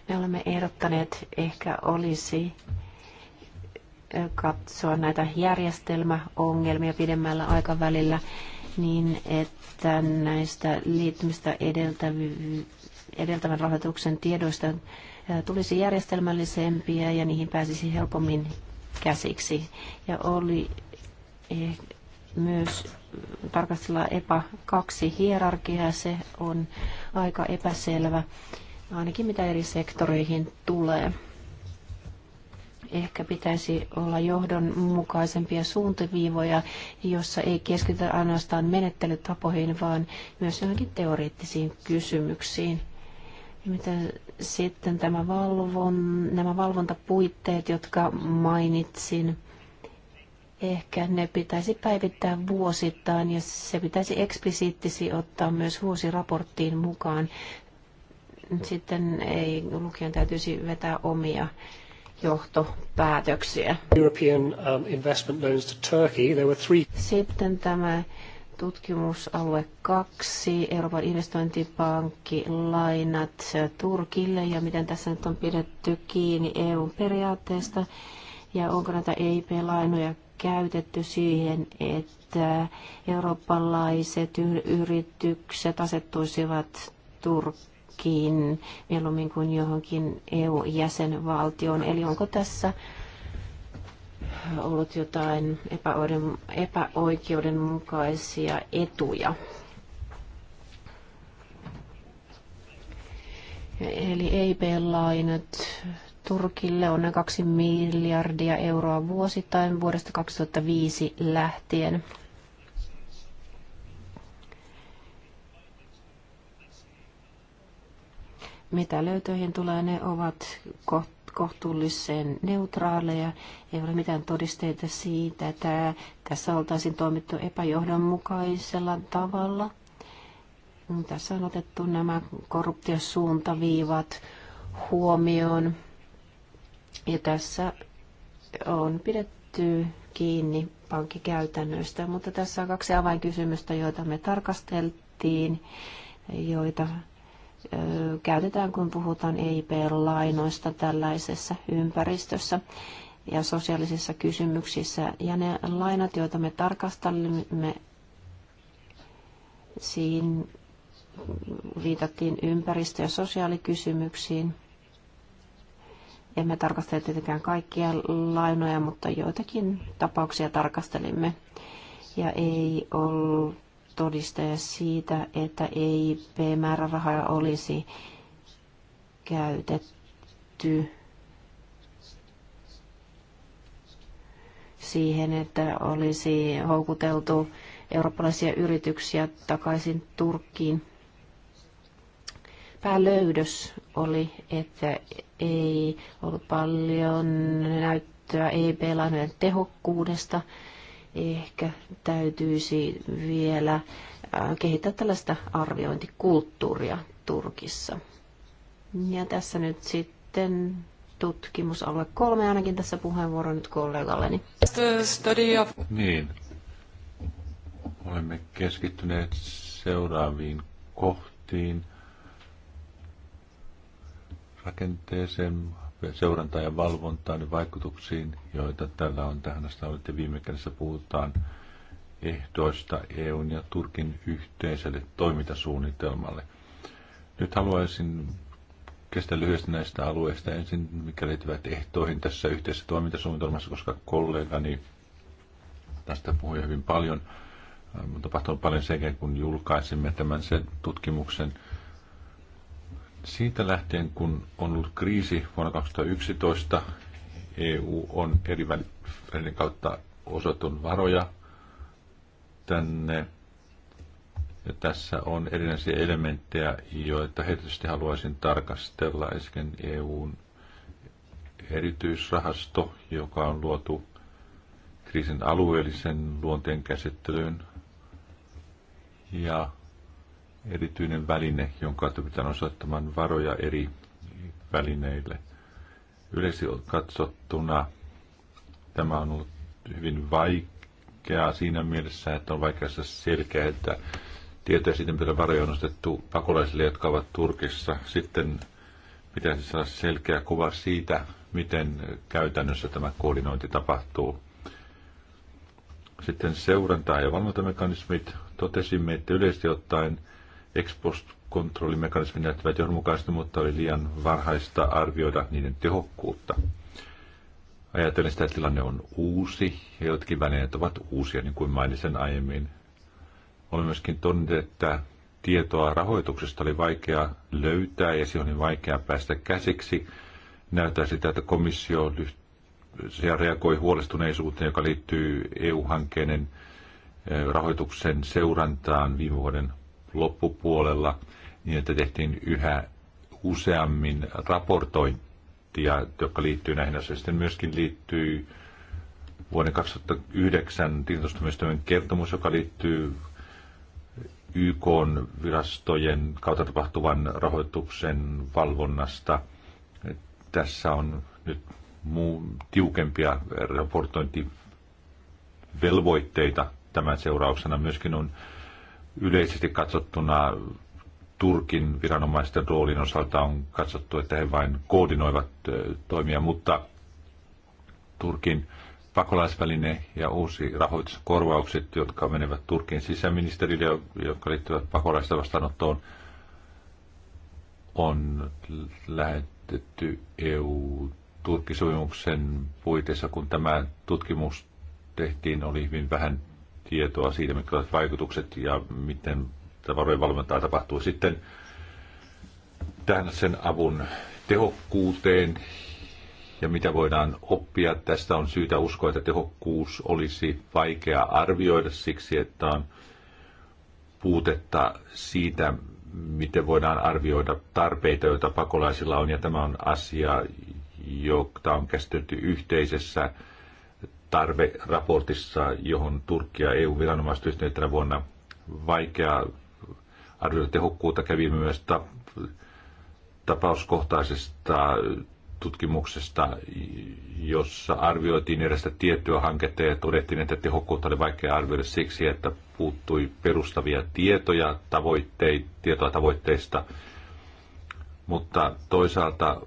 Me olemme ehdottaneet, ehkä olisi katsoa näitä järjestelmäongelmia pidemmällä aikavälillä niin, että näistä liittymistä edeltävän rahoituksen tiedoista tulisi järjestelmällisempiä ja niihin pääsisi helpommin käsiksi. Ja oli eh, myös tarkastella EPA 2 hierarkiaa. Se on aika epäselvä, ainakin mitä eri sektoreihin tulee. Ehkä pitäisi olla johdonmukaisempia suuntaviivoja, jossa ei keskitytä ainoastaan menettelytapoihin, vaan myös johonkin teoreettisiin kysymyksiin. Mitä sitten tämä valvon, nämä valvontapuitteet, jotka mainitsin, Ehkä ne pitäisi päivittää vuosittain ja se pitäisi eksplisiittisi ottaa myös vuosiraporttiin mukaan. Sitten ei lukijan täytyisi vetää omia johtopäätöksiä. European um, investment loans to Turkey, there were three. Sitten tämä tutkimusalue kaksi, Euroopan investointipankki, lainat Turkille ja miten tässä nyt on pidetty kiinni EUn periaatteesta ja onko näitä EIP-lainoja käytetty siihen, että eurooppalaiset yritykset asettuisivat Turkkiin mieluummin kuin johonkin EU-jäsenvaltioon. Eli onko tässä ollut jotain epäoikeudenmukaisia etuja? Eli EIP-lainat Turkille on 2 miljardia euroa vuosittain vuodesta 2005 lähtien. Mitä löytöihin tulee, ne ovat kohtuullisen neutraaleja. Ei ole mitään todisteita siitä, että tässä oltaisiin toimittu epäjohdonmukaisella tavalla. Tässä on otettu nämä korruptiosuuntaviivat huomioon. Ja tässä on pidetty kiinni pankkikäytännöistä, mutta tässä on kaksi avainkysymystä, joita me tarkasteltiin, joita käytetään, kun puhutaan EIP-lainoista tällaisessa ympäristössä ja sosiaalisissa kysymyksissä. Ja ne lainat, joita me tarkastelimme, siinä viitattiin ympäristö- ja sosiaalikysymyksiin. Emme tarkastele tietenkään kaikkia lainoja, mutta joitakin tapauksia tarkastelimme. Ja ei ollut todisteja siitä, että e p määrärahoja olisi käytetty siihen, että olisi houkuteltu eurooppalaisia yrityksiä takaisin Turkkiin. Päälöydös oli, että ei ollut paljon näyttöä EIB-lainojen tehokkuudesta. Ehkä täytyisi vielä äh, kehittää tällaista arviointikulttuuria Turkissa. Ja tässä nyt sitten tutkimusalue kolme ainakin tässä puheenvuoro nyt kollegalleni. Niin. Olemme keskittyneet seuraaviin kohtiin rakenteeseen, seurantaan ja valvontaan ja niin vaikutuksiin, joita tällä on tähän asti ollut. Ja viime kädessä puhutaan ehdoista EUn ja Turkin yhteiselle toimintasuunnitelmalle. Nyt haluaisin kestä lyhyesti näistä alueista ensin, mikä liittyvät ehtoihin tässä yhteisessä toimintasuunnitelmassa, koska kollegani tästä puhui hyvin paljon. Äh, Tapahtui paljon sekä, kun julkaisimme tämän sen tutkimuksen – siitä lähtien, kun on ollut kriisi vuonna 2011, EU on eri välineiden kautta osoitun varoja tänne. Ja tässä on erinäisiä elementtejä, joita tietysti haluaisin tarkastella. Esimerkiksi EUn erityisrahasto, joka on luotu kriisin alueellisen luonteen käsittelyyn. Ja erityinen väline, jonka pitää osoittamaan varoja eri välineille. Yleisesti katsottuna tämä on ollut hyvin vaikeaa siinä mielessä, että on vaikeassa selkeää, että tietoja siitä, mitä varoja on nostettu pakolaisille, jotka ovat Turkissa. Sitten pitäisi saada selkeä kuva siitä, miten käytännössä tämä koordinointi tapahtuu. Sitten seurantaa ja valvontamekanismit. Totesimme, että yleisesti ottaen – ex post kontrollimekanismit näyttävät johdonmukaisesti, mutta oli liian varhaista arvioida niiden tehokkuutta. Ajatellen sitä, että tilanne on uusi ja jotkin välineet ovat uusia, niin kuin mainitsen aiemmin. Olen myöskin todennut, että tietoa rahoituksesta oli vaikea löytää ja siihen oli vaikea päästä käsiksi. Näyttää sitä, että komissio reagoi huolestuneisuuteen, joka liittyy EU-hankkeiden eh, rahoituksen seurantaan viime vuoden loppupuolella niin, että tehtiin yhä useammin raportointia, joka liittyy näihin asioihin. Sitten myöskin liittyy vuoden 2009 tilintostumistoimen kertomus, joka liittyy YK-virastojen kautta tapahtuvan rahoituksen valvonnasta. Tässä on nyt muu, tiukempia raportointivelvoitteita tämän seurauksena. Myöskin on Yleisesti katsottuna Turkin viranomaisten roolin osalta on katsottu, että he vain koordinoivat toimia, mutta Turkin pakolaisväline ja uusi rahoituskorvaukset, jotka menevät Turkin sisäministerille, jotka liittyvät pakolaisten vastaanottoon, on lähetetty EU-Turkisopimuksen puitteissa, kun tämä tutkimus tehtiin, oli hyvin vähän tietoa siitä, mitkä ovat vaikutukset ja miten tavaroiden valvontaa tapahtuu sitten tähän sen avun tehokkuuteen ja mitä voidaan oppia. Tästä on syytä uskoa, että tehokkuus olisi vaikea arvioida siksi, että on puutetta siitä, miten voidaan arvioida tarpeita, joita pakolaisilla on. Ja tämä on asia, jota on käsitelty yhteisessä tarve raportissa, johon Turkki ja EU-viranomaiset yhteen tänä vuonna vaikea arvioida tehokkuutta. kävi myös tapauskohtaisesta tutkimuksesta, jossa arvioitiin erästä tiettyä hanketta ja todettiin, että tehokkuutta oli vaikea arvioida siksi, että puuttui perustavia tietoja, tavoitteita, tietoa tavoitteista, mutta toisaalta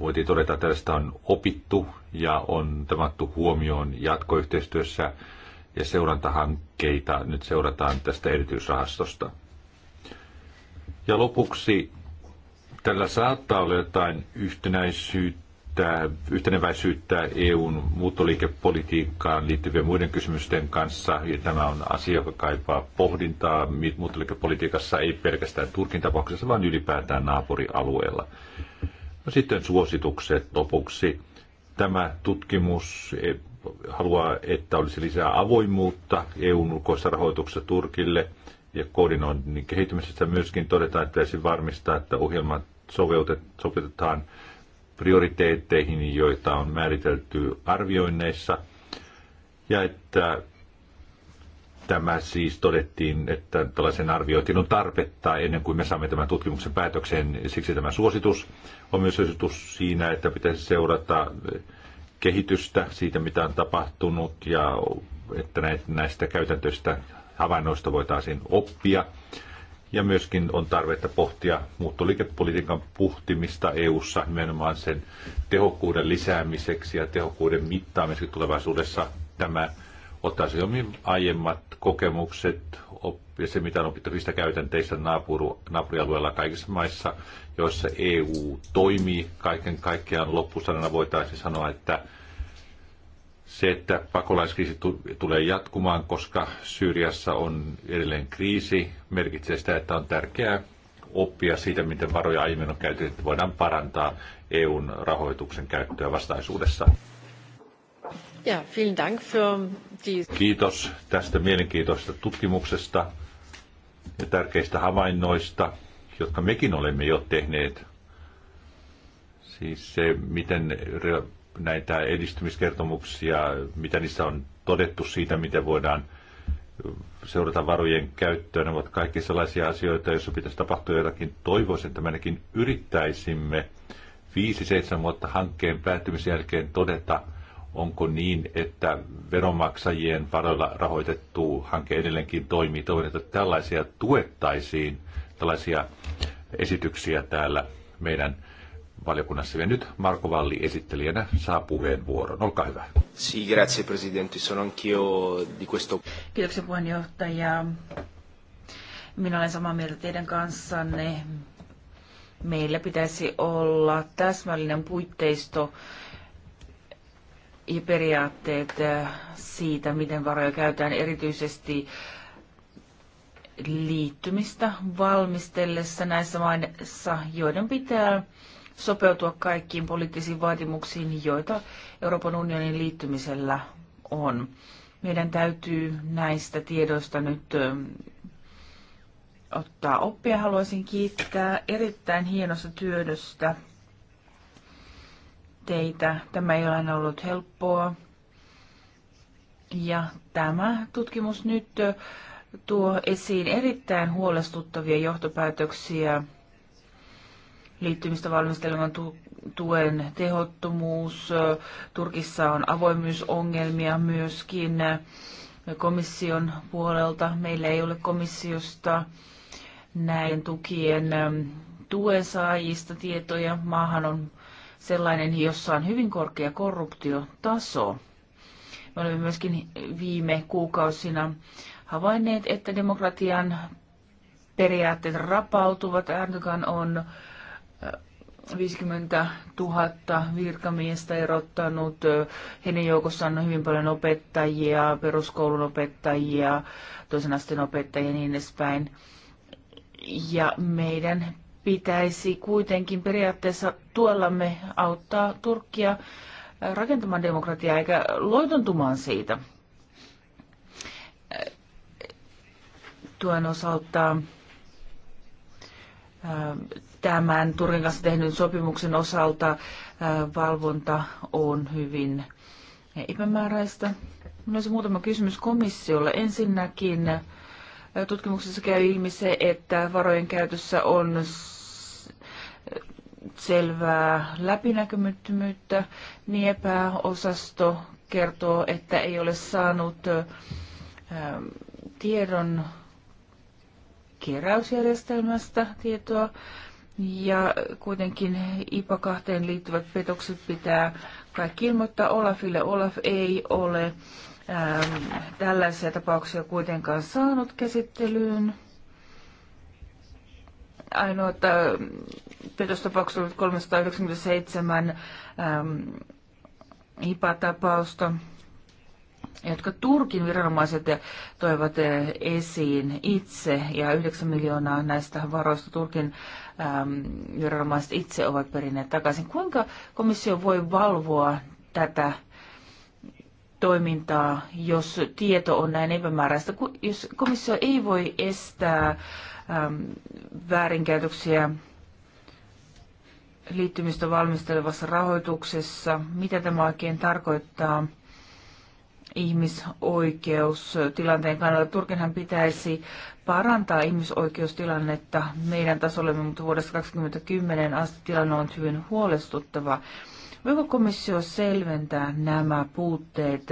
voitiin todeta, että tästä on opittu ja on tämattu huomioon jatkoyhteistyössä ja seurantahankkeita nyt seurataan tästä erityisrahastosta. Ja lopuksi tällä saattaa olla jotain yhtenäisyyttä, yhteneväisyyttä EUn muuttoliikepolitiikkaan liittyvien muiden kysymysten kanssa. Ja tämä on asia, joka kaipaa pohdintaa muuttoliikepolitiikassa ei pelkästään Turkin tapauksessa, vaan ylipäätään naapurialueella. No sitten suositukset lopuksi. Tämä tutkimus haluaa, että olisi lisää avoimuutta EUn ulkoisessa rahoituksessa Turkille ja koordinoinnin kehittymisessä myöskin todetaan, että pitäisi varmistaa, että ohjelmat sovitetaan prioriteetteihin, joita on määritelty arvioinneissa, ja että Tämä siis todettiin, että tällaisen arviointiin on tarvetta ennen kuin me saamme tämän tutkimuksen päätökseen. Siksi tämä suositus on myös suositus siinä, että pitäisi seurata eh, kehitystä siitä, mitä on tapahtunut ja että näistä käytäntöistä havainnoista voitaisiin oppia. Ja myöskin on tarvetta pohtia muuttoliikepolitiikan puhtimista EU-ssa nimenomaan sen tehokkuuden lisäämiseksi ja tehokkuuden mittaamiseksi tulevaisuudessa. Tämä ottaisi omin aiemmat kokemukset ja se, mitä on opittu niistä käytänteistä naapuru, naapurialueella kaikissa maissa, joissa EU toimii kaiken kaikkiaan. Loppusanana voitaisiin sanoa, että se, että pakolaiskriisi tulee jatkumaan, koska Syyriassa on edelleen kriisi, merkitsee sitä, että on tärkeää oppia siitä, miten varoja aiemmin on käytetty, että voidaan parantaa EUn rahoituksen käyttöä vastaisuudessa vielen Dank für die... Kiitos tästä mielenkiintoisesta tutkimuksesta ja tärkeistä havainnoista, jotka mekin olemme jo tehneet. Siis se, miten näitä edistymiskertomuksia, mitä niissä on todettu siitä, miten voidaan seurata varojen käyttöä. Ne ovat kaikki sellaisia asioita, joissa pitäisi tapahtua jotakin. Toivoisin, että me ainakin yrittäisimme viisi, seitsemän vuotta hankkeen päättymisen jälkeen todeta, Onko niin, että veronmaksajien varoilla rahoitettu hanke edelleenkin toimii? Toivon, että tällaisia tuettaisiin, tällaisia esityksiä täällä meidän valiokunnassa. Ja nyt Marko Valli esittelijänä saa puheenvuoron. Olkaa hyvä. Sì, grazie presidente. Sono anch'io di questo... Kiitoksia puheenjohtaja. Minä olen samaa mieltä teidän kanssanne. Meillä pitäisi olla täsmällinen puitteisto ja periaatteet eh, siitä, miten varoja käytetään erityisesti liittymistä valmistellessa näissä maissa, joiden pitää sopeutua kaikkiin poliittisiin vaatimuksiin, joita Euroopan unionin liittymisellä on. Meidän täytyy näistä tiedoista nyt eh, ottaa oppia. Haluaisin kiittää erittäin hienosta työdöstä teitä. Tämä ei ole aina ollut helppoa. Ja tämä tutkimus nyt tuo esiin erittäin huolestuttavia johtopäätöksiä liittymistä valmistelevan tu- tuen tehottomuus. Turkissa on avoimuusongelmia myöskin komission puolelta. Meillä ei ole komissiosta näin tukien tuen saajista tietoja. Maahan on sellainen, jossa on hyvin korkea korruptiotaso. Me olemme myöskin viime kuukausina havainneet, että demokratian periaatteet rapautuvat. Erdogan on 50 000 virkamiestä erottanut. Heidän joukossaan on hyvin paljon opettajia, peruskoulun opettajia, toisen asteen opettajia ja niin edespäin. Ja meidän pitäisi kuitenkin periaatteessa tuellamme auttaa Turkkia rakentamaan demokratiaa eikä loitontumaan siitä. Tuen osalta ähm, tämän Turkin kanssa tehdyn sopimuksen osalta äh, valvonta on hyvin epämääräistä. Minulla olisi muutama kysymys komissiolle. Ensinnäkin äh, tutkimuksessa käy ilmi se, että varojen käytössä on selvää läpinäkymättömyyttä. Niepää-osasto kertoo, että ei ole saanut ähm, tiedon keräysjärjestelmästä tietoa. Ja kuitenkin IPA 2 liittyvät petokset pitää kaikki ilmoittaa Olafille. Olaf ei ole ää, ähm, tällaisia tapauksia kuitenkaan saanut käsittelyyn ainoat äh, petostapaukset olivat 397 äm, hipatapausta, jotka Turkin viranomaiset toivat äh, esiin itse, ja 9 miljoonaa näistä varoista Turkin ähm, viranomaiset itse ovat perineet takaisin. Kuinka komissio voi valvoa tätä toimintaa, jos tieto on näin epämääräistä, jos komissio ei voi estää Ähm, väärinkäytöksiä liittymistä valmistelevassa rahoituksessa, mitä tämä oikein tarkoittaa ihmisoikeustilanteen kannalta. Turkinhan pitäisi parantaa ihmisoikeustilannetta meidän tasollemme, mutta vuodesta 2010 asti tilanne on hyvin huolestuttava. Voiko komissio selventää nämä puutteet?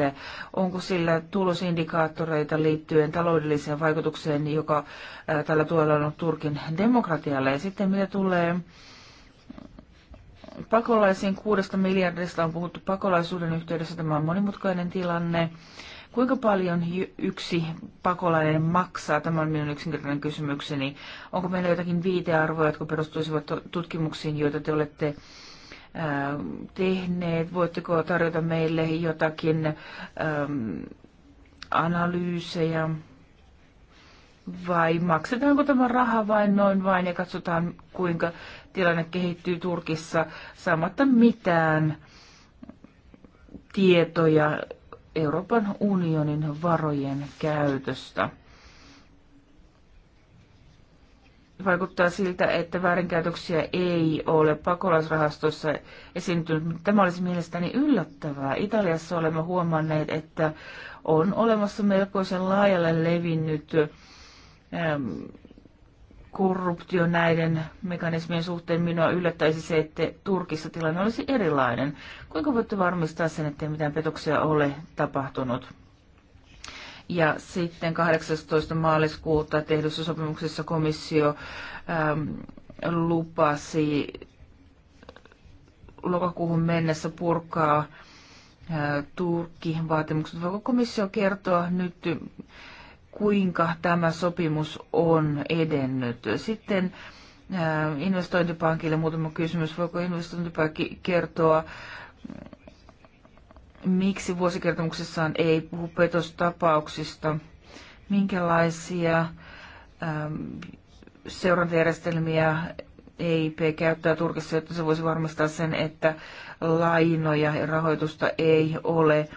Onko sillä tulosindikaattoreita liittyen taloudelliseen vaikutukseen, joka tällä tuella on Turkin demokratialle? Ja sitten mitä tulee pakolaisiin, kuudesta miljardista on puhuttu pakolaisuuden yhteydessä, tämä on monimutkainen tilanne. Kuinka paljon yksi pakolainen maksaa? Tämä on minun yksinkertainen kysymykseni. Onko meillä jotakin viitearvoja, jotka perustuisivat tutkimuksiin, joita te olette tehneet? Voitteko tarjota meille jotakin äm, analyysejä? Vai maksetaanko tämä raha vain noin vain ja katsotaan, kuinka tilanne kehittyy Turkissa saamatta mitään tietoja Euroopan unionin varojen käytöstä? vaikuttaa siltä, että väärinkäytöksiä ei ole pakolaisrahastossa esiintynyt. Tämä olisi mielestäni yllättävää. Italiassa olemme huomanneet, että on olemassa melkoisen laajalle levinnyt ähm, korruptio näiden mekanismien suhteen. Minua yllättäisi se, että Turkissa tilanne olisi erilainen. Kuinka voitte varmistaa sen, että mitään petoksia ole tapahtunut? Ja sitten 18. maaliskuuta tehdyssä sopimuksessa komissio äm, lupasi lokakuuhun mennessä purkaa äh, Turkki vaatimukset. Voiko komissio kertoa nyt, kuinka tämä sopimus on edennyt? Sitten äh, investointipankille muutama kysymys. Voiko investointipankki kertoa miksi vuosikertomuksessaan ei puhu petostapauksista, minkälaisia äm, seurantajärjestelmiä EIP käyttää Turkissa, jotta se voisi varmistaa sen, että lainoja ja rahoitusta ei ole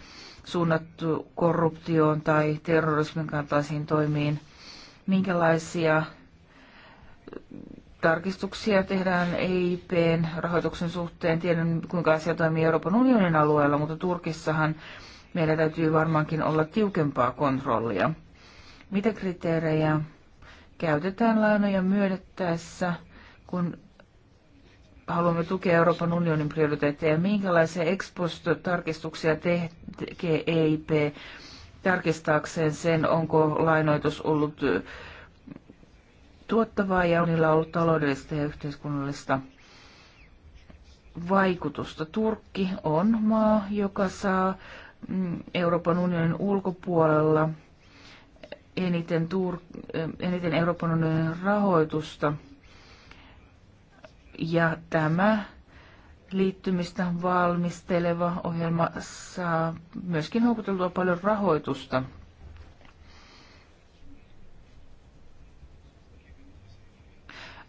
suunnattu korruptioon tai terrorismin kaltaisiin toimiin. Minkälaisia tarkistuksia tehdään EIPn rahoituksen suhteen. Tiedän, kuinka asia toimii Euroopan unionin alueella, mutta Turkissahan meillä täytyy varmaankin olla tiukempaa kontrollia. Mitä kriteerejä käytetään lainoja myönnettäessä, kun haluamme tukea Euroopan unionin prioriteetteja? Minkälaisia post tarkistuksia tekee EIP tarkistaakseen sen, onko lainoitus ollut tuottavaa ja on niillä ollut taloudellista ja yhteiskunnallista vaikutusta. Turkki on maa, joka saa mm, Euroopan unionin ulkopuolella eniten, Tur- eniten Euroopan unionin rahoitusta. Ja tämä liittymistä valmisteleva ohjelma saa myöskin houkuteltua paljon rahoitusta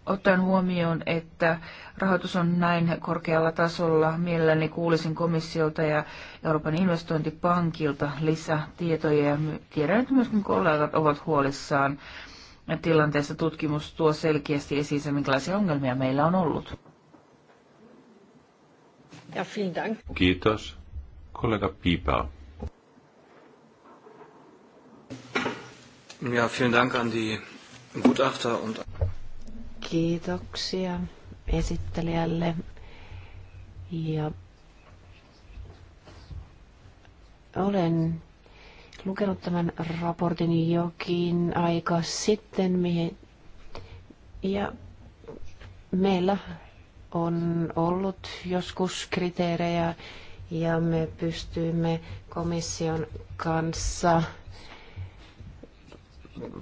Ottaen huomioon, että rahoitus on näin korkealla tasolla, mielelläni kuulisin komissiolta ja Euroopan investointipankilta lisätietoja. Ja tiedän, että myöskin kollegat ovat huolissaan tilanteesta. Tutkimus tuo selkeästi esiin se, minkälaisia ongelmia meillä on ollut. Ja, Dank. Kiitos. Kollega Piipää. Ja, vielen Dank an die Gutachter und Kiitoksia esittelijälle ja olen lukenut tämän raportin jokin aika sitten, mihin, ja meillä on ollut joskus kriteerejä, ja me pystyimme komission kanssa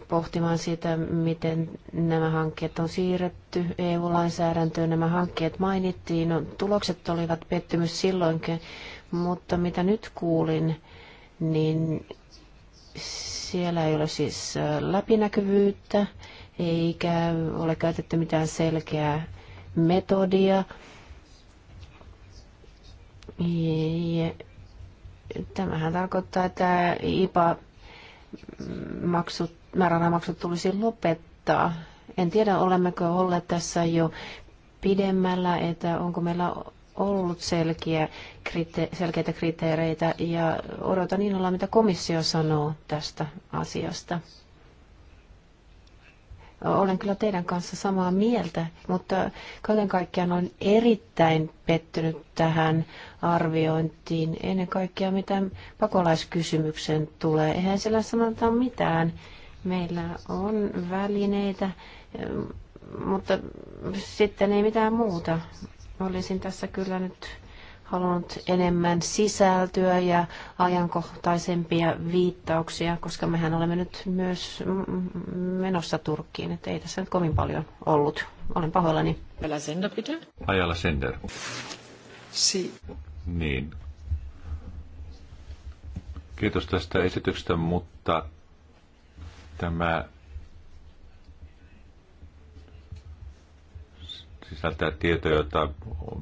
pohtimaan sitä, miten nämä hankkeet on siirretty EU-lainsäädäntöön. Nämä hankkeet mainittiin, no, tulokset olivat pettymys silloinkin, mutta mitä nyt kuulin, niin siellä ei ole siis läpinäkyvyyttä, eikä ole käytetty mitään selkeää metodia. Ja tämähän tarkoittaa, että IPA maksut määrärahamaksut tulisi lopettaa. En tiedä, olemmeko olleet tässä jo pidemmällä, että onko meillä ollut selkeä, krite- selkeitä kriteereitä ja odotan olla, mitä komissio sanoo tästä asiasta. Olen kyllä teidän kanssa samaa mieltä, mutta kaiken kaikkiaan olen erittäin pettynyt tähän arviointiin. Ennen kaikkea mitä pakolaiskysymyksen tulee. Eihän sillä sanota mitään Meillä on välineitä, mutta sitten ei mitään muuta. Olisin tässä kyllä nyt halunnut enemmän sisältöä ja ajankohtaisempia viittauksia, koska mehän olemme nyt myös menossa Turkkiin, että ei tässä nyt kovin paljon ollut. Olen pahoillani. Ajalla sender, pitää. Ajalla sender. Si. Niin. Kiitos tästä esityksestä, mutta Tämä sisältää tietoja, joita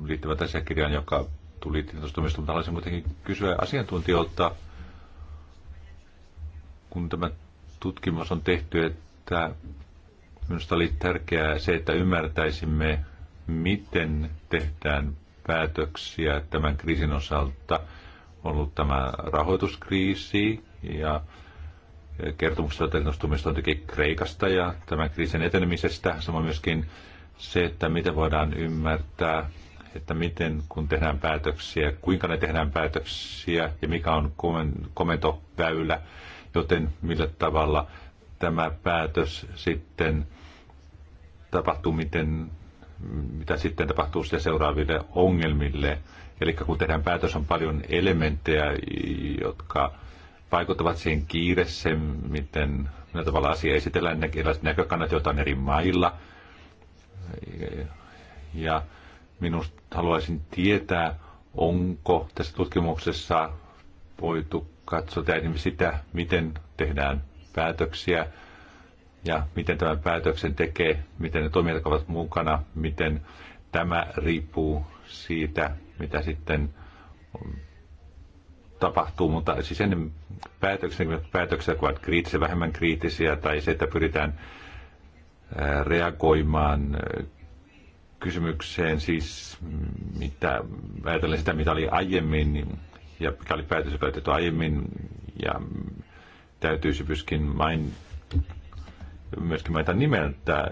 liittyvät asiakirjaan, joka tuli mutta Haluaisin kuitenkin kysyä asiantuntijoilta, kun tämä tutkimus on tehty, että minusta oli tärkeää se, että ymmärtäisimme, miten tehdään päätöksiä tämän kriisin osalta. On ollut tämä rahoituskriisi ja kertomuksessa tuomioistuin on Kreikasta ja tämän kriisin etenemisestä, samoin myöskin se, että miten voidaan ymmärtää, että miten kun tehdään päätöksiä, kuinka ne tehdään päätöksiä ja mikä on komentoväylä, joten millä tavalla tämä päätös sitten tapahtuu, miten, mitä sitten tapahtuu sitten seuraaville ongelmille. Eli kun tehdään päätös, on paljon elementtejä, jotka vaikuttavat siihen kiire, se miten, millä tavalla asia esitellään, erilaiset näkökannat, joita on eri mailla. Ja minusta haluaisin tietää, onko tässä tutkimuksessa voitu katsoa esimerkiksi sitä, miten tehdään päätöksiä ja miten tämän päätöksen tekee, miten ne toimijat ovat mukana, miten tämä riippuu siitä, mitä sitten tapahtuu, mutta siis ennen päätöksiä, niin päätöksiä ovat kriittisiä, vähemmän kriittisiä, tai se, että pyritään reagoimaan kysymykseen, siis mm, mitä, ajatellen sitä, mitä oli aiemmin, ja mikä oli päätös, joka oli aiemmin, ja täytyisi myöskin, main, myöskin mainita nimeltä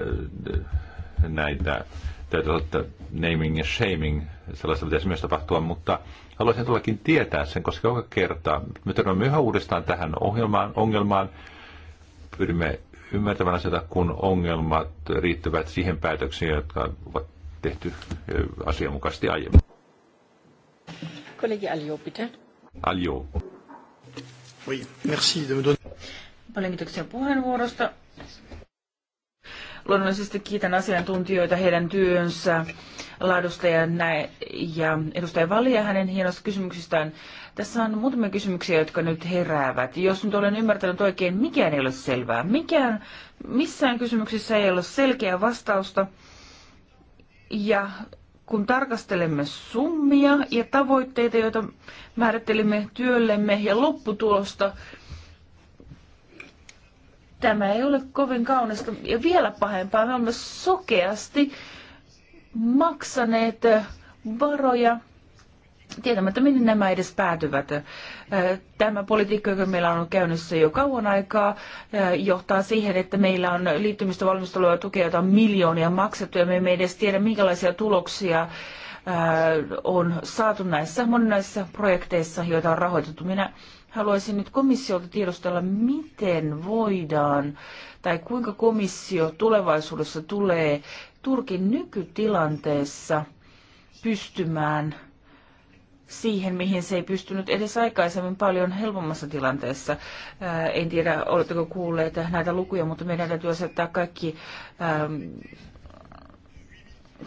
näitä, täytyy olla naming ja shaming, sellaista pitäisi myös tapahtua, mutta Haluaisin todellakin tietää sen, koska joka kerta me törmäämme yhä uudestaan tähän ohjelmaan, ongelmaan. Pyrimme ymmärtämään sitä, kun ongelmat riittävät siihen päätöksiin, jotka ovat tehty asianmukaisesti aiemmin. Kollegi Aljo, pitää. Aljo. Oui, merci de me donner... Paljon kiitoksia puheenvuorosta. Luonnollisesti kiitän asiantuntijoita heidän työnsä laadusta ja, näin, ja edustaja Valia hänen hienosta kysymyksistään. Tässä on muutamia kysymyksiä, jotka nyt heräävät. Jos nyt olen ymmärtänyt oikein, mikään ei ole selvää. Mikään, missään kysymyksessä ei ole selkeää vastausta. Ja kun tarkastelemme summia ja tavoitteita, joita määrittelimme työllemme ja lopputulosta, Tämä ei ole kovin kaunista. Ja vielä pahempaa, me olemme sokeasti maksaneet varoja tietämättä minne nämä edes päätyvät. Tämä politiikka, joka meillä on käynnissä jo kauan aikaa, johtaa siihen, että meillä on liittymistä valmistelua tukea, jota on miljoonia maksettu ja me emme edes tiedä, minkälaisia tuloksia on saatu näissä moninaisissa projekteissa, joita on rahoitettu. Minä Haluaisin nyt komissiolta tiedostella, miten voidaan tai kuinka komissio tulevaisuudessa tulee Turkin nykytilanteessa pystymään siihen, mihin se ei pystynyt edes aikaisemmin paljon helpommassa tilanteessa. En tiedä, oletteko kuulleet näitä lukuja, mutta meidän täytyy asettaa kaikki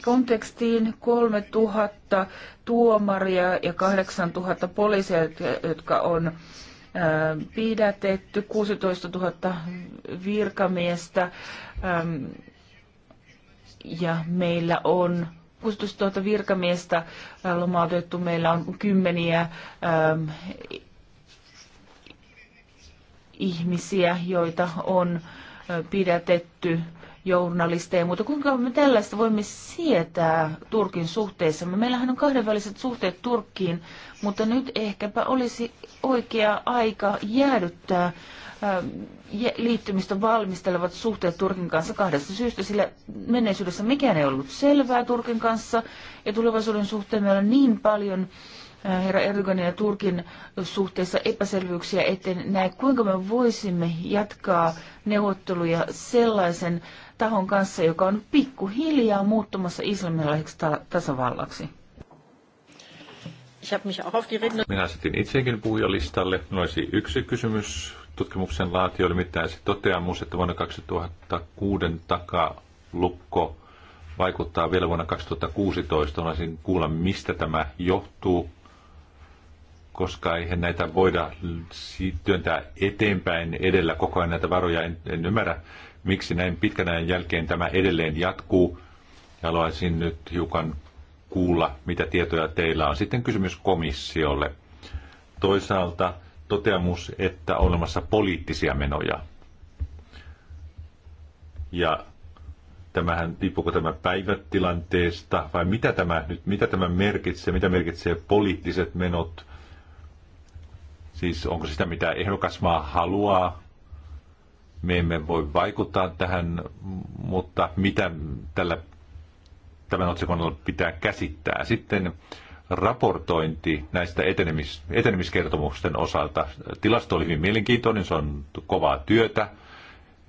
kontekstiin 3000 tuomaria ja 8000 poliisia, jotka on pidätetty, 16 000 virkamiestä ja meillä on 16 000 virkamiestä lomautettu, meillä on kymmeniä ihmisiä, joita on pidätetty journalisteja ja muuta. Kuinka me tällaista voimme sietää Turkin suhteessa? Meillähän on kahdenväliset suhteet Turkkiin, mutta nyt ehkäpä olisi oikea aika jäädyttää ähm, liittymistä valmistelevat suhteet Turkin kanssa kahdesta syystä, sillä menneisyydessä mikään ei ollut selvää Turkin kanssa ja tulevaisuuden suhteen meillä on niin paljon äh, herra Erdoganin ja Turkin suhteessa epäselvyyksiä, ettei näe kuinka me voisimme jatkaa neuvotteluja sellaisen tahon kanssa, joka on pikkuhiljaa muuttumassa islamilaiseksi ta- tasavallaksi? Minä asetin itsekin puhujalistalle. Noisi yksi kysymys tutkimuksen laatijoille, mitä se toteamus, että vuonna 2006 lukko vaikuttaa vielä vuonna 2016. Olisin kuulla, mistä tämä johtuu, koska eihän näitä voida työntää eteenpäin edellä koko ajan näitä varoja. En, en ymmärrä, miksi näin pitkän ajan jälkeen tämä edelleen jatkuu. Ja haluaisin nyt hiukan kuulla, mitä tietoja teillä on. Sitten kysymys komissiolle. Toisaalta toteamus, että on olemassa poliittisia menoja. Ja tämähän, riippuuko tämä päivätilanteesta vai mitä tämä nyt, mitä tämä merkitsee, mitä merkitsee poliittiset menot, siis onko sitä mitä ehdokasmaa haluaa me emme voi vaikuttaa tähän, mutta mitä tällä, tämän otsikon pitää käsittää. Sitten raportointi näistä etenemis, etenemiskertomusten osalta. Tilasto oli hyvin mielenkiintoinen, se on kovaa työtä.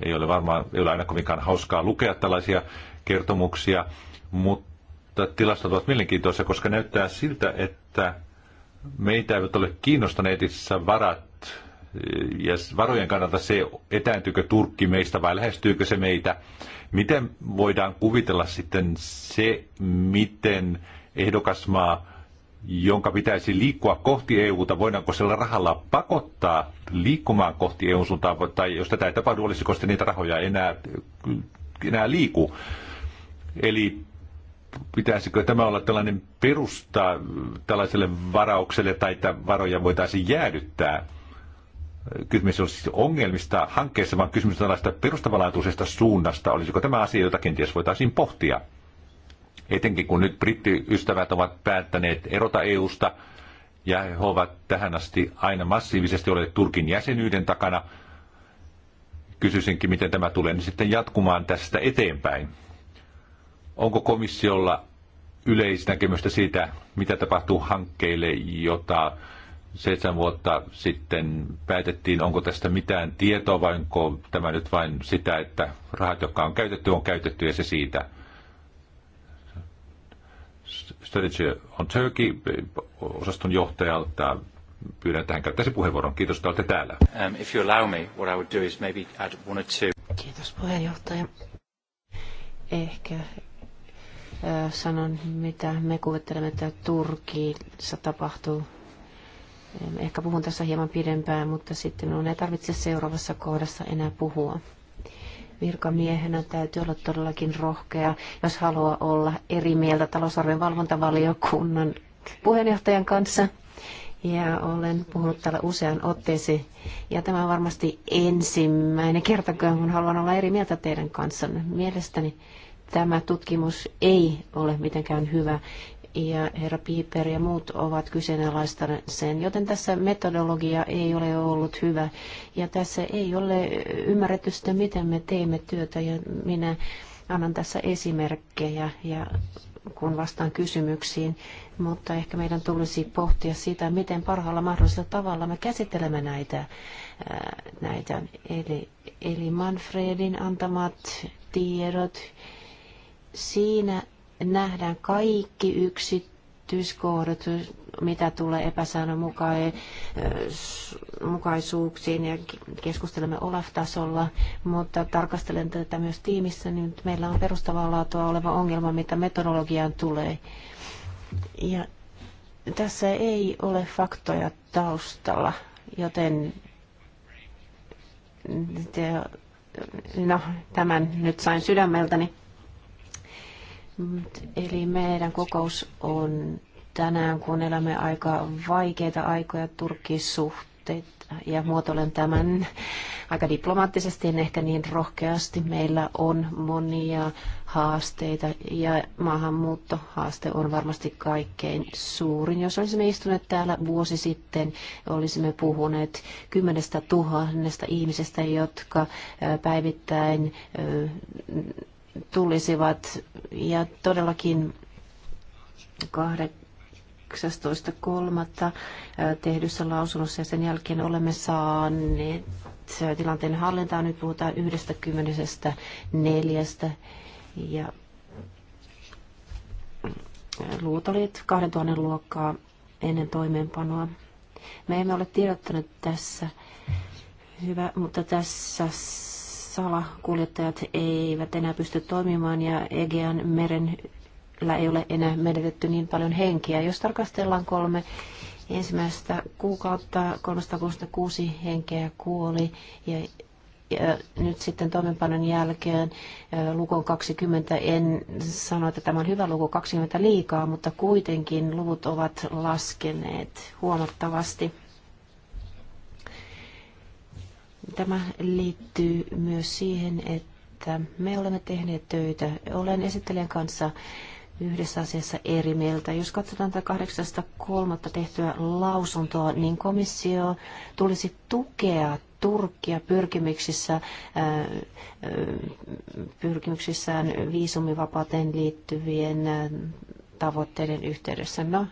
Ei ole varmaan, ei ole aina kovinkaan hauskaa lukea tällaisia kertomuksia, mutta tilastot ovat mielenkiintoisia, koska näyttää siltä, että meitä eivät ole kiinnostaneet itse varat ja varojen kannalta se, etääntyykö Turkki meistä vai lähestyykö se meitä. Miten voidaan kuvitella sitten se, miten ehdokasmaa, jonka pitäisi liikkua kohti EUta, voidaanko sillä rahalla pakottaa liikkumaan kohti EUn suuntaan, tai jos tätä ei tapahdu, olisiko sitten niitä rahoja enää, enää liiku. Eli pitäisikö tämä olla tällainen perusta tällaiselle varaukselle tai että varoja voitaisiin jäädyttää? kysymys on siis ongelmista hankkeessa, vaan kysymys tällaista perustavanlaatuisesta suunnasta. Olisiko tämä asia, jota kenties voitaisiin pohtia? Etenkin kun nyt brittiystävät ovat päättäneet erota EUsta, ja he ovat tähän asti aina massiivisesti olleet Turkin jäsenyyden takana. Kysyisinkin, miten tämä tulee niin sitten jatkumaan tästä eteenpäin. Onko komissiolla yleisnäkemystä siitä, mitä tapahtuu hankkeille, jota seitsemän vuotta sitten päätettiin, onko tästä mitään tietoa vai onko tämä nyt vain sitä, että rahat, jotka on käytetty, on käytetty ja se siitä. Strategy on Turkey, osaston johtajalta. Pyydän, että hän käyttäisi puheenvuoron. Kiitos, että olette täällä. Um, Kiitos puheenjohtaja. Ehkä äh, sanon, mitä me kuvittelemme, että Turkissa tapahtuu Ehkä puhun tässä hieman pidempään, mutta sitten minun ei tarvitse seuraavassa kohdassa enää puhua. Virkamiehenä täytyy olla todellakin rohkea, jos haluaa olla eri mieltä talousarven valvontavaliokunnan puheenjohtajan kanssa. Ja olen puhunut täällä usean otteeseen. Ja tämä on varmasti ensimmäinen kerta, kun haluan olla eri mieltä teidän kanssanne. Mielestäni tämä tutkimus ei ole mitenkään hyvä ja herra Piper ja muut ovat kyseenalaistaneet sen, joten tässä metodologia ei ole ollut hyvä ja tässä ei ole ymmärretty sitä, miten me teemme työtä ja minä annan tässä esimerkkejä ja kun vastaan kysymyksiin, mutta ehkä meidän tulisi pohtia sitä, miten parhaalla mahdollisella tavalla me käsittelemme näitä. näitä. Eli, eli Manfredin antamat tiedot, siinä nähdään kaikki yksityiskohdat, mitä tulee epäsäännönmukaisuuksiin ja keskustelemme Olaf-tasolla, mutta tarkastelen tätä myös tiimissä, niin nyt meillä on perustavaa laatua oleva ongelma, mitä metodologiaan tulee. Ja tässä ei ole faktoja taustalla, joten no, tämän nyt sain sydämeltäni. Eli meidän kokous on tänään, kun elämme aika vaikeita aikoja turkissuhteet ja muotoilen tämän aika diplomaattisesti, en ehkä niin rohkeasti. Meillä on monia haasteita ja maahanmuuttohaaste on varmasti kaikkein suurin. Jos olisimme istuneet täällä vuosi sitten, olisimme puhuneet kymmenestä tuhannesta ihmisestä, jotka päivittäin tulisivat. Ja todellakin 18.3. tehdyssä lausunnossa ja sen jälkeen olemme saaneet tilanteen hallintaan. Nyt puhutaan 94 ja luutolit 2000 luokkaa ennen toimeenpanoa. Me emme ole tiedottaneet tässä hyvä, mutta tässä salakuljettajat eivät enää pysty toimimaan ja Egean meren ei ole enää menetetty niin paljon henkiä. Jos tarkastellaan kolme ensimmäistä kuukautta, 366 henkeä kuoli ja, ja nyt sitten toimenpanon jälkeen luku 20. En sano, että tämä on hyvä luku 20 liikaa, mutta kuitenkin luvut ovat laskeneet huomattavasti. Tämä liittyy myös siihen, että me olemme tehneet töitä. Olen esittelijän kanssa yhdessä asiassa eri mieltä. Jos katsotaan tätä 8.3. tehtyä lausuntoa, niin komissio tulisi tukea Turkkia pyrkimyksissä, pyrkimyksissään viisumivapauteen liittyvien tavoitteiden yhteydessä. No,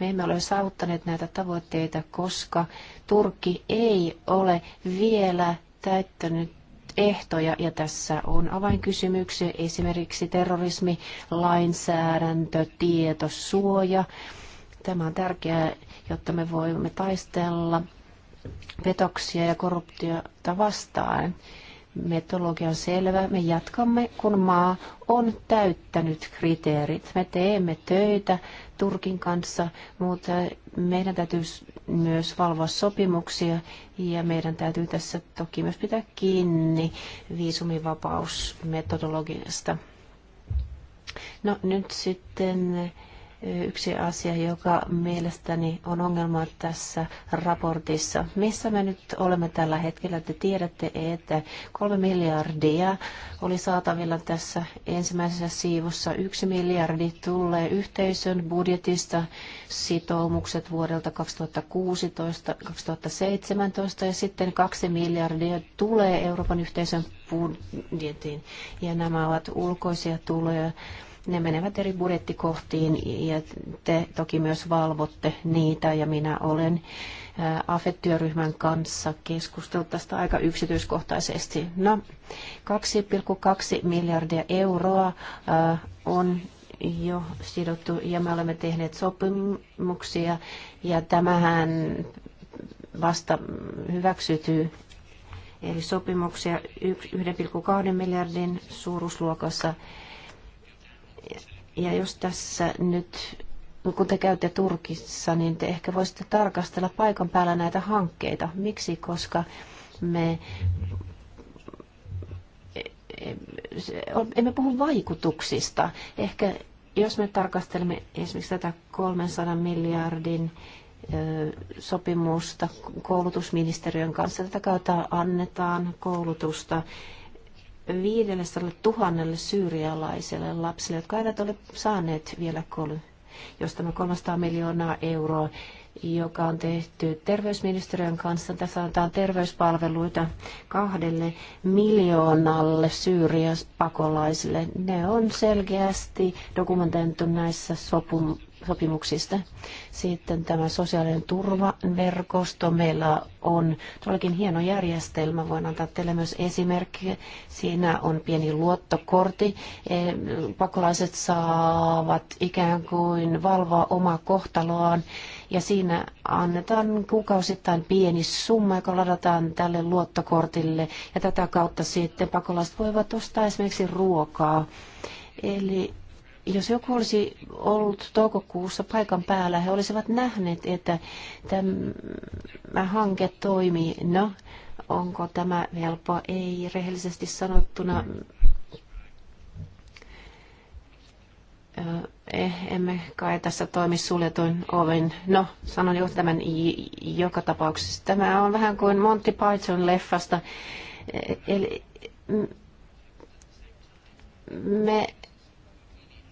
me emme ole saavuttaneet näitä tavoitteita, koska Turkki ei ole vielä täyttänyt ehtoja, ja tässä on avainkysymyksiä, esimerkiksi terrorismi, lainsäädäntö, tietosuoja. Tämä on tärkeää, jotta me voimme taistella petoksia ja korruptiota vastaan. Metodologia on selvä. Me jatkamme, kun maa on täyttänyt kriteerit. Me teemme töitä Turkin kanssa, mutta meidän täytyy myös valvoa sopimuksia ja meidän täytyy tässä toki myös pitää kiinni viisumivapausmetodologiasta. No nyt sitten yksi asia, joka mielestäni on ongelma tässä raportissa. Missä me nyt olemme tällä hetkellä? Te tiedätte, että kolme miljardia oli saatavilla tässä ensimmäisessä siivussa. Yksi miljardi tulee yhteisön budjetista sitoumukset vuodelta 2016-2017 ja sitten kaksi miljardia tulee Euroopan yhteisön budjetiin. Ja nämä ovat ulkoisia tuloja ne menevät eri budjettikohtiin ja te toki myös valvotte niitä ja minä olen Afet työryhmän kanssa keskustellut tästä aika yksityiskohtaisesti. No, 2,2 miljardia euroa on jo sidottu ja me olemme tehneet sopimuksia ja tämähän vasta hyväksytyy eli sopimuksia 1,2 miljardin suuruusluokassa ja jos tässä nyt, kun te käytte Turkissa, niin te ehkä voisitte tarkastella paikan päällä näitä hankkeita. Miksi? Koska me emme puhu vaikutuksista. Ehkä jos me tarkastelemme esimerkiksi tätä 300 miljardin sopimusta koulutusministeriön kanssa. Tätä kautta annetaan koulutusta viidelle tuhannelle syyrialaiselle lapselle, jotka eivät ole saaneet vielä kol- jos tämä 300 miljoonaa euroa, joka on tehty terveysministeriön kanssa. Tässä antaa terveyspalveluita kahdelle miljoonalle syyriapakolaisille. Ne on selkeästi dokumentoitu näissä sopum- sopimuksista. Sitten tämä sosiaalinen turvaverkosto. Meillä on todellakin hieno järjestelmä. Voin antaa teille myös esimerkki. Siinä on pieni luottokortti. Eh, pakolaiset saavat ikään kuin valvoa omaa kohtaloaan. Ja siinä annetaan kuukausittain pieni summa, joka ladataan tälle luottokortille. Ja tätä kautta sitten pakolaiset voivat ostaa esimerkiksi ruokaa. Eli jos joku olisi ollut toukokuussa paikan päällä, he olisivat nähneet, että tämä hanke toimii. No, onko tämä helppo? Ei, rehellisesti sanottuna eh, emme kai tässä toimi suljetuin oven. No, sanon jo tämän joka tapauksessa. Tämä on vähän kuin Monty Python leffasta. E- eli me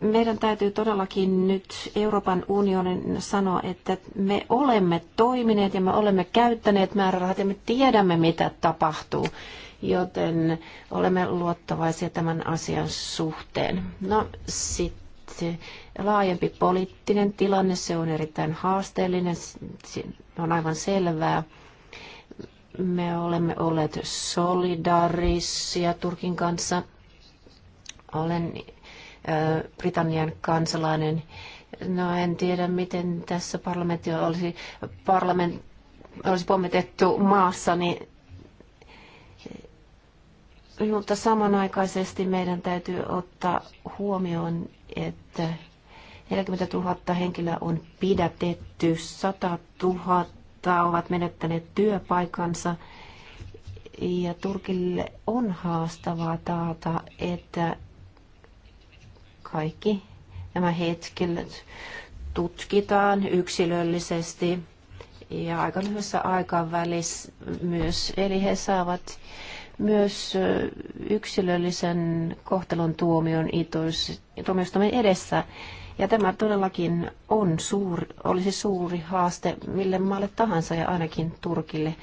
meidän täytyy todellakin nyt Euroopan unionin sanoa, että me olemme toimineet ja me olemme käyttäneet määrärahat ja me tiedämme, mitä tapahtuu. Joten olemme luottavaisia tämän asian suhteen. No sitten laajempi poliittinen tilanne, se on erittäin haasteellinen, se on aivan selvää. Me olemme olleet solidaarisia Turkin kanssa. Olen Britannian kansalainen. No en tiedä, miten tässä parlamentti olisi, parlament, olisi pommitettu maassa, niin mutta samanaikaisesti meidän täytyy ottaa huomioon, että 40 000 henkilöä on pidätetty, 100 000 ovat menettäneet työpaikansa. Ja Turkille on haastavaa taata, että kaikki nämä hetkilöt tutkitaan yksilöllisesti ja aika lyhyessä aikavälissä myös. Eli he saavat myös yksilöllisen kohtelun tuomion tuomioistuimen edessä. Ja tämä todellakin on suuri, olisi suuri haaste mille maalle tahansa ja ainakin Turkille.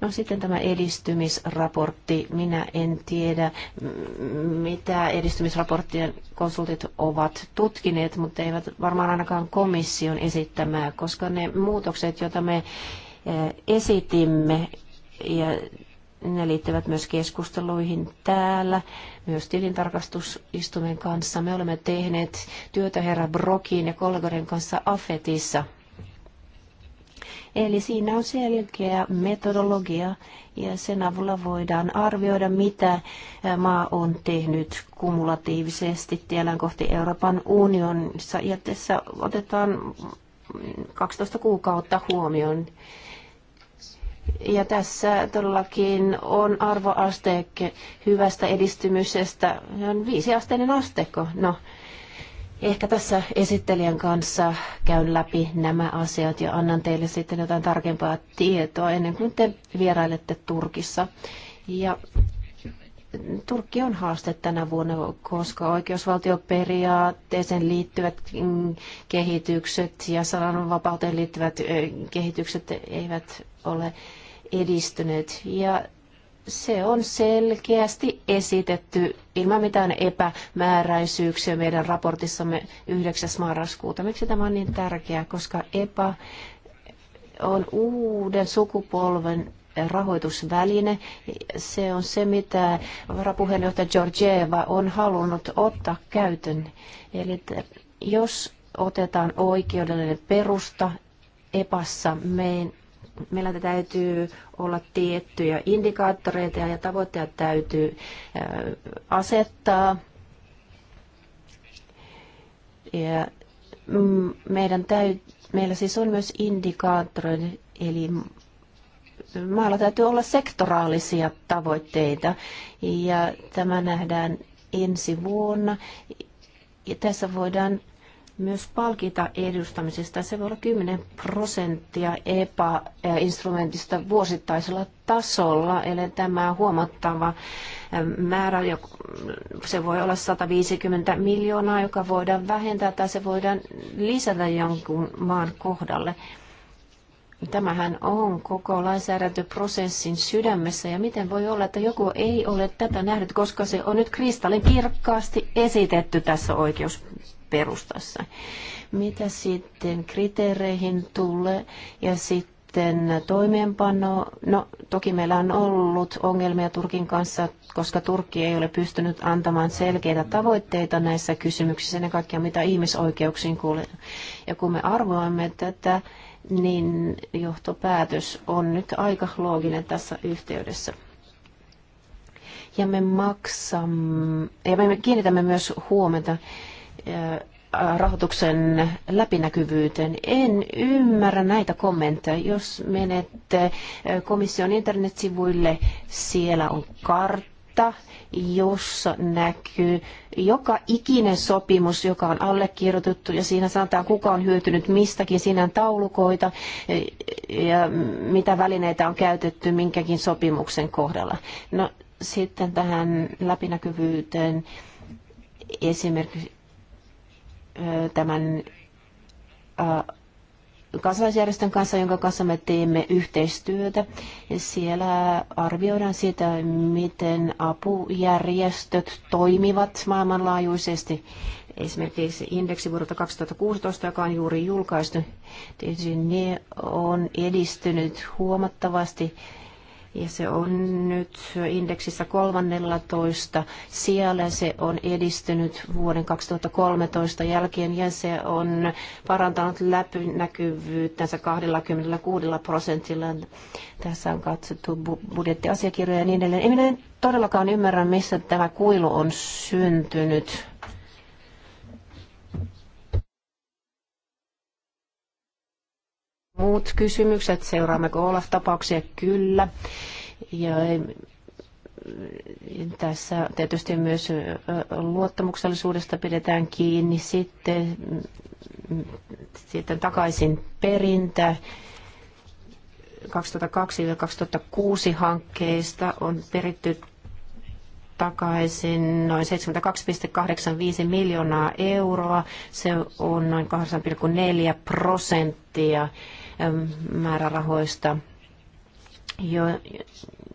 No sitten tämä edistymisraportti. Minä en tiedä, mitä edistymisraporttien konsultit ovat tutkineet, mutta eivät varmaan ainakaan komission esittämää, koska ne muutokset, joita me e, esitimme ja ne liittyvät myös keskusteluihin täällä, myös tilintarkastusistumen kanssa. Me olemme tehneet työtä herra Brokin ja kollegoiden kanssa AFETissa Eli siinä on selkeä metodologia ja sen avulla voidaan arvioida, mitä maa on tehnyt kumulatiivisesti tiellään kohti Euroopan unionissa. Ja tässä otetaan 12 kuukautta huomioon. Ja tässä todellakin on arvoasteikki hyvästä edistymisestä. Se on viisiasteinen asteikko. No, Ehkä tässä esittelijän kanssa käyn läpi nämä asiat ja annan teille sitten jotain tarkempaa tietoa ennen kuin te vierailette Turkissa. Ja Turkki on haaste tänä vuonna, koska oikeusvaltioperiaatteeseen liittyvät kehitykset ja sananvapauteen liittyvät kehitykset eivät ole edistyneet. Ja se on selkeästi esitetty ilman mitään epämääräisyyksiä meidän raportissamme 9. marraskuuta. Miksi tämä on niin tärkeää? Koska EPA on uuden sukupolven rahoitusväline. Se on se, mitä varapuheenjohtaja Georgieva on halunnut ottaa käytön. Eli jos otetaan oikeudellinen perusta EPassa, meidän meillä täytyy olla tiettyjä indikaattoreita ja tavoitteet täytyy asettaa. Ja mm, meidän täy, meillä siis on myös indikaattoreita, eli maalla täytyy olla sektoraalisia tavoitteita ja tämä nähdään ensi vuonna. Ja tässä voidaan myös palkita edustamisesta. Se voi olla 10 prosenttia EPA-instrumentista vuosittaisella tasolla, eli tämä huomattava ähm, määrä, se voi olla 150 miljoonaa, joka voidaan vähentää tai se voidaan lisätä jonkun maan kohdalle. Tämähän on koko lainsäädäntöprosessin sydämessä ja miten voi olla, että joku ei ole tätä nähnyt, koska se on nyt kristallin kirkkaasti esitetty tässä oikeus perustassa. Mitä sitten kriteereihin tulee ja sitten toimeenpano, no toki meillä on ollut ongelmia Turkin kanssa, koska Turkki ei ole pystynyt antamaan selkeitä tavoitteita näissä kysymyksissä, ennen kaikkea mitä ihmisoikeuksiin kuulee. Ja kun me arvoimme tätä, niin johtopäätös on nyt aika looginen tässä yhteydessä. Ja me maksamme, ja me kiinnitämme myös huomenta Äh, rahoituksen läpinäkyvyyteen. En ymmärrä näitä kommentteja. Jos menet äh, komission internetsivuille, siellä on kartta, jossa näkyy joka ikinen sopimus, joka on allekirjoitettu ja siinä sanotaan, kuka on hyötynyt mistäkin. Siinä on taulukoita äh, ja mitä välineitä on käytetty minkäkin sopimuksen kohdalla. No sitten tähän läpinäkyvyyteen esimerkiksi tämän kansalaisjärjestön kanssa, jonka kanssa me teemme yhteistyötä. Siellä arvioidaan sitä, miten apujärjestöt toimivat maailmanlaajuisesti. Esimerkiksi indeksi vuodelta 2016, joka on juuri julkaistu, ne on edistynyt huomattavasti ja se on nyt indeksissä 13 siellä. Se on edistynyt vuoden 2013 jälkeen ja se on parantanut läpinäkyvyyttänsä 26 prosentilla. Tässä on katsottu budjettiasiakirjoja ja niin edelleen. En minä todellakaan ymmärrä, missä tämä kuilu on syntynyt. muut kysymykset? Seuraammeko Olaf-tapauksia? Kyllä. Ja eh, tässä tietysti myös eh, luottamuksellisuudesta pidetään kiinni. Sitten, sitten takaisin perintä. 2002-2006 hankkeista on peritty takaisin noin 72,85 miljoonaa euroa. Se on noin 8,4 prosenttia määrärahoista.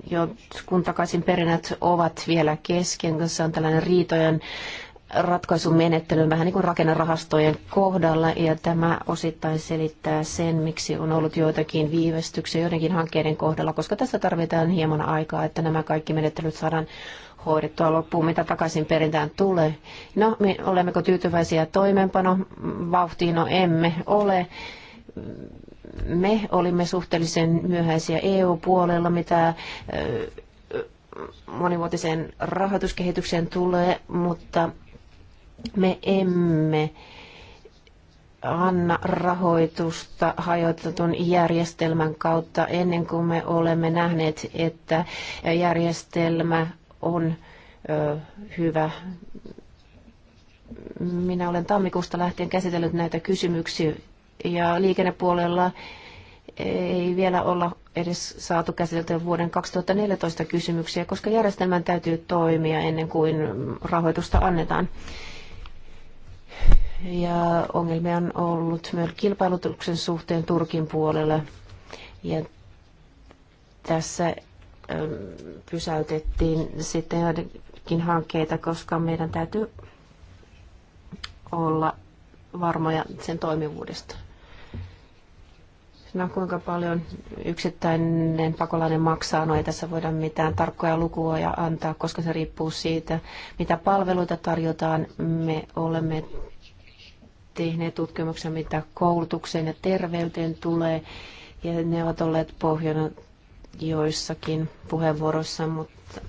Jo, kun takaisin perinnät ovat vielä kesken, koska se on tällainen riitojen ratkaisumenettely vähän niin kuin rakennerahastojen kohdalla ja tämä osittain selittää sen, miksi on ollut joitakin viivästyksiä joidenkin hankkeiden kohdalla, koska tässä tarvitaan hieman aikaa, että nämä kaikki menettelyt saadaan hoidettua loppuun, mitä takaisin perintään tulee. No, me olemmeko tyytyväisiä toimeenpano vauhtiin? No emme ole me olimme suhteellisen myöhäisiä EU-puolella, mitä monivuotiseen rahoituskehitykseen tulee, mutta me emme anna rahoitusta hajotetun järjestelmän kautta ennen kuin me olemme nähneet, että järjestelmä on ö, hyvä. Minä olen tammikuusta lähtien käsitellyt näitä kysymyksiä ja liikennepuolella ei vielä olla edes saatu käsiteltyä vuoden 2014 kysymyksiä, koska järjestelmän täytyy toimia ennen kuin rahoitusta annetaan. Ja ongelmia on ollut myös kilpailutuksen suhteen Turkin puolella. Ja tässä ähm, pysäytettiin sitten joidenkin hankkeita, koska meidän täytyy olla varmoja sen toimivuudesta. No kuinka paljon yksittäinen pakolainen maksaa, no ei tässä voida mitään tarkkoja lukuja antaa, koska se riippuu siitä, mitä palveluita tarjotaan. Me olemme tehneet tutkimuksia, mitä koulutukseen ja terveyteen tulee, ja ne ovat olleet pohjana joissakin puheenvuoroissa, mutta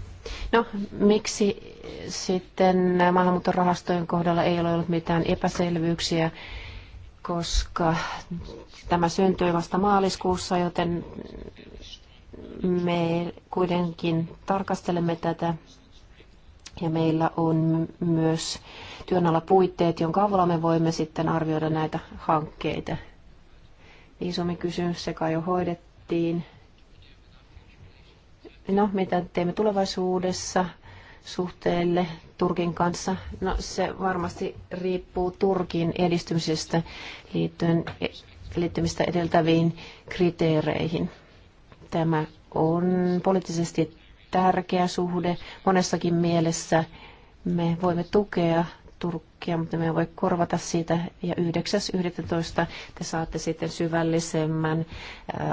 no, miksi sitten maahanmuuttorahastojen kohdalla ei ole ollut mitään epäselvyyksiä, koska Tämä syntyi vasta maaliskuussa, joten me kuitenkin tarkastelemme tätä ja meillä on myös työn alla puitteet, jonka avulla me voimme sitten arvioida näitä hankkeita. Viisumikysymys, se kai jo hoidettiin. No, mitä teemme tulevaisuudessa suhteelle Turkin kanssa? No, se varmasti riippuu Turkin edistymisestä liittyen liittymistä edeltäviin kriteereihin. Tämä on poliittisesti tärkeä suhde monessakin mielessä. Me voimme tukea Turkkia lakia, mutta me voi korvata siitä. Ja 9.11. te saatte sitten syvällisemmän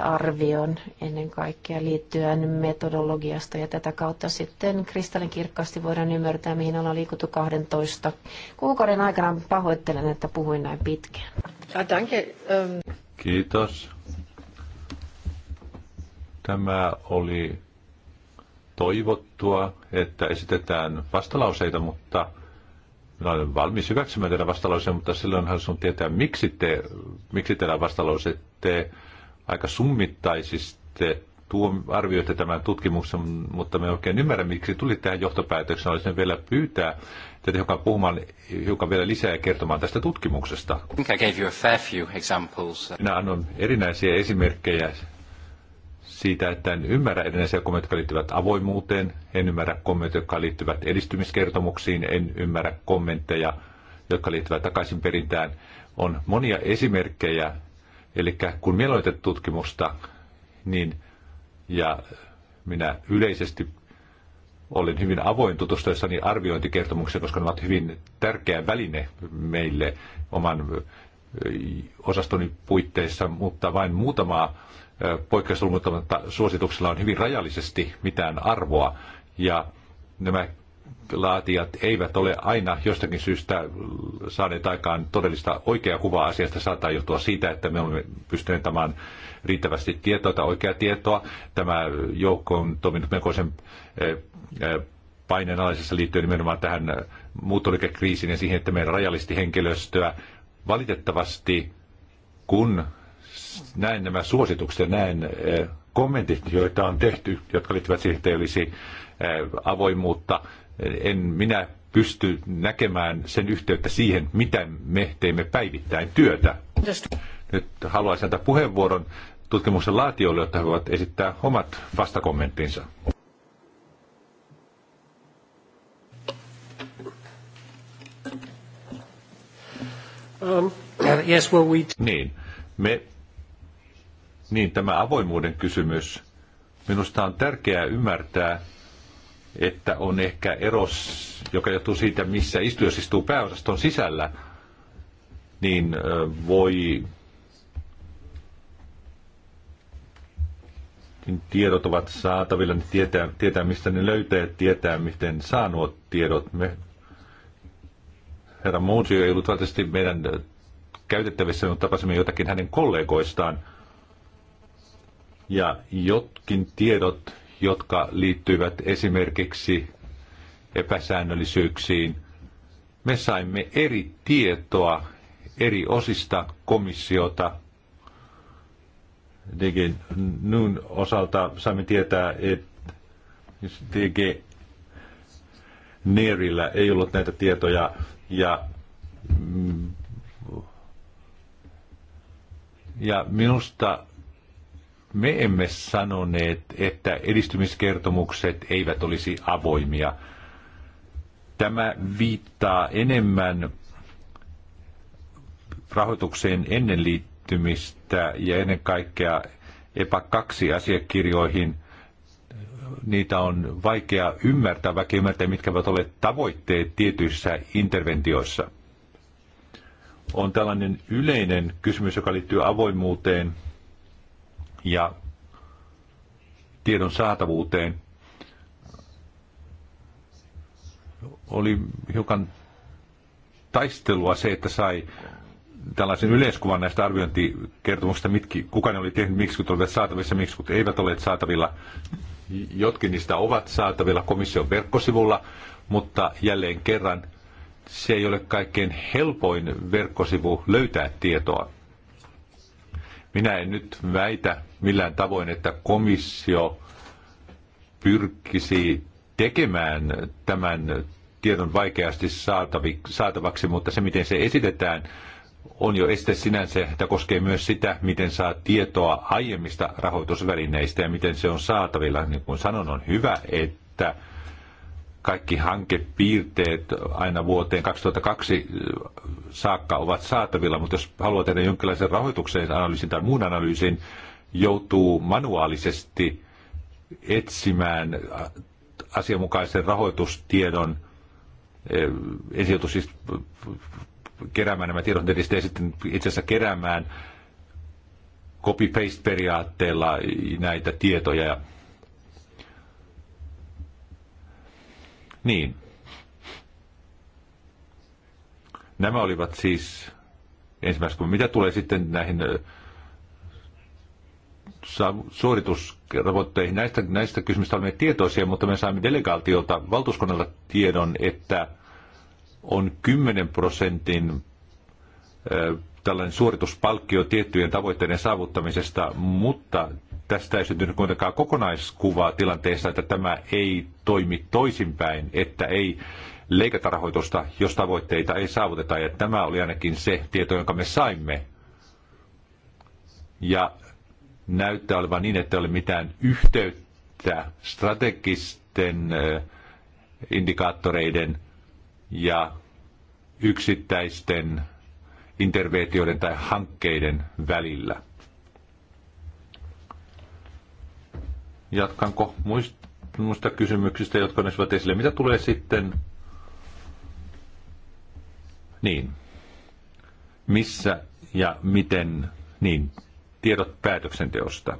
arvion ennen kaikkea liittyen metodologiasta. Ja tätä kautta sitten kirkkaasti voidaan ymmärtää, mihin ollaan liikuttu 12 kuukauden aikana. Pahoittelen, että puhuin näin pitkään. Ähm. Kiitos. Tämä oli toivottua, että esitetään vastalauseita, mutta minä olen valmis hyväksymään teidän vastalauseen, mutta silloin sun tietää, miksi, te, miksi teidän te aika summittaisiste tuo, arvioitte tämän tutkimuksen, mutta me oikein ymmärrä, miksi tuli tähän johtopäätöksen. Olisin vielä pyytää teitä hiukan puhumaan hiukan vielä lisää ja kertomaan tästä tutkimuksesta. I I Minä annan erinäisiä esimerkkejä siitä, että en ymmärrä erinäisiä kommentteja, jotka liittyvät avoimuuteen, en ymmärrä kommentteja, jotka liittyvät edistymiskertomuksiin, en ymmärrä kommentteja, jotka liittyvät perintään, On monia esimerkkejä, eli kun mieloitet tutkimusta, niin ja minä yleisesti olin hyvin avoin tutustuessani arviointikertomuksia, koska ne ovat hyvin tärkeä väline meille oman osastoni puitteissa, mutta vain muutamaa poikkeuslumuttamatta suosituksella on hyvin rajallisesti mitään arvoa ja nämä laatijat eivät ole aina jostakin syystä saaneet aikaan todellista oikeaa kuvaa asiasta. Saattaa johtua siitä, että me olemme pystyneet tämän riittävästi tietoa tai oikeaa tietoa. Tämä joukko on toiminut melkoisen paineenalaisessa liittyen nimenomaan tähän muuttoliikekriisiin ja siihen, että meidän rajallisesti henkilöstöä valitettavasti kun näin nämä suositukset ja näin eh, kommentit, joita on tehty, jotka liittyvät siihen, että ei olisi eh, avoimuutta. En minä pysty näkemään sen yhteyttä siihen, mitä me teemme päivittäin työtä. Nyt haluaisin antaa puheenvuoron tutkimuksen laatijoille, jotta he voivat esittää omat vastakommenttinsa. Um, yes, well we... Niin, me niin, tämä avoimuuden kysymys. Minusta on tärkeää ymmärtää, että on ehkä eros, joka johtuu siitä, missä istuja istuu pääosaston sisällä, niin voi niin tiedot ovat saatavilla, niin tietää, tietää mistä ne löytää, tietää miten saa nuo tiedot. Me, herra Moutio ei ollut meidän käytettävissä, mutta tapasimme jotakin hänen kollegoistaan – ja jotkin tiedot, jotka liittyivät esimerkiksi epäsäännöllisyyksiin, me saimme eri tietoa eri osista komissiota. Nun osalta saimme tietää, että Neerillä ei ollut näitä tietoja ja mm, ja minusta me emme sanoneet, että edistymiskertomukset eivät olisi avoimia. Tämä viittaa enemmän rahoitukseen ennen liittymistä ja ennen kaikkea epä kaksi asiakirjoihin. Niitä on vaikea ymmärtää, vaikka ymmärtää, mitkä ovat olleet tavoitteet tietyissä interventioissa. On tällainen yleinen kysymys, joka liittyy avoimuuteen – ja tiedon saatavuuteen. Oli hiukan taistelua se, että sai tällaisen yleiskuvan näistä arviointikertomuksista, mitkä, kuka ne oli tehnyt, miksi olivat saatavissa, miksi eivät olleet saatavilla. Jotkin niistä ovat saatavilla komission verkkosivulla, mutta jälleen kerran se ei ole kaikkein helpoin verkkosivu löytää tietoa. Minä en nyt väitä millään tavoin, että komissio pyrkisi tekemään tämän tiedon vaikeasti saatavaksi, mutta se miten se esitetään, on jo este sinänsä, että koskee myös sitä, miten saa tietoa aiemmista rahoitusvälineistä ja miten se on saatavilla. Niin kuin sanon, on hyvä, että kaikki hankepiirteet aina vuoteen 2002 saakka ovat saatavilla, mutta jos haluaa tehdä jonkinlaisen rahoituksen analyysin tai muun analyysin, joutuu manuaalisesti etsimään asianmukaisen rahoitustiedon, ensin eh, siis keräämään nämä tiedot netistä ja sitten itse asiassa keräämään copy-paste-periaatteella näitä tietoja. Niin. Nämä olivat siis ensimmäiset. Mitä tulee sitten näihin suoritusraportteihin. Näistä, näistä kysymyksistä olemme tietoisia, mutta me saimme delegaatiolta valtuuskunnalta tiedon, että on 10 prosentin tällainen suorituspalkkio tiettyjen tavoitteiden saavuttamisesta, mutta tästä ei syntynyt kuitenkaan kokonaiskuvaa tilanteesta, että tämä ei toimi toisinpäin, että ei leikata rahoitusta, jos tavoitteita ei saavuteta. Ja tämä oli ainakin se tieto, jonka me saimme. Ja näyttää olevan niin, että ei ole mitään yhteyttä strategisten indikaattoreiden ja yksittäisten interventioiden tai hankkeiden välillä. Jatkanko muista, muista kysymyksistä, jotka nousivat esille? Mitä tulee sitten? Niin. Missä ja miten? Niin. Tiedot päätöksenteosta.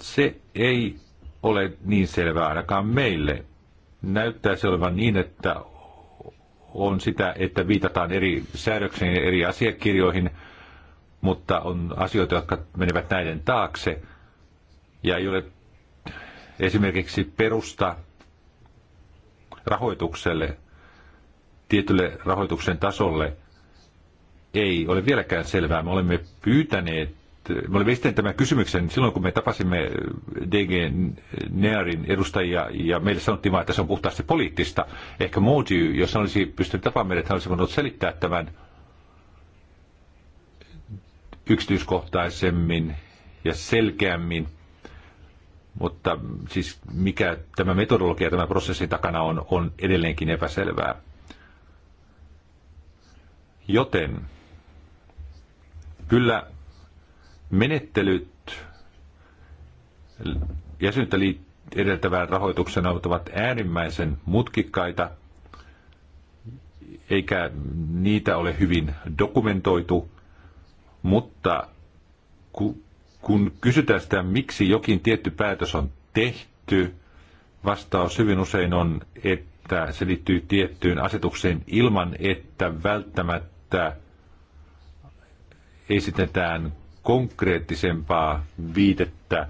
Se ei ole niin selvää ainakaan meille. se olevan niin, että on sitä, että viitataan eri säädöksiin ja eri asiakirjoihin – mutta on asioita, jotka menevät näiden taakse. Ja ei ole esimerkiksi perusta rahoitukselle, tietylle rahoituksen tasolle, ei ole vieläkään selvää. Me olemme pyytäneet, me olemme esittäneet tämän kysymyksen silloin, kun me tapasimme DG Nearin edustajia, ja meille sanottiin vain, että se on puhtaasti poliittista. Ehkä Moody, jos hän olisi pystynyt tapaamaan meidät, hän olisi voinut selittää tämän yksityiskohtaisemmin ja selkeämmin, mutta siis mikä tämä metodologia tämä prosessi takana on, on edelleenkin epäselvää. Joten kyllä menettelyt jäsenyyttä edeltävään rahoituksen ovat äärimmäisen mutkikkaita, eikä niitä ole hyvin dokumentoitu. Mutta kun kysytään sitä, miksi jokin tietty päätös on tehty, vastaus hyvin usein on, että se liittyy tiettyyn asetukseen ilman, että välttämättä esitetään konkreettisempaa viitettä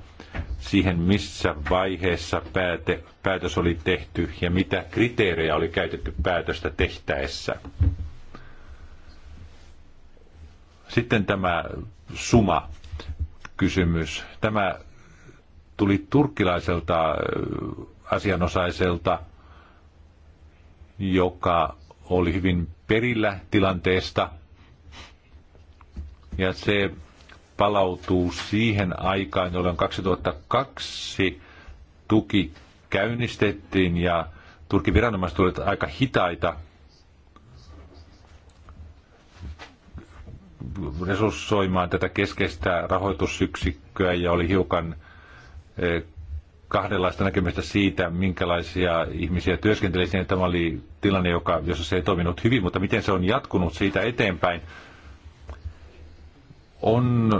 siihen, missä vaiheessa pääte, päätös oli tehty ja mitä kriteerejä oli käytetty päätöstä tehtäessä. Sitten tämä suma kysymys. Tämä tuli turkkilaiselta äh, asianosaiselta, joka oli hyvin perillä tilanteesta. Ja se palautuu siihen aikaan, jolloin 2002 tuki käynnistettiin ja Turkin viranomaiset olivat aika hitaita resurssoimaan tätä keskeistä rahoitusyksikköä ja oli hiukan e, kahdenlaista näkemystä siitä, minkälaisia ihmisiä työskenteli siinä. Tämä oli tilanne, joka, jossa se ei toiminut hyvin, mutta miten se on jatkunut siitä eteenpäin. On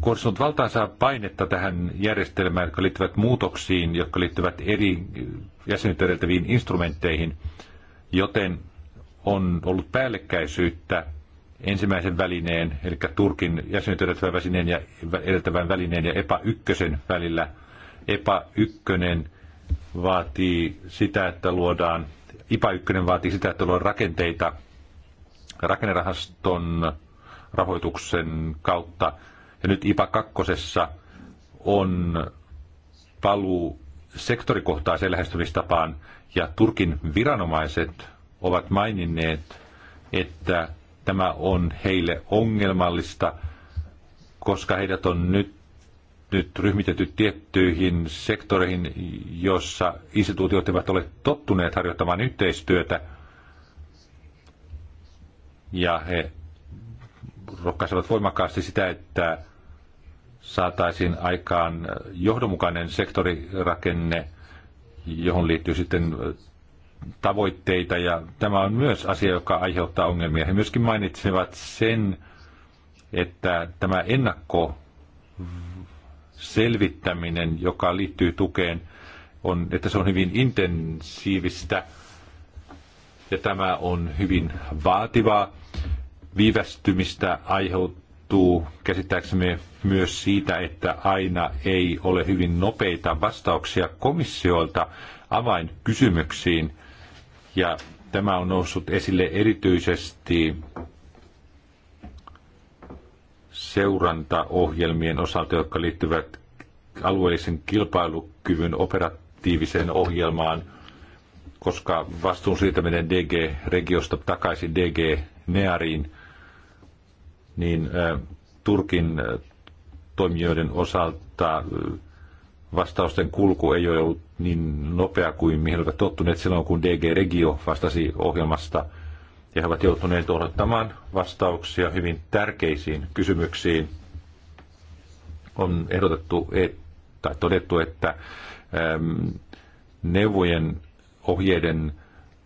kohdistunut valtaisaa painetta tähän järjestelmään, jotka liittyvät muutoksiin, jotka liittyvät eri jäsenyyttä edeltäviin instrumentteihin, joten on ollut päällekkäisyyttä ensimmäisen välineen, eli Turkin jäsenyyttä välineen ja edeltävän välineen ja EPA 1 välillä. EPA 1 vaatii sitä, että luodaan, IPA 1 vaatii sitä, että luodaan rakenteita rakennerahaston rahoituksen kautta. Ja nyt IPA 2 on paluu sektorikohtaiseen lähestymistapaan, ja Turkin viranomaiset ovat maininneet, että tämä on heille ongelmallista, koska heidät on nyt, nyt ryhmitetty tiettyihin sektoreihin, joissa instituutiot eivät ole tottuneet harjoittamaan yhteistyötä. Ja he rohkaisevat voimakkaasti sitä, että saataisiin aikaan johdonmukainen sektorirakenne, johon liittyy sitten tavoitteita ja tämä on myös asia, joka aiheuttaa ongelmia. He myöskin mainitsevat sen, että tämä ennakko selvittäminen, joka liittyy tukeen, on, että se on hyvin intensiivistä ja tämä on hyvin vaativaa. Viivästymistä aiheutuu käsittääksemme myös siitä, että aina ei ole hyvin nopeita vastauksia komissiolta avainkysymyksiin – ja tämä on noussut esille erityisesti seurantaohjelmien osalta, jotka liittyvät alueellisen kilpailukyvyn operatiiviseen ohjelmaan, koska vastuun siirtäminen DG-regiosta takaisin DG-neariin, niin Turkin toimijoiden osalta vastausten kulku ei ole ollut niin nopea kuin mihin olivat tottuneet silloin, kun DG Regio vastasi ohjelmasta. Ja he ovat joutuneet odottamaan vastauksia hyvin tärkeisiin kysymyksiin. On ehdotettu et, tai todettu, että äm, neuvojen ohjeiden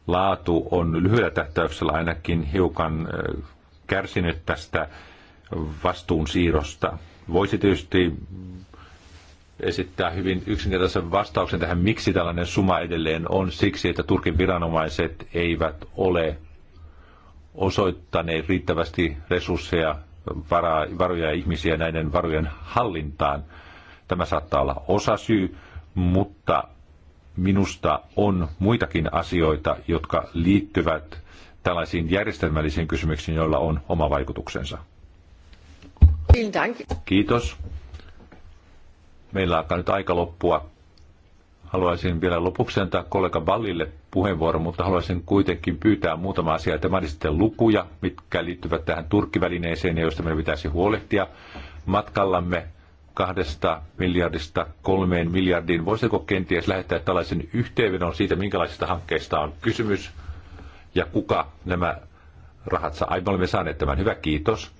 laatu on lyhyellä tähtäyksellä ainakin hiukan äh, kärsinyt tästä vastuun siirrosta. Voisi tietysti esittää hyvin yksinkertaisen vastauksen tähän, miksi tällainen suma edelleen on siksi, että Turkin viranomaiset eivät ole osoittaneet riittävästi resursseja, varaa, varoja ja ihmisiä näiden varojen hallintaan. Tämä saattaa olla syy, mutta minusta on muitakin asioita, jotka liittyvät tällaisiin järjestelmällisiin kysymyksiin, joilla on oma vaikutuksensa. Kiitos. Meillä alkaa nyt aika loppua. Haluaisin vielä lopuksi antaa kollega Ballille puheenvuoron, mutta haluaisin kuitenkin pyytää muutama asia. Tämä on sitten lukuja, mitkä liittyvät tähän turkkivälineeseen ja joista meidän pitäisi huolehtia matkallamme kahdesta miljardista kolmeen miljardiin. Voisiko kenties lähettää tällaisen yhteenvedon siitä, minkälaisista hankkeista on kysymys ja kuka nämä rahat saa? Aivan olemme saaneet tämän. Hyvä, kiitos.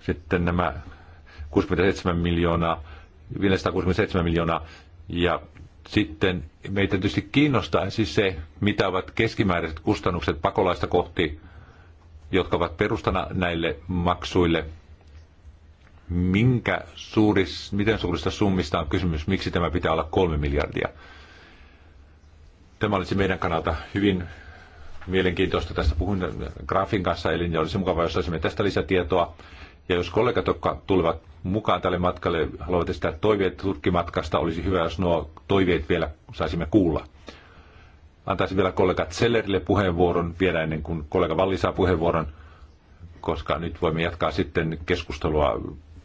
Sitten nämä 67 miljoonaa 567 miljoonaa. Ja sitten meitä tietysti kiinnostaa siis se, mitä ovat keskimääräiset kustannukset pakolaista kohti, jotka ovat perustana näille maksuille. Minkä suuris, miten suurista summista on kysymys, miksi tämä pitää olla kolme miljardia? Tämä olisi meidän kannalta hyvin mielenkiintoista. Tästä puhuin graafin kanssa, eli olisi mukava, jos saisimme tästä lisätietoa. Ja jos kollegat, jotka tulevat mukaan tälle matkalle, haluavat esittää toiveet Turkkimatkasta, olisi hyvä, jos nuo toiveet vielä saisimme kuulla. Antaisin vielä kollega Zellerille puheenvuoron vielä ennen kuin kollega Valli saa puheenvuoron, koska nyt voimme jatkaa sitten keskustelua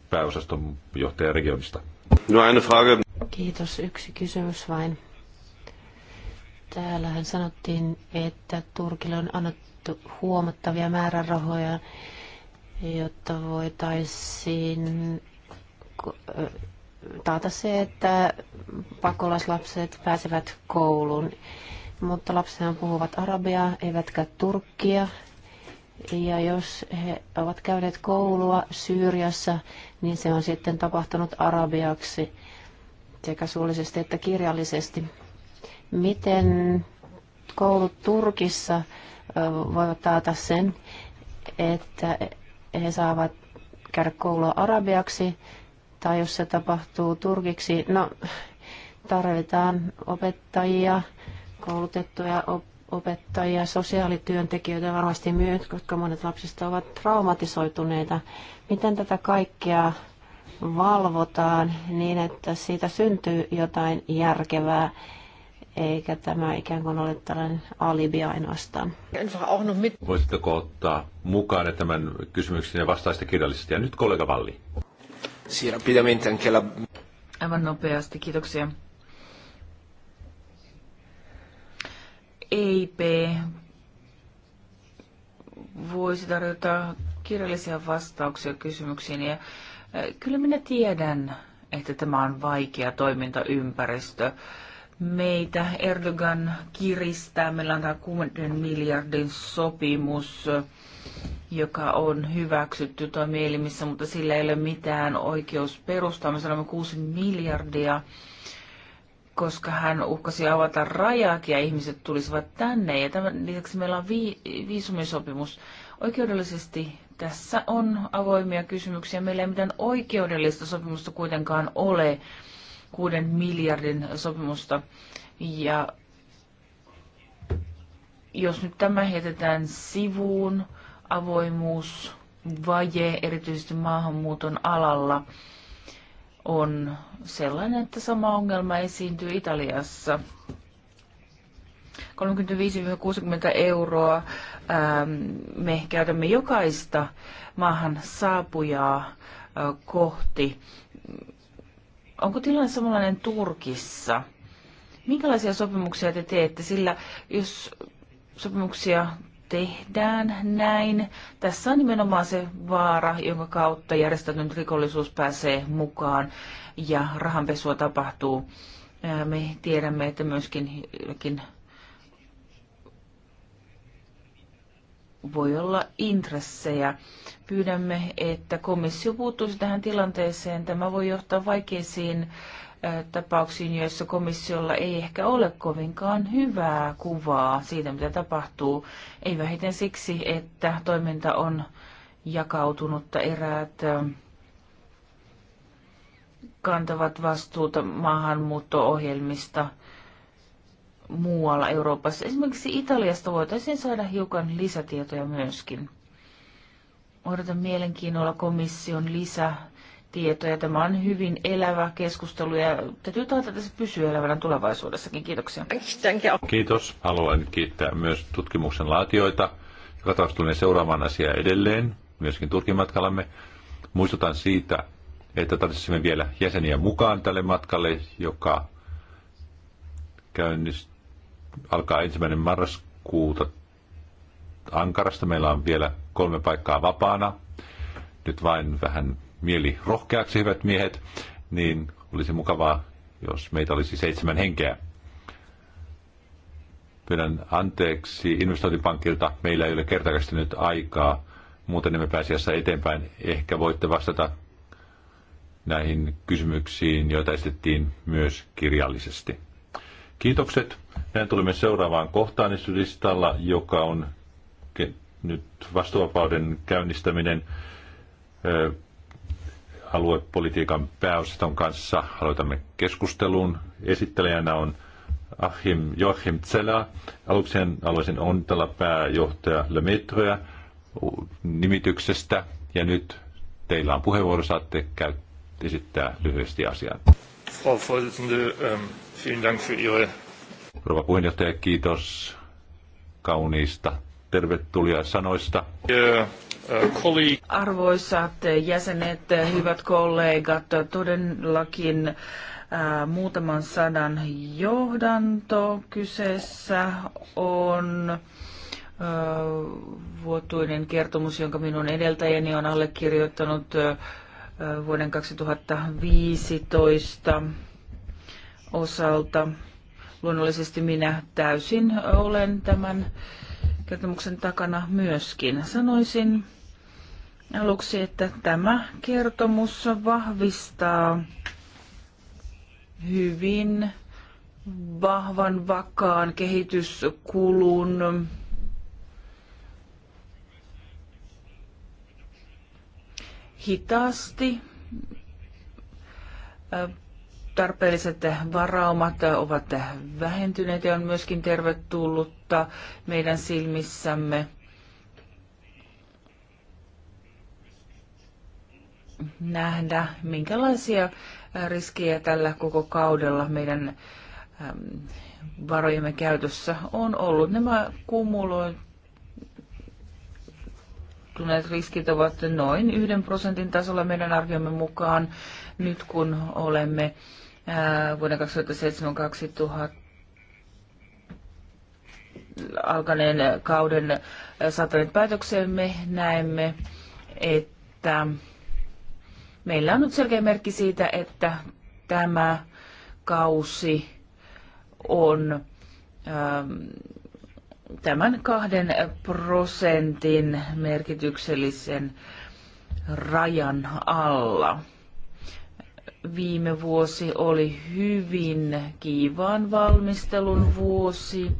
pääosaston johtajan regionista. No, eine Frage. Kiitos. Yksi kysymys vain. Täällähän sanottiin, että Turkille on annettu huomattavia määrärahoja jotta voitaisiin taata se, että pakolaislapset pääsevät kouluun. Mutta lapsethan puhuvat arabiaa, eivätkä turkkia. Ja jos he ovat käyneet koulua Syyriassa, niin se on sitten tapahtunut arabiaksi sekä suullisesti että kirjallisesti. Miten koulut Turkissa voivat taata sen, että he saavat käydä koulua arabiaksi, tai jos se tapahtuu turkiksi, no tarvitaan opettajia, koulutettuja opettajia, sosiaalityöntekijöitä varmasti myös, koska monet lapsista ovat traumatisoituneita. Miten tätä kaikkea valvotaan niin, että siitä syntyy jotain järkevää? eikä tämä ikään kuin ole tällainen alibi ainoastaan. Voisitteko ottaa mukaan tämän kysymyksen ja vastaista kirjallisesti? Ja nyt kollega Valli. Aivan nopeasti, kiitoksia. EIP voisi tarjota kirjallisia vastauksia kysymyksiin. Ja eh, kyllä minä tiedän, että tämä on vaikea toimintaympäristö meitä Erdogan kiristää. Meillä on tämä 6 miljardin sopimus, joka on hyväksytty toimielimissä, mutta sillä ei ole mitään oikeusperustaa. Me sanomme 6 miljardia, koska hän uhkasi avata rajat ja ihmiset tulisivat tänne. Ja tämän lisäksi meillä on vi- viisumisopimus. Oikeudellisesti tässä on avoimia kysymyksiä. Meillä ei mitään oikeudellista sopimusta kuitenkaan ole kuuden miljardin sopimusta. Ja jos nyt tämä heitetään sivuun, avoimuus, vaje, erityisesti maahanmuuton alalla, on sellainen, että sama ongelma esiintyy Italiassa. 35-60 euroa ähm, me käytämme jokaista maahan saapujaa äh, kohti Onko tilanne samanlainen Turkissa? Minkälaisia sopimuksia te teette? Sillä jos sopimuksia tehdään näin, tässä on nimenomaan se vaara, jonka kautta järjestetyn rikollisuus pääsee mukaan ja rahanpesua tapahtuu. Me tiedämme, että myöskin voi olla intressejä. Pyydämme, että komissio puuttuisi tähän tilanteeseen. Tämä voi johtaa vaikeisiin tapauksiin, joissa komissiolla ei ehkä ole kovinkaan hyvää kuvaa siitä, mitä tapahtuu. Ei vähiten siksi, että toiminta on jakautunutta eräät kantavat vastuuta maahanmuutto-ohjelmista – muualla Euroopassa. Esimerkiksi Italiasta voitaisiin saada hiukan lisätietoja myöskin. Odotan mielenkiinnolla komission lisätietoja. Tämä on hyvin elävä keskustelu ja täytyy taata, että se pysyy elävänä tulevaisuudessakin. Kiitoksia. Kiitos. Haluan kiittää myös tutkimuksen laatioita. Joka tapauksessa seuraavaan seuraamaan asiaa edelleen, myöskin Turkin matkallamme. Muistutan siitä, että tarvitsemme vielä jäseniä mukaan tälle matkalle, joka käynnistyy alkaa ensimmäinen marraskuuta Ankarasta. Meillä on vielä kolme paikkaa vapaana. Nyt vain vähän mieli rohkeaksi, hyvät miehet, niin olisi mukavaa, jos meitä olisi seitsemän henkeä. Pyydän anteeksi investointipankilta. Meillä ei ole kertakäistä nyt aikaa. Muuten emme pääse eteenpäin. Ehkä voitte vastata näihin kysymyksiin, joita esitettiin myös kirjallisesti. Kiitokset. Näin tulemme seuraavaan kohtaan listalla, joka on nyt vastuuvapauden käynnistäminen aluepolitiikan pääosaston kanssa. Aloitamme keskustelun. Esittelijänä on Achim, Joachim Zeller. Aluksi haluaisin onnitella pääjohtaja Lemaitreä nimityksestä. Ja nyt teillä on puheenvuoro, saatte käy, esittää lyhyesti asian. Frau Vorsitzende, ähm, Rouva puheenjohtaja, kiitos kauniista tervetulia sanoista. Uh, Arvoisat jäsenet, hyvät kollegat, todellakin uh, muutaman sadan johdanto kyseessä on uh, vuotuinen kertomus, jonka minun edeltäjäni on allekirjoittanut vuoden 2015 osalta. Luonnollisesti minä täysin olen tämän kertomuksen takana myöskin. Sanoisin aluksi, että tämä kertomus vahvistaa hyvin vahvan, vakaan kehityskulun hitaasti tarpeelliset varaumat ovat vähentyneet ja on myöskin tervetullutta meidän silmissämme. nähdä, minkälaisia riskejä tällä koko kaudella meidän varojemme käytössä on ollut. Nämä kumuloituneet riskit ovat noin yhden prosentin tasolla meidän arviomme mukaan nyt kun olemme Äh, vuoden 2007-2000 alkaneen kauden äh, saattaneet päätökseen, me näemme, että meillä on nyt selkeä merkki siitä, että tämä kausi on ähm, tämän kahden prosentin merkityksellisen rajan alla viime vuosi oli hyvin kiivaan valmistelun vuosi.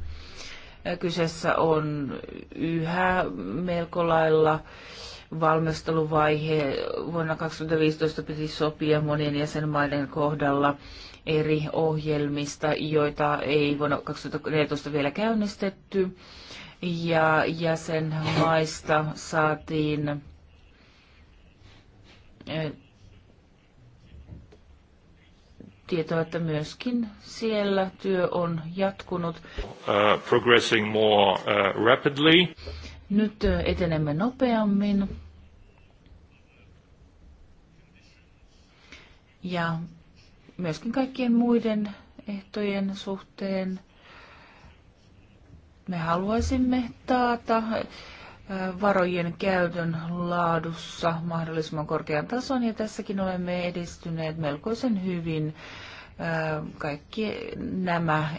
Kyseessä on yhä melko lailla valmisteluvaihe. Vuonna 2015 piti sopia monien jäsenmaiden kohdalla eri ohjelmista, joita ei vuonna 2014 vielä käynnistetty. Ja jäsenmaista saatiin tietoa, että myöskin siellä työ on jatkunut. Uh, progressing more uh, rapidly. Nyt uh, etenemme nopeammin. Ja myöskin kaikkien muiden ehtojen suhteen me haluaisimme taata varojen käytön laadussa mahdollisimman korkean tason ja tässäkin olemme edistyneet melkoisen hyvin. Kaikki nämä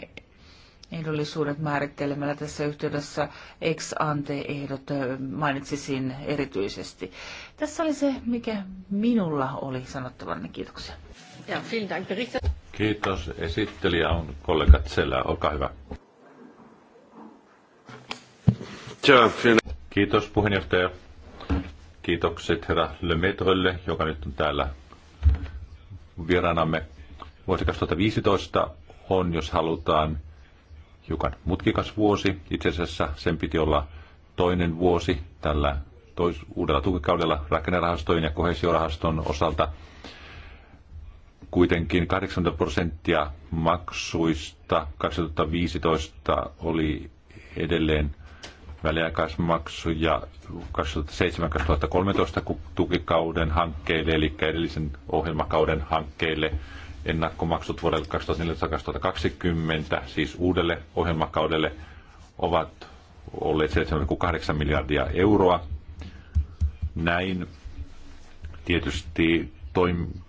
ehdollisuudet määrittelemällä tässä yhteydessä ex ante ehdot mainitsisin erityisesti. Tässä oli se, mikä minulla oli sanottavana Kiitoksia. Ja, Dank, Kiitos. Esittelijä on kollega Tsellä. Olkaa hyvä. Ja, Kiitos puheenjohtaja. Kiitokset herra Lemaitrelle, joka nyt on täällä vieraanamme. Vuosi 2015 on, jos halutaan, hiukan mutkikas vuosi. Itse asiassa sen piti olla toinen vuosi tällä tois, uudella tukikaudella rakennerahastojen ja kohesiorahaston osalta. Kuitenkin 80 prosenttia maksuista 2015 oli edelleen ja 2007-2013 tukikauden hankkeille, eli edellisen ohjelmakauden hankkeille, ennakkomaksut vuodelle 2014-2020, siis uudelle ohjelmakaudelle, ovat olleet 7,8 miljardia euroa. Näin tietysti toim-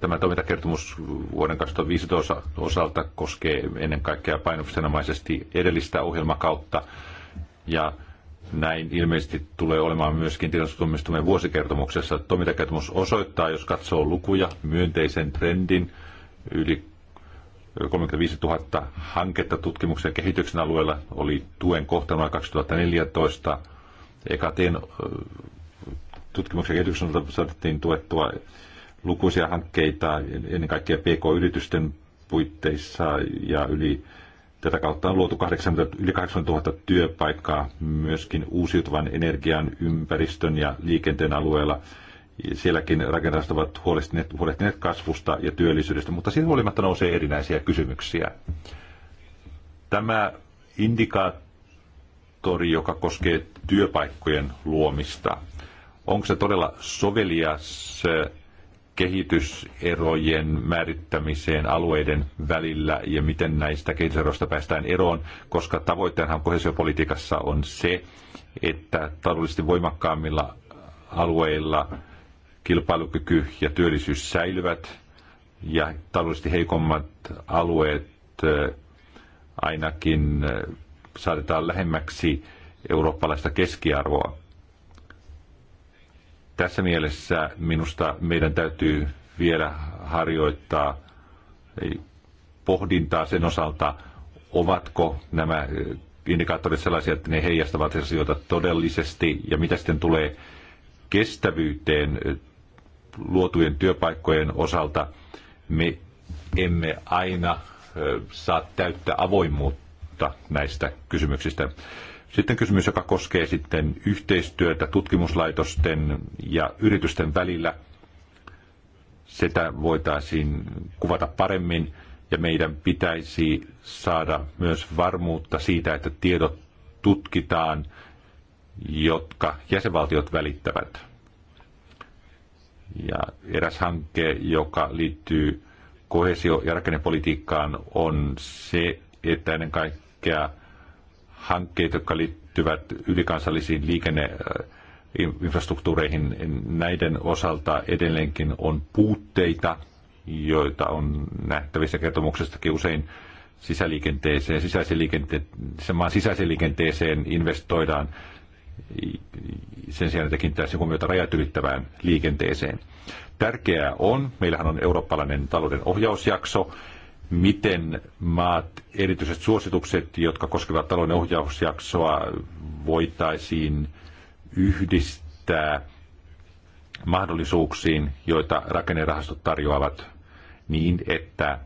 tämä toimintakertomus vuoden 2015 osalta koskee ennen kaikkea painopistenomaisesti edellistä ohjelmakautta, ja näin ilmeisesti tulee olemaan myöskin tilastuomioistuimen vuosikertomuksessa. Toimintakertomus osoittaa, jos katsoo lukuja, myönteisen trendin yli 35 000 hanketta tutkimuksen ja kehityksen alueella oli tuen kohtana 2014. Ekateen tutkimuksen ja kehityksen alueella saatiin tuettua lukuisia hankkeita ennen kaikkea PK-yritysten puitteissa ja yli Tätä kautta on luotu 80, yli 8000 työpaikkaa myöskin uusiutuvan energian, ympäristön ja liikenteen alueella. Sielläkin rakentajat ovat huolehtineet, huolehtineet kasvusta ja työllisyydestä, mutta siitä huolimatta nousee erinäisiä kysymyksiä. Tämä indikaattori, joka koskee työpaikkojen luomista, onko se todella sovelias kehityserojen määrittämiseen alueiden välillä ja miten näistä kehityseroista päästään eroon, koska tavoitteenhan kohesiopolitiikassa on se, että taloudellisesti voimakkaammilla alueilla kilpailukyky ja työllisyys säilyvät ja taloudellisesti heikommat alueet ainakin saatetaan lähemmäksi eurooppalaista keskiarvoa. Tässä mielessä minusta meidän täytyy vielä harjoittaa pohdintaa sen osalta, ovatko nämä eh, indikaattorit sellaisia, että ne heijastavat asioita todellisesti ja mitä sitten tulee kestävyyteen eh, luotujen työpaikkojen osalta, me emme aina eh, saa täyttää avoimuutta näistä kysymyksistä. Sitten kysymys, joka koskee sitten yhteistyötä tutkimuslaitosten ja yritysten välillä. Sitä voitaisiin kuvata paremmin ja meidän pitäisi saada myös varmuutta siitä, että tiedot tutkitaan, jotka jäsenvaltiot välittävät. Ja eräs hanke, joka liittyy kohesio- ja rakennepolitiikkaan, on se, että ennen kaikkea hankkeet, jotka liittyvät ylikansallisiin liikenneinfrastruktuureihin, äh, näiden osalta edelleenkin on puutteita, joita on nähtävissä kertomuksestakin usein sisäliikenteeseen, sisäisen liikenteeseen, maan sisäisen liikenteeseen investoidaan sen sijaan, että kiinnittäisiin huomiota rajat ylittävään liikenteeseen. Tärkeää on, meillähän on eurooppalainen talouden ohjausjakso, miten maat, erityiset suositukset, jotka koskevat talouden ohjausjaksoa, voitaisiin yhdistää mahdollisuuksiin, joita rakennerahastot tarjoavat niin, että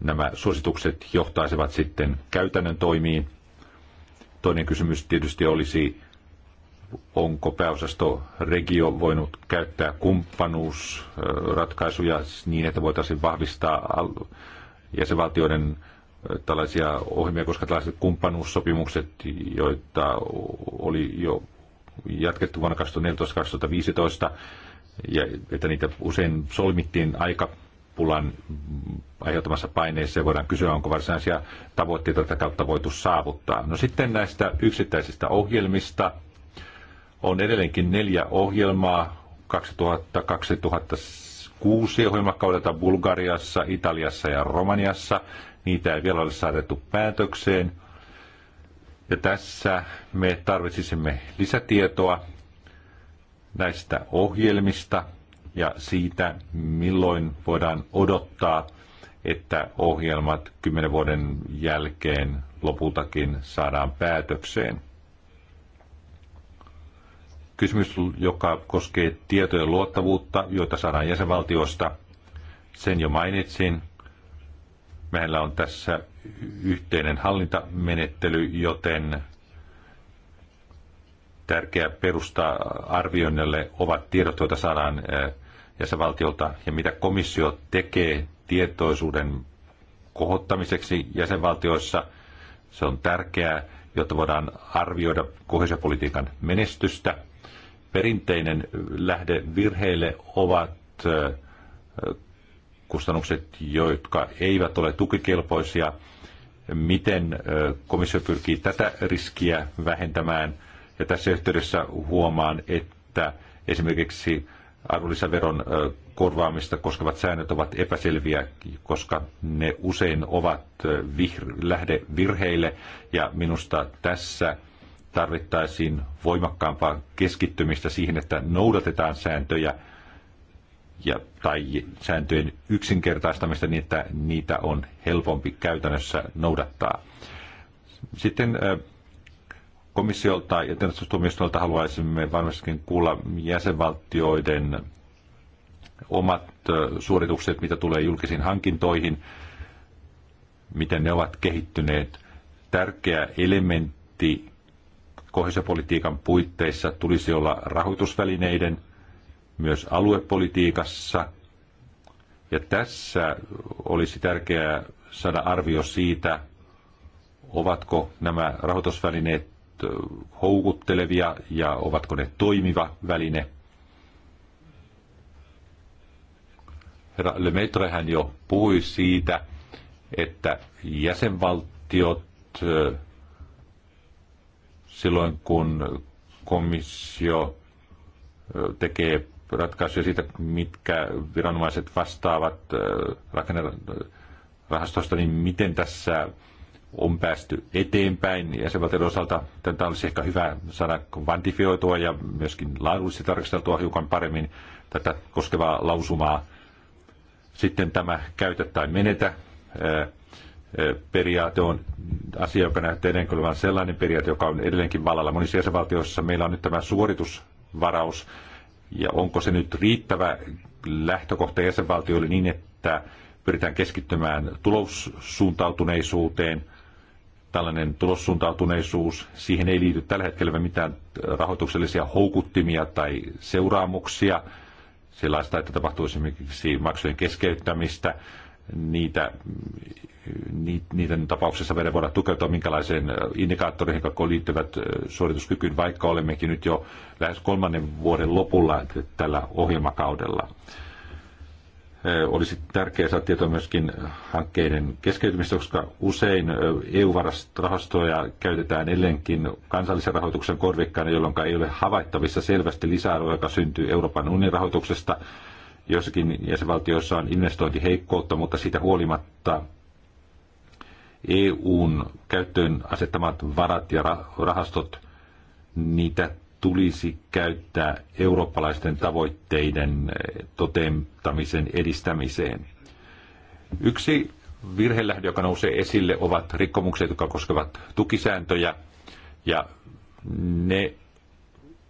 nämä suositukset johtaisivat sitten käytännön toimiin. Toinen kysymys tietysti olisi onko pääosasto regio voinut käyttää kumppanuusratkaisuja niin, että voitaisiin vahvistaa jäsenvaltioiden tällaisia ohjelmia, koska tällaiset kumppanuussopimukset, joita oli jo jatkettu vuonna 2014-2015, ja että niitä usein solmittiin aika pulan aiheuttamassa paineessa ja voidaan kysyä, onko varsinaisia tavoitteita tätä kautta voitu saavuttaa. No sitten näistä yksittäisistä ohjelmista – on edelleenkin neljä ohjelmaa 2000-2006 ohjelmakaudelta Bulgariassa, Italiassa ja Romaniassa. Niitä ei vielä ole saatettu päätökseen. Ja tässä me tarvitsisimme lisätietoa näistä ohjelmista ja siitä, milloin voidaan odottaa, että ohjelmat kymmenen vuoden jälkeen lopultakin saadaan päätökseen. Kysymys, joka koskee tietojen luottavuutta, joita saadaan jäsenvaltiosta, sen jo mainitsin. Meillä on tässä yhteinen hallintamenettely, joten tärkeä perusta arvioinnille ovat tiedot, joita saadaan eh, jäsenvaltiolta ja mitä komissio tekee tietoisuuden kohottamiseksi jäsenvaltioissa. Se on tärkeää, jotta voidaan arvioida kohesiopolitiikan menestystä perinteinen lähde virheille ovat kustannukset, jotka eivät ole tukikelpoisia. Miten komissio pyrkii tätä riskiä vähentämään? Ja tässä yhteydessä huomaan, että esimerkiksi arvonlisäveron korvaamista koskevat säännöt ovat epäselviä, koska ne usein ovat vir- lähde virheille. Ja minusta tässä tarvittaisiin voimakkaampaa keskittymistä siihen, että noudatetaan sääntöjä ja, tai sääntöjen yksinkertaistamista niin, että niitä on helpompi käytännössä noudattaa. Sitten komissiolta ja tietysti haluaisimme varmastikin kuulla jäsenvaltioiden omat suoritukset, mitä tulee julkisiin hankintoihin, miten ne ovat kehittyneet. Tärkeä elementti kohesiopolitiikan puitteissa tulisi olla rahoitusvälineiden myös aluepolitiikassa. Ja tässä olisi tärkeää saada arvio siitä, ovatko nämä rahoitusvälineet houkuttelevia ja ovatko ne toimiva väline. Herra Lemaitre hän jo puhui siitä, että jäsenvaltiot silloin, kun komissio tekee ratkaisuja siitä, mitkä viranomaiset vastaavat rakennerahastosta, niin miten tässä on päästy eteenpäin jäsenvaltioiden osalta. Tätä olisi ehkä hyvä saada kvantifioitua ja myöskin laadullisesti tarkasteltua hiukan paremmin tätä koskevaa lausumaa. Sitten tämä käytä tai menetä periaate on asia, joka näyttää edelleen sellainen periaate, joka on edelleenkin vallalla. Monissa jäsenvaltioissa meillä on nyt tämä suoritusvaraus, ja onko se nyt riittävä lähtökohta jäsenvaltioille niin, että pyritään keskittymään tulossuuntautuneisuuteen. Tällainen tulossuuntautuneisuus, siihen ei liity tällä hetkellä mitään rahoituksellisia houkuttimia tai seuraamuksia, sellaista, että tapahtuu esimerkiksi maksujen keskeyttämistä, niitä niiden tapauksessa meidän voidaan tukeutua minkälaiseen äh, indikaattoreihin, jotka liittyvät äh, suorituskykyyn, vaikka olemmekin nyt jo lähes kolmannen vuoden lopulla tällä ohjelmakaudella. Äh, olisi tärkeää saada tietoa myöskin hankkeiden keskeytymistä, koska usein EU-rahastoja käytetään edelleenkin kansallisen rahoituksen korvikkaana, jolloin ei ole havaittavissa selvästi lisäarvoa, joka syntyy Euroopan unionin rahoituksesta joissakin jäsenvaltioissa on investointiheikkoutta, mutta siitä huolimatta EUn käyttöön asettamat varat ja rahastot, niitä tulisi käyttää eurooppalaisten tavoitteiden eh, toteuttamisen edistämiseen. Yksi virhelähde, joka nousee esille, ovat rikkomukset, jotka koskevat tukisääntöjä ja ne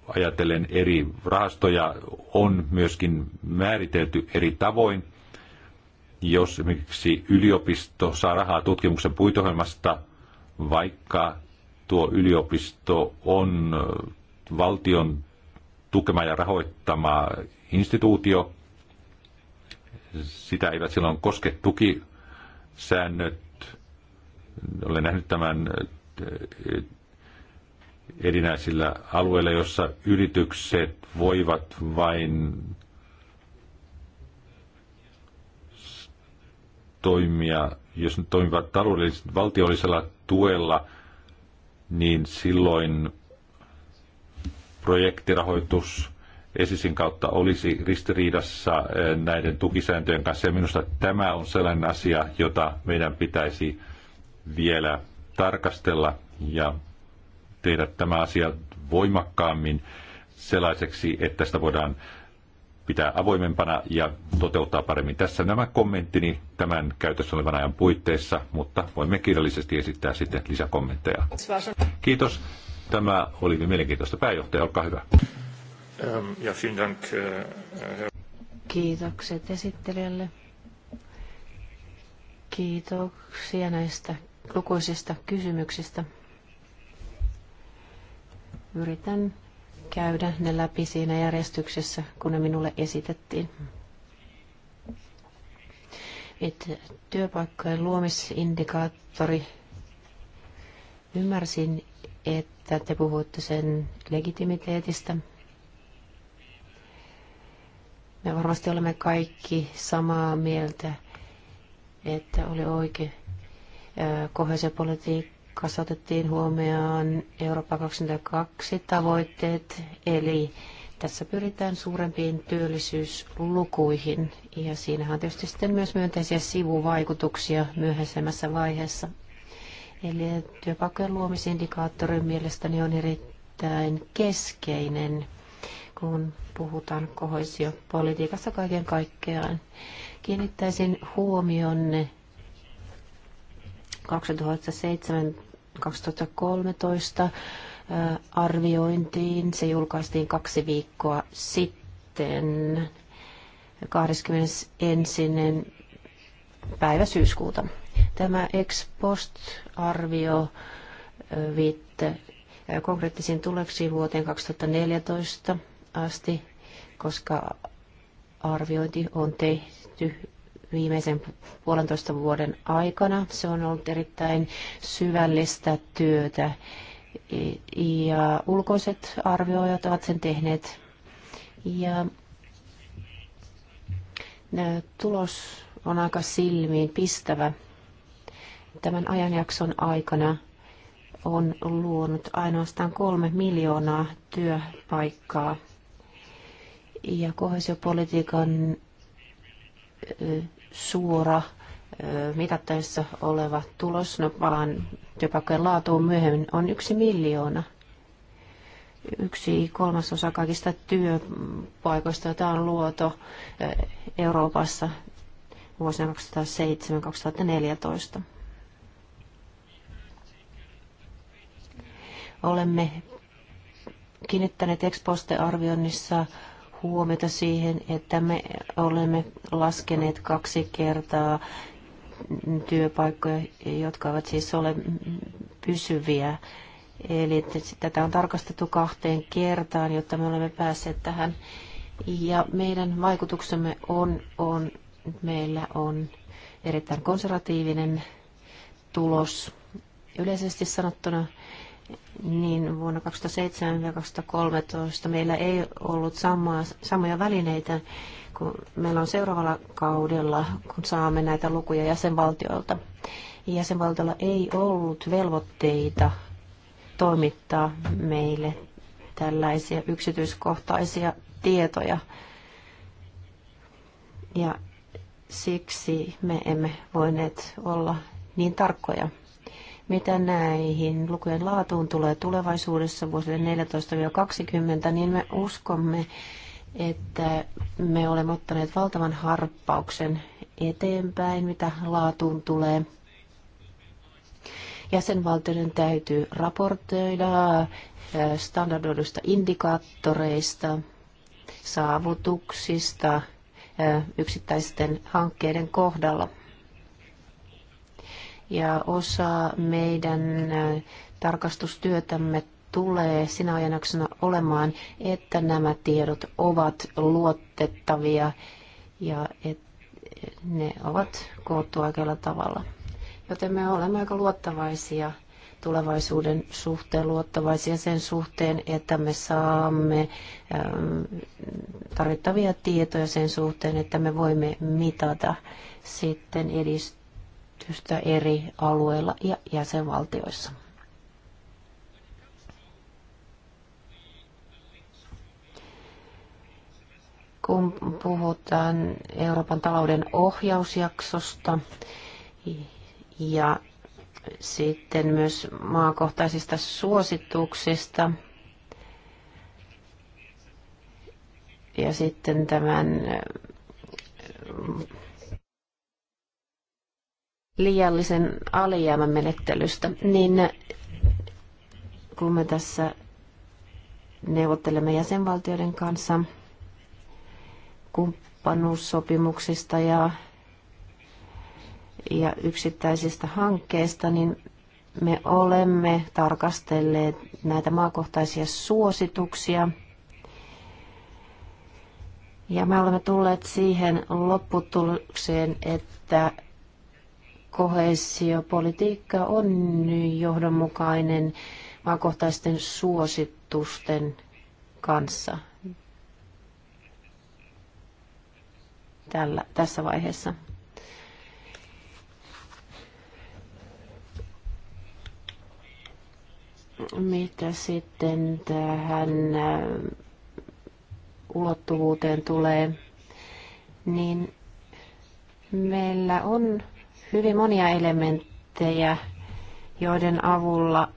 ajatellen eri rahastoja on myöskin määritelty eri tavoin – jos esimerkiksi yliopisto saa rahaa tutkimuksen puitohjelmasta, vaikka tuo yliopisto on äh, valtion tukema ja rahoittama instituutio, sitä eivät silloin koske tukisäännöt. Olen nähnyt tämän äh, äh, erinäisillä alueilla, jossa yritykset voivat vain toimia, jos ne toimivat taloudellisella valtiollisella tuella, niin silloin projektirahoitus esisin kautta olisi ristiriidassa eh, näiden tukisääntöjen kanssa. Ja minusta tämä on sellainen asia, jota meidän pitäisi vielä tarkastella ja tehdä tämä asia voimakkaammin sellaiseksi, että sitä voidaan pitää avoimempana ja toteuttaa paremmin. Tässä nämä kommenttini tämän käytössä olevan ajan puitteissa, mutta voimme kirjallisesti esittää sitten lisäkommentteja. Kiitos. Tämä oli mielenkiintoista. Pääjohtaja, olkaa hyvä. Ähm, äh, Kiitokset esittelijälle. Kiitoksia näistä lukuisista kysymyksistä. Yritän käydä ne läpi siinä järjestyksessä, kun ne minulle esitettiin. Et työpaikkojen luomisindikaattori. Ymmärsin, että te puhutte sen legitimiteetistä. Me varmasti olemme kaikki samaa mieltä, että oli oikein kohesiopolitiikka kasvatettiin huomioon Eurooppa 22 tavoitteet, eli tässä pyritään suurempiin työllisyyslukuihin ja siinähän on tietysti sitten myös myönteisiä sivuvaikutuksia myöhäisemmässä vaiheessa. Eli työpaikkojen luomisindikaattori mielestäni on erittäin keskeinen, kun puhutaan kohoisiopolitiikasta kaiken kaikkiaan. Kiinnittäisin huomionne 2007 2013 arviointiin. Se julkaistiin kaksi viikkoa sitten 21. päivä syyskuuta. Tämä ex post-arvio viitte konkreettisiin tuloksiin vuoteen 2014 asti, koska arviointi on tehty viimeisen puolentoista vuoden aikana. Se on ollut erittäin syvällistä työtä ja ulkoiset arvioijat ovat sen tehneet. Ja tulos on aika silmiin pistävä. Tämän ajanjakson aikana on luonut ainoastaan kolme miljoonaa työpaikkaa. Ja kohesiopolitiikan suora mitattavissa oleva tulos, no palaan työpaikkojen laatuun myöhemmin, on yksi miljoona. Yksi kolmasosa kaikista työpaikoista, joita on luoto Euroopassa vuosina 2007-2014. Olemme kiinnittäneet ex arvioinnissa huomiota siihen, että me olemme laskeneet kaksi kertaa työpaikkoja, jotka ovat siis ole pysyviä. Eli tätä on tarkastettu kahteen kertaan, jotta me olemme päässeet tähän. Ja meidän vaikutuksemme on, on meillä on erittäin konservatiivinen tulos yleisesti sanottuna – niin vuonna 2007 ja 2013 meillä ei ollut samaa, samoja välineitä kuin meillä on seuraavalla kaudella, kun saamme näitä lukuja jäsenvaltioilta. Jäsenvaltiolla ei ollut velvoitteita toimittaa meille tällaisia yksityiskohtaisia tietoja. Ja siksi me emme voineet olla niin tarkkoja mitä näihin lukujen laatuun tulee tulevaisuudessa vuosille 14-20, niin me uskomme, että me olemme ottaneet valtavan harppauksen eteenpäin, mitä laatuun tulee. Jäsenvaltioiden täytyy raportoida standardoidusta indikaattoreista, saavutuksista yksittäisten hankkeiden kohdalla. Ja osa meidän tarkastustyötämme tulee sinä ajanjaksona olemaan, että nämä tiedot ovat luotettavia ja että ne ovat koottu oikealla tavalla. Joten me olemme aika luottavaisia tulevaisuuden suhteen, luottavaisia sen suhteen, että me saamme ähm, tarvittavia tietoja sen suhteen, että me voimme mitata sitten edistyä kehitystä eri alueilla ja jäsenvaltioissa. Kun puhutaan Euroopan talouden ohjausjaksosta ja sitten myös maakohtaisista suosituksista, ja sitten tämän liiallisen alijäämän menettelystä, niin kun me tässä neuvottelemme jäsenvaltioiden kanssa kumppanuussopimuksista ja, ja yksittäisistä hankkeista, niin me olemme tarkastelleet näitä maakohtaisia suosituksia. Ja me olemme tulleet siihen lopputulokseen, että kohesiopolitiikka on johdonmukainen maakohtaisten suositusten kanssa tällä, tässä vaiheessa. Mitä sitten tähän äh, ulottuvuuteen tulee, niin meillä on hyvin monia elementtejä, joiden avulla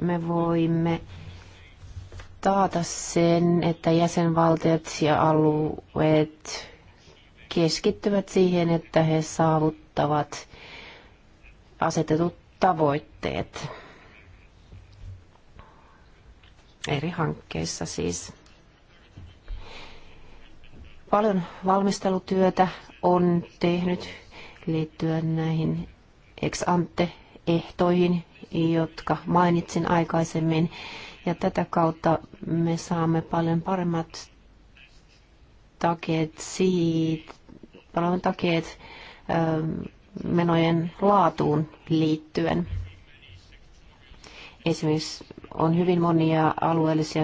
me voimme taata sen, että jäsenvaltiot ja alueet keskittyvät siihen, että he saavuttavat asetetut tavoitteet eri hankkeissa siis paljon valmistelutyötä on tehnyt liittyen näihin ex ante ehtoihin, jotka mainitsin aikaisemmin. Ja tätä kautta me saamme paljon paremmat takeet siitä, paljon takeet ähm, menojen laatuun liittyen. Esimerkiksi on hyvin monia alueellisia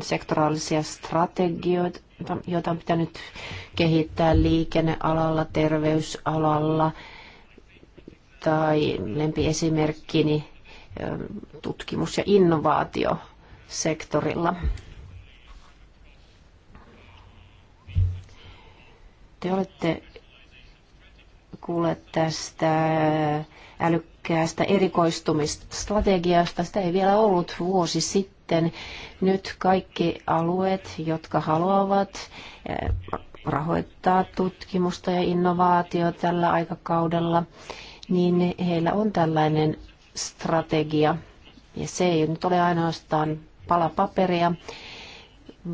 sektoraalisia strategioita, joita on pitänyt kehittää liikennealalla, terveysalalla tai lempiesimerkkini ähm, tutkimus- ja innovaatiosektorilla. Te olette kuulleet tästä älykkäästä erikoistumisstrategiasta. Sitä ei vielä ollut vuosi sitten sitten. Nyt kaikki alueet, jotka haluavat eh, rahoittaa tutkimusta ja innovaatio tällä aikakaudella, niin heillä on tällainen strategia. Ja se ei nyt ole ainoastaan pala paperia,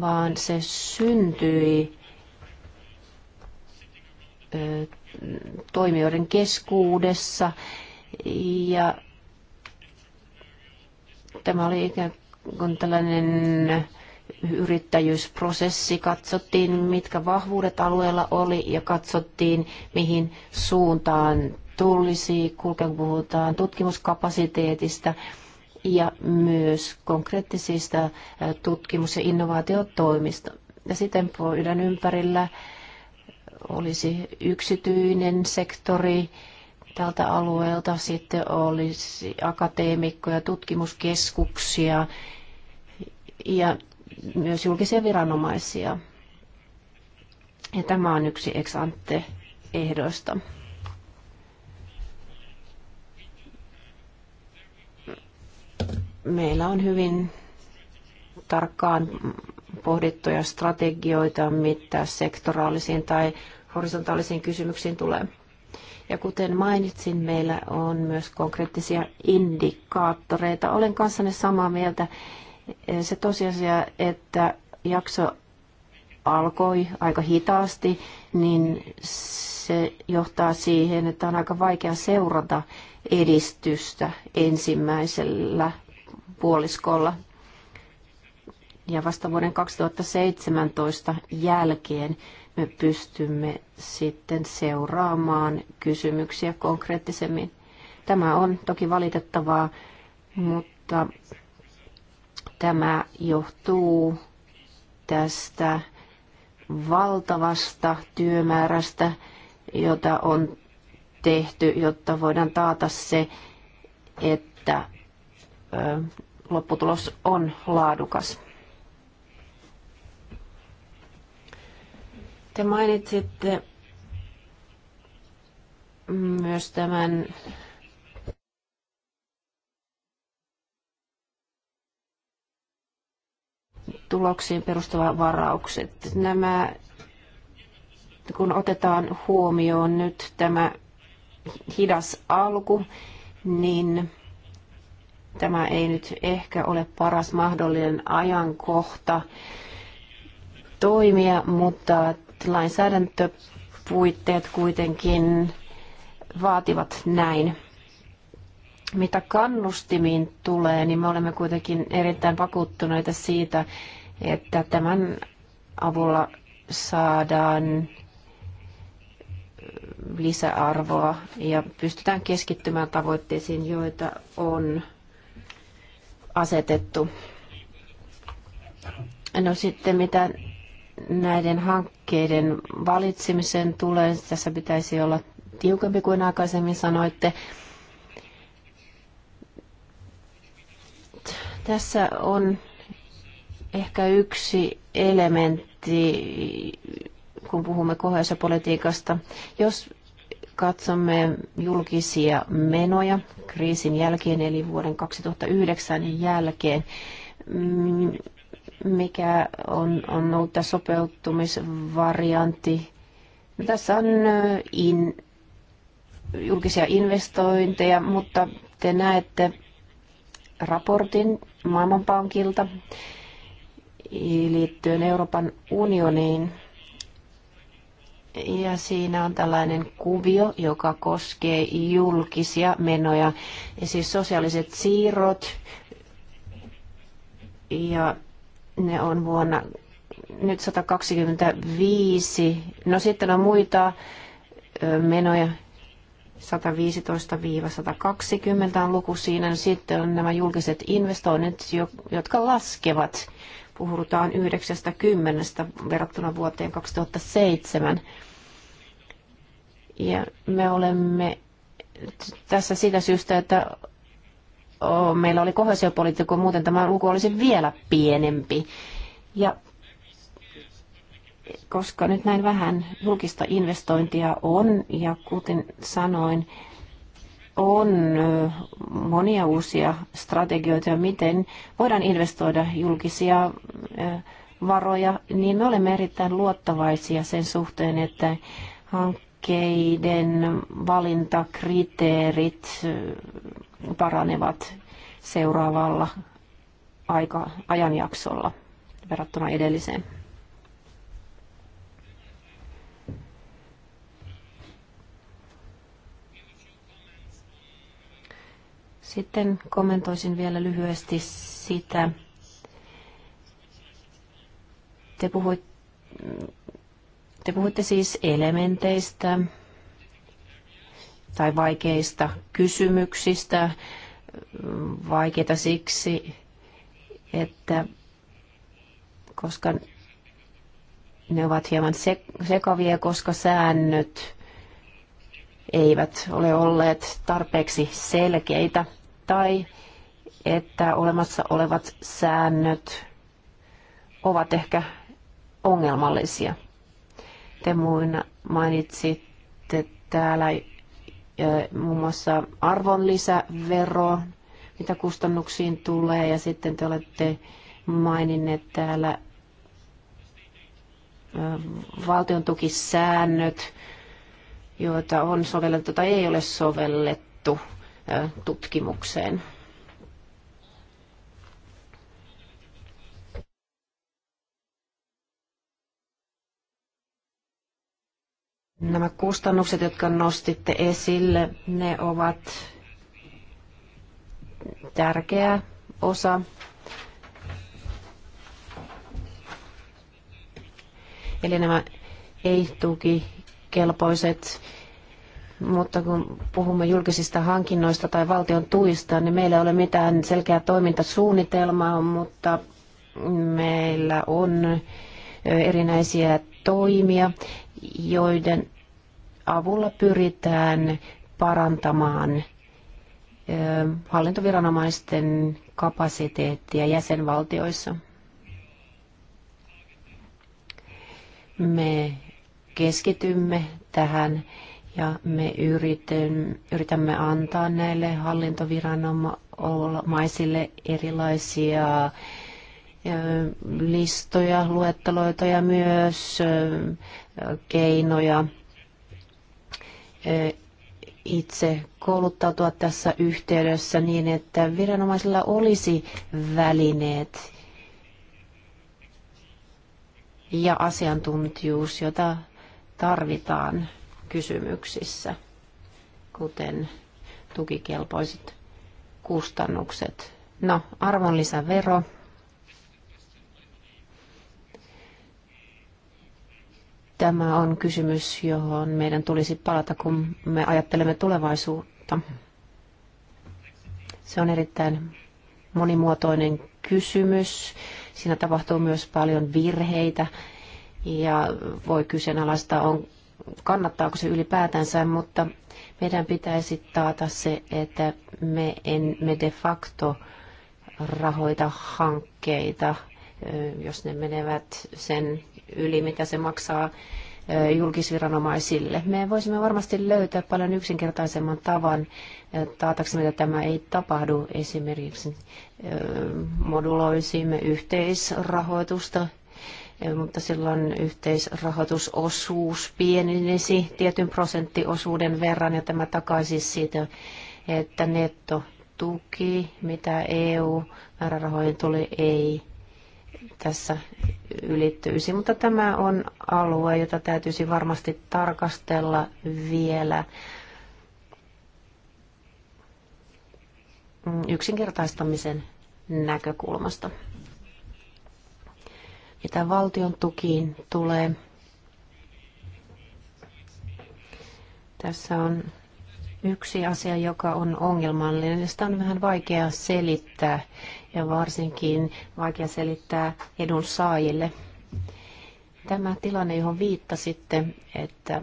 vaan se syntyi eh, toimijoiden keskuudessa ja tämä oli ikään kun tällainen yrittäjyysprosessi, katsottiin mitkä vahvuudet alueella oli ja katsottiin mihin suuntaan tulisi, kun puhutaan tutkimuskapasiteetista ja myös konkreettisista tutkimus- ja innovaatiotoimista. Ja sitten pöydän ympärillä olisi yksityinen sektori tältä alueelta, sitten olisi akateemikkoja, tutkimuskeskuksia ja myös julkisia viranomaisia. Ja tämä on yksi ex ante ehdoista. Meillä on hyvin tarkkaan pohdittuja strategioita, mitä sektoraalisiin tai horisontaalisiin kysymyksiin tulee. Ja kuten mainitsin, meillä on myös konkreettisia indikaattoreita. Olen kanssanne samaa mieltä se tosiasia, että jakso alkoi aika hitaasti, niin se johtaa siihen, että on aika vaikea seurata edistystä ensimmäisellä puoliskolla. Ja vasta vuoden 2017 jälkeen me pystymme sitten seuraamaan kysymyksiä konkreettisemmin. Tämä on toki valitettavaa, mutta Tämä johtuu tästä valtavasta työmäärästä, jota on tehty, jotta voidaan taata se, että lopputulos on laadukas. Te mainitsitte myös tämän tuloksiin perustuva varaukset. Nämä, kun otetaan huomioon nyt tämä hidas alku, niin tämä ei nyt ehkä ole paras mahdollinen ajankohta toimia, mutta lainsäädäntöpuitteet kuitenkin vaativat näin. Mitä kannustimiin tulee, niin me olemme kuitenkin erittäin vakuuttuneita siitä, että tämän avulla saadaan lisäarvoa ja pystytään keskittymään tavoitteisiin, joita on asetettu. No sitten mitä näiden hankkeiden valitsemisen tulee, tässä pitäisi olla tiukempi kuin aikaisemmin sanoitte. Tässä on ehkä yksi elementti, kun puhumme koheesiopolitiikasta. Jos katsomme julkisia menoja kriisin jälkeen, eli vuoden 2009 jälkeen, mm, mikä on, on ollut tämä sopeutumisvariantti. No, tässä on in, julkisia investointeja, mutta te näette raportin, Maailmanpankilta liittyen Euroopan unioniin. Ja siinä on tällainen kuvio, joka koskee julkisia menoja, ja siis sosiaaliset siirrot, ja ne on vuonna nyt 125. No sitten on muita menoja, 115-120 on luku siinä. Sitten on nämä julkiset investoinnit, jotka laskevat. Puhutaan 90 verrattuna vuoteen 2007. Ja me olemme tässä sitä syystä, että meillä oli kohesiopolitiikko, muuten tämä luku olisi vielä pienempi. Ja koska nyt näin vähän julkista investointia on ja kuten sanoin, on monia uusia strategioita, miten voidaan investoida julkisia varoja, niin me olemme erittäin luottavaisia sen suhteen, että hankkeiden valintakriteerit paranevat seuraavalla aika, ajanjaksolla verrattuna edelliseen. Sitten kommentoisin vielä lyhyesti sitä. Te, puhuit, te puhuitte siis elementeistä tai vaikeista kysymyksistä, vaikeita siksi, että koska ne ovat hieman sekavia, koska säännöt eivät ole olleet tarpeeksi selkeitä tai että olemassa olevat säännöt ovat ehkä ongelmallisia. Te muina mainitsitte täällä muun muassa arvonlisävero, mitä kustannuksiin tulee, ja sitten te olette maininneet täällä valtion tukisäännöt, joita on sovellettu tai ei ole sovellettu tutkimukseen. Nämä kustannukset, jotka nostitte esille, ne ovat tärkeä osa Eli nämä ei-tukikelpoiset mutta kun puhumme julkisista hankinnoista tai valtion tuista, niin meillä ei ole mitään selkeää toimintasuunnitelmaa, mutta meillä on erinäisiä toimia, joiden avulla pyritään parantamaan hallintoviranomaisten kapasiteettia jäsenvaltioissa. Me keskitymme tähän ja me yritämme antaa näille hallintoviranomaisille erilaisia listoja, luetteloita ja myös keinoja itse kouluttautua tässä yhteydessä niin, että viranomaisilla olisi välineet ja asiantuntijuus, jota tarvitaan kysymyksissä, kuten tukikelpoiset kustannukset. No, arvonlisävero. Tämä on kysymys, johon meidän tulisi palata, kun me ajattelemme tulevaisuutta. Se on erittäin monimuotoinen kysymys. Siinä tapahtuu myös paljon virheitä ja voi kyseenalaistaa, on, kannattaako se ylipäätänsä, mutta meidän pitäisi taata se, että me emme de facto rahoita hankkeita, jos ne menevät sen yli, mitä se maksaa julkisviranomaisille. Me voisimme varmasti löytää paljon yksinkertaisemman tavan taataksemme, että tämä ei tapahdu. Esimerkiksi moduloisimme yhteisrahoitusta mutta silloin yhteisrahoitusosuus pienenisi tietyn prosenttiosuuden verran ja tämä takaisi siitä, että nettotuki, mitä EU-määrärahoihin tuli, ei tässä ylittyisi. Mutta tämä on alue, jota täytyisi varmasti tarkastella vielä mm, yksinkertaistamisen näkökulmasta. Mitä valtion tukiin tulee, tässä on yksi asia, joka on ongelmallinen. Sitä on vähän vaikea selittää ja varsinkin vaikea selittää edun saajille. Tämä tilanne, johon viittasitte, että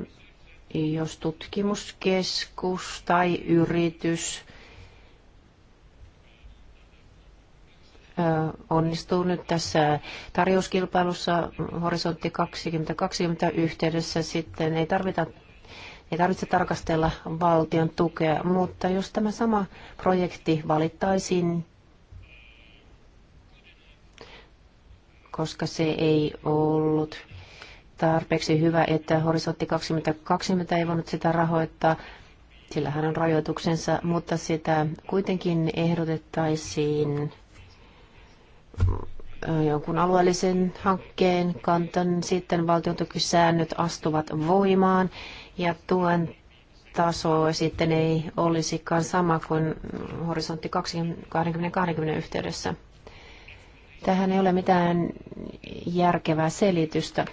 jos tutkimuskeskus tai yritys onnistuu nyt tässä tarjouskilpailussa Horisontti 2020 yhteydessä, sitten ei tarvita ei tarvitse tarkastella valtion tukea, mutta jos tämä sama projekti valittaisiin, koska se ei ollut tarpeeksi hyvä, että Horisontti 2020 ei voinut sitä rahoittaa, sillä hän on rajoituksensa, mutta sitä kuitenkin ehdotettaisiin jonkun alueellisen hankkeen niin sitten valtiontukisäännöt astuvat voimaan ja tuen taso sitten ei olisikaan sama kuin horisontti 2020 yhteydessä. Tähän ei ole mitään järkevää selitystä,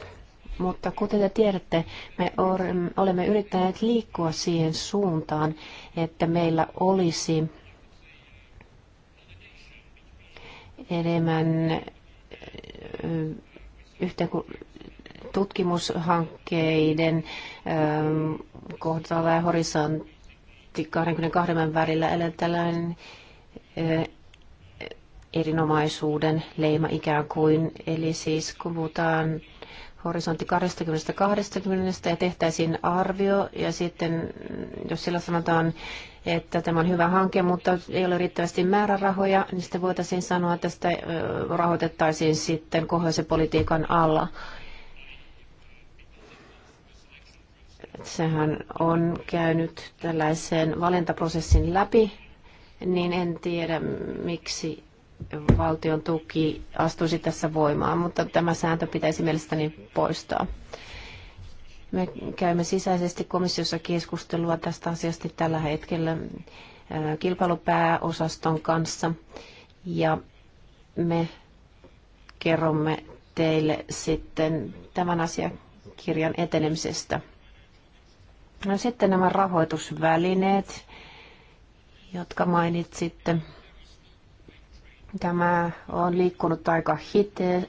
mutta kuten te tiedätte, me olemme yrittäneet liikkua siihen suuntaan, että meillä olisi enemmän eh, yhtä kuin tutkimushankkeiden eh, kohdalla ja horisontti 22 välillä eli tällainen eh, erinomaisuuden leima ikään kuin. Eli siis kun puhutaan horisontti 20-20 ja tehtäisiin arvio ja sitten jos sillä sanotaan, että tämä on hyvä hanke, mutta ei ole riittävästi määrärahoja, niin sitten voitaisiin sanoa, että sitä rahoitettaisiin sitten kohdallisen politiikan alla. Sehän on käynyt tällaisen valintaprosessin läpi, niin en tiedä miksi valtion tuki astuisi tässä voimaan, mutta tämä sääntö pitäisi mielestäni poistaa. Me käymme sisäisesti komissiossa keskustelua tästä asiasta tällä hetkellä äh, kilpailupääosaston kanssa ja me kerromme teille sitten tämän asiakirjan etenemisestä. No sitten nämä rahoitusvälineet, jotka mainitsitte. Tämä on liikkunut aika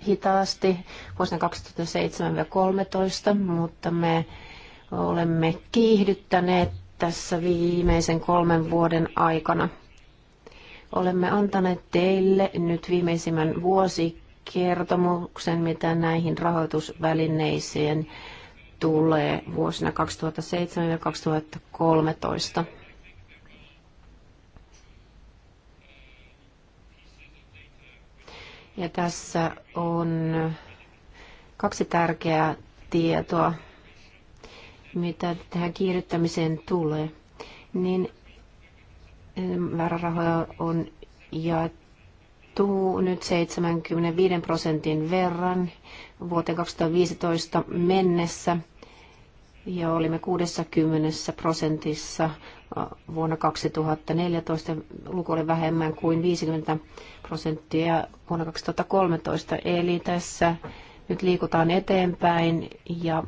hitaasti vuosina 2007-2013, mutta me olemme kiihdyttäneet tässä viimeisen kolmen vuoden aikana. Olemme antaneet teille nyt viimeisimmän vuosikertomuksen, mitä näihin rahoitusvälineisiin tulee vuosina 2007 ja 2013. Ja tässä on kaksi tärkeää tietoa, mitä tähän kiihdyttämiseen tulee. Niin määrärahoja on jaettu nyt 75 prosentin verran vuoteen 2015 mennessä ja olimme 60 prosentissa vuonna 2014. Luku oli vähemmän kuin 50 prosenttia vuonna 2013. Eli tässä nyt liikutaan eteenpäin ja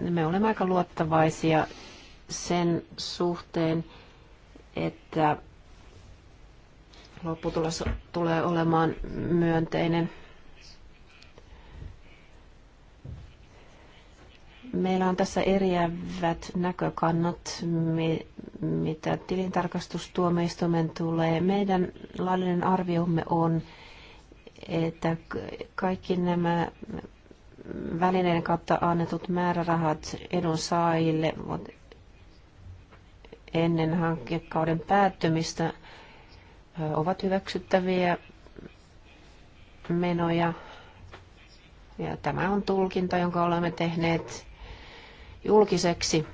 me olemme aika luottavaisia sen suhteen, että lopputulos tulee olemaan myönteinen. Meillä on tässä eriävät näkökannat, mitä tilintarkastustuomioistuimen tulee. Meidän laillinen arviomme on, että kaikki nämä välineiden kautta annetut määrärahat edunsaajille ennen hankekauden päättymistä ovat hyväksyttäviä menoja. Ja tämä on tulkinta, jonka olemme tehneet julkiseksi.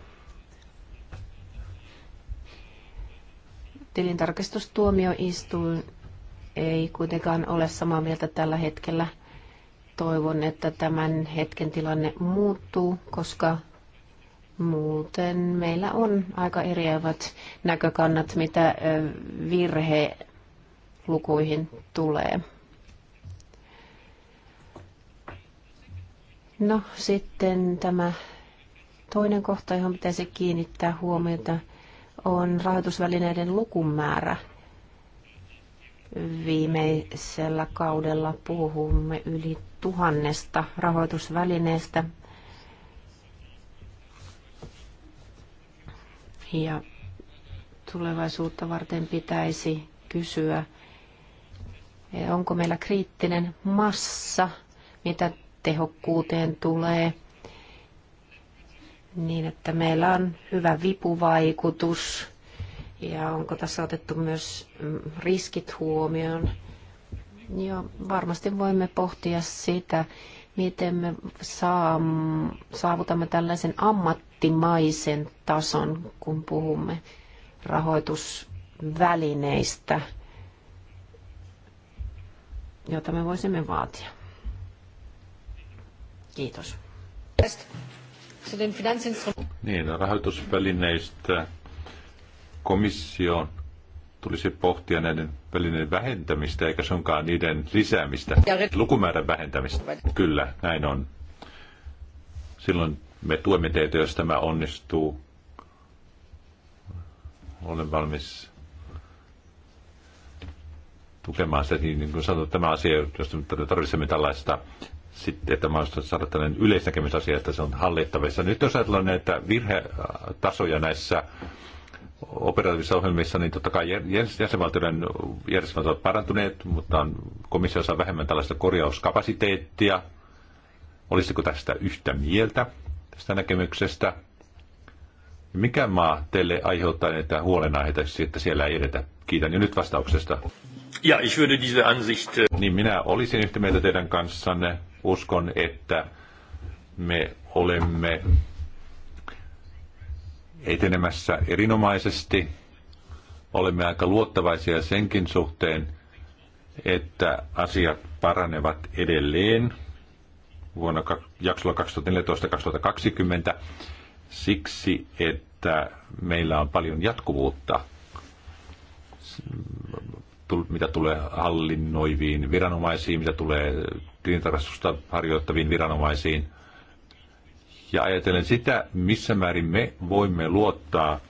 Tilintarkastustuomioistuin ei kuitenkaan ole samaa mieltä tällä hetkellä. Toivon, että tämän hetken tilanne muuttuu, koska muuten meillä on aika eriävät näkökannat, mitä virhe lukuihin tulee. No sitten tämä Toinen kohta, johon pitäisi kiinnittää huomiota, on rahoitusvälineiden lukumäärä. Viimeisellä kaudella puhumme yli tuhannesta rahoitusvälineestä. Ja tulevaisuutta varten pitäisi kysyä, onko meillä kriittinen massa, mitä tehokkuuteen tulee – niin, että meillä on hyvä vipuvaikutus ja onko tässä otettu myös mm, riskit huomioon. Ja varmasti voimme pohtia sitä, miten me saavutamme tällaisen ammattimaisen tason, kun puhumme rahoitusvälineistä, jota me voisimme vaatia. Kiitos. Niin, rahoitusvälineistä komission tulisi pohtia näiden välineiden vähentämistä, eikä sunkaan niiden lisäämistä. Lukumäärän vähentämistä. Kyllä, näin on. Silloin me tuemme teitä, jos tämä onnistuu. Olen valmis tukemaan sitä, niin kuin sanoin, tämä asia, jos tarvitsemme tällaista sitten, että mahdollista saada tällainen yleisnäkemysasia, että se on hallittavissa. Nyt jos ajatellaan näitä virhetasoja näissä operatiivisissa ohjelmissa, niin totta kai jäsenvaltioiden järjestelmät ovat parantuneet, mutta on komissiossa vähemmän tällaista korjauskapasiteettia. Olisiko tästä yhtä mieltä, tästä näkemyksestä? Mikä maa teille aiheuttaa näitä huolenaiheita, siis, että siellä ei edetä? Kiitän jo nyt vastauksesta. Ja, ich würde diese Ansicht... Äh, niin minä olisin yhtä mieltä teidän kanssanne uskon, että me olemme etenemässä erinomaisesti. Olemme aika luottavaisia senkin suhteen, että asiat paranevat edelleen vuonna jaksolla 2014-2020 siksi, että meillä on paljon jatkuvuutta, mitä tulee hallinnoiviin viranomaisiin, mitä tulee tilintarkastusta harjoittaviin viranomaisiin. Ja ajatellen sitä, missä määrin me voimme luottaa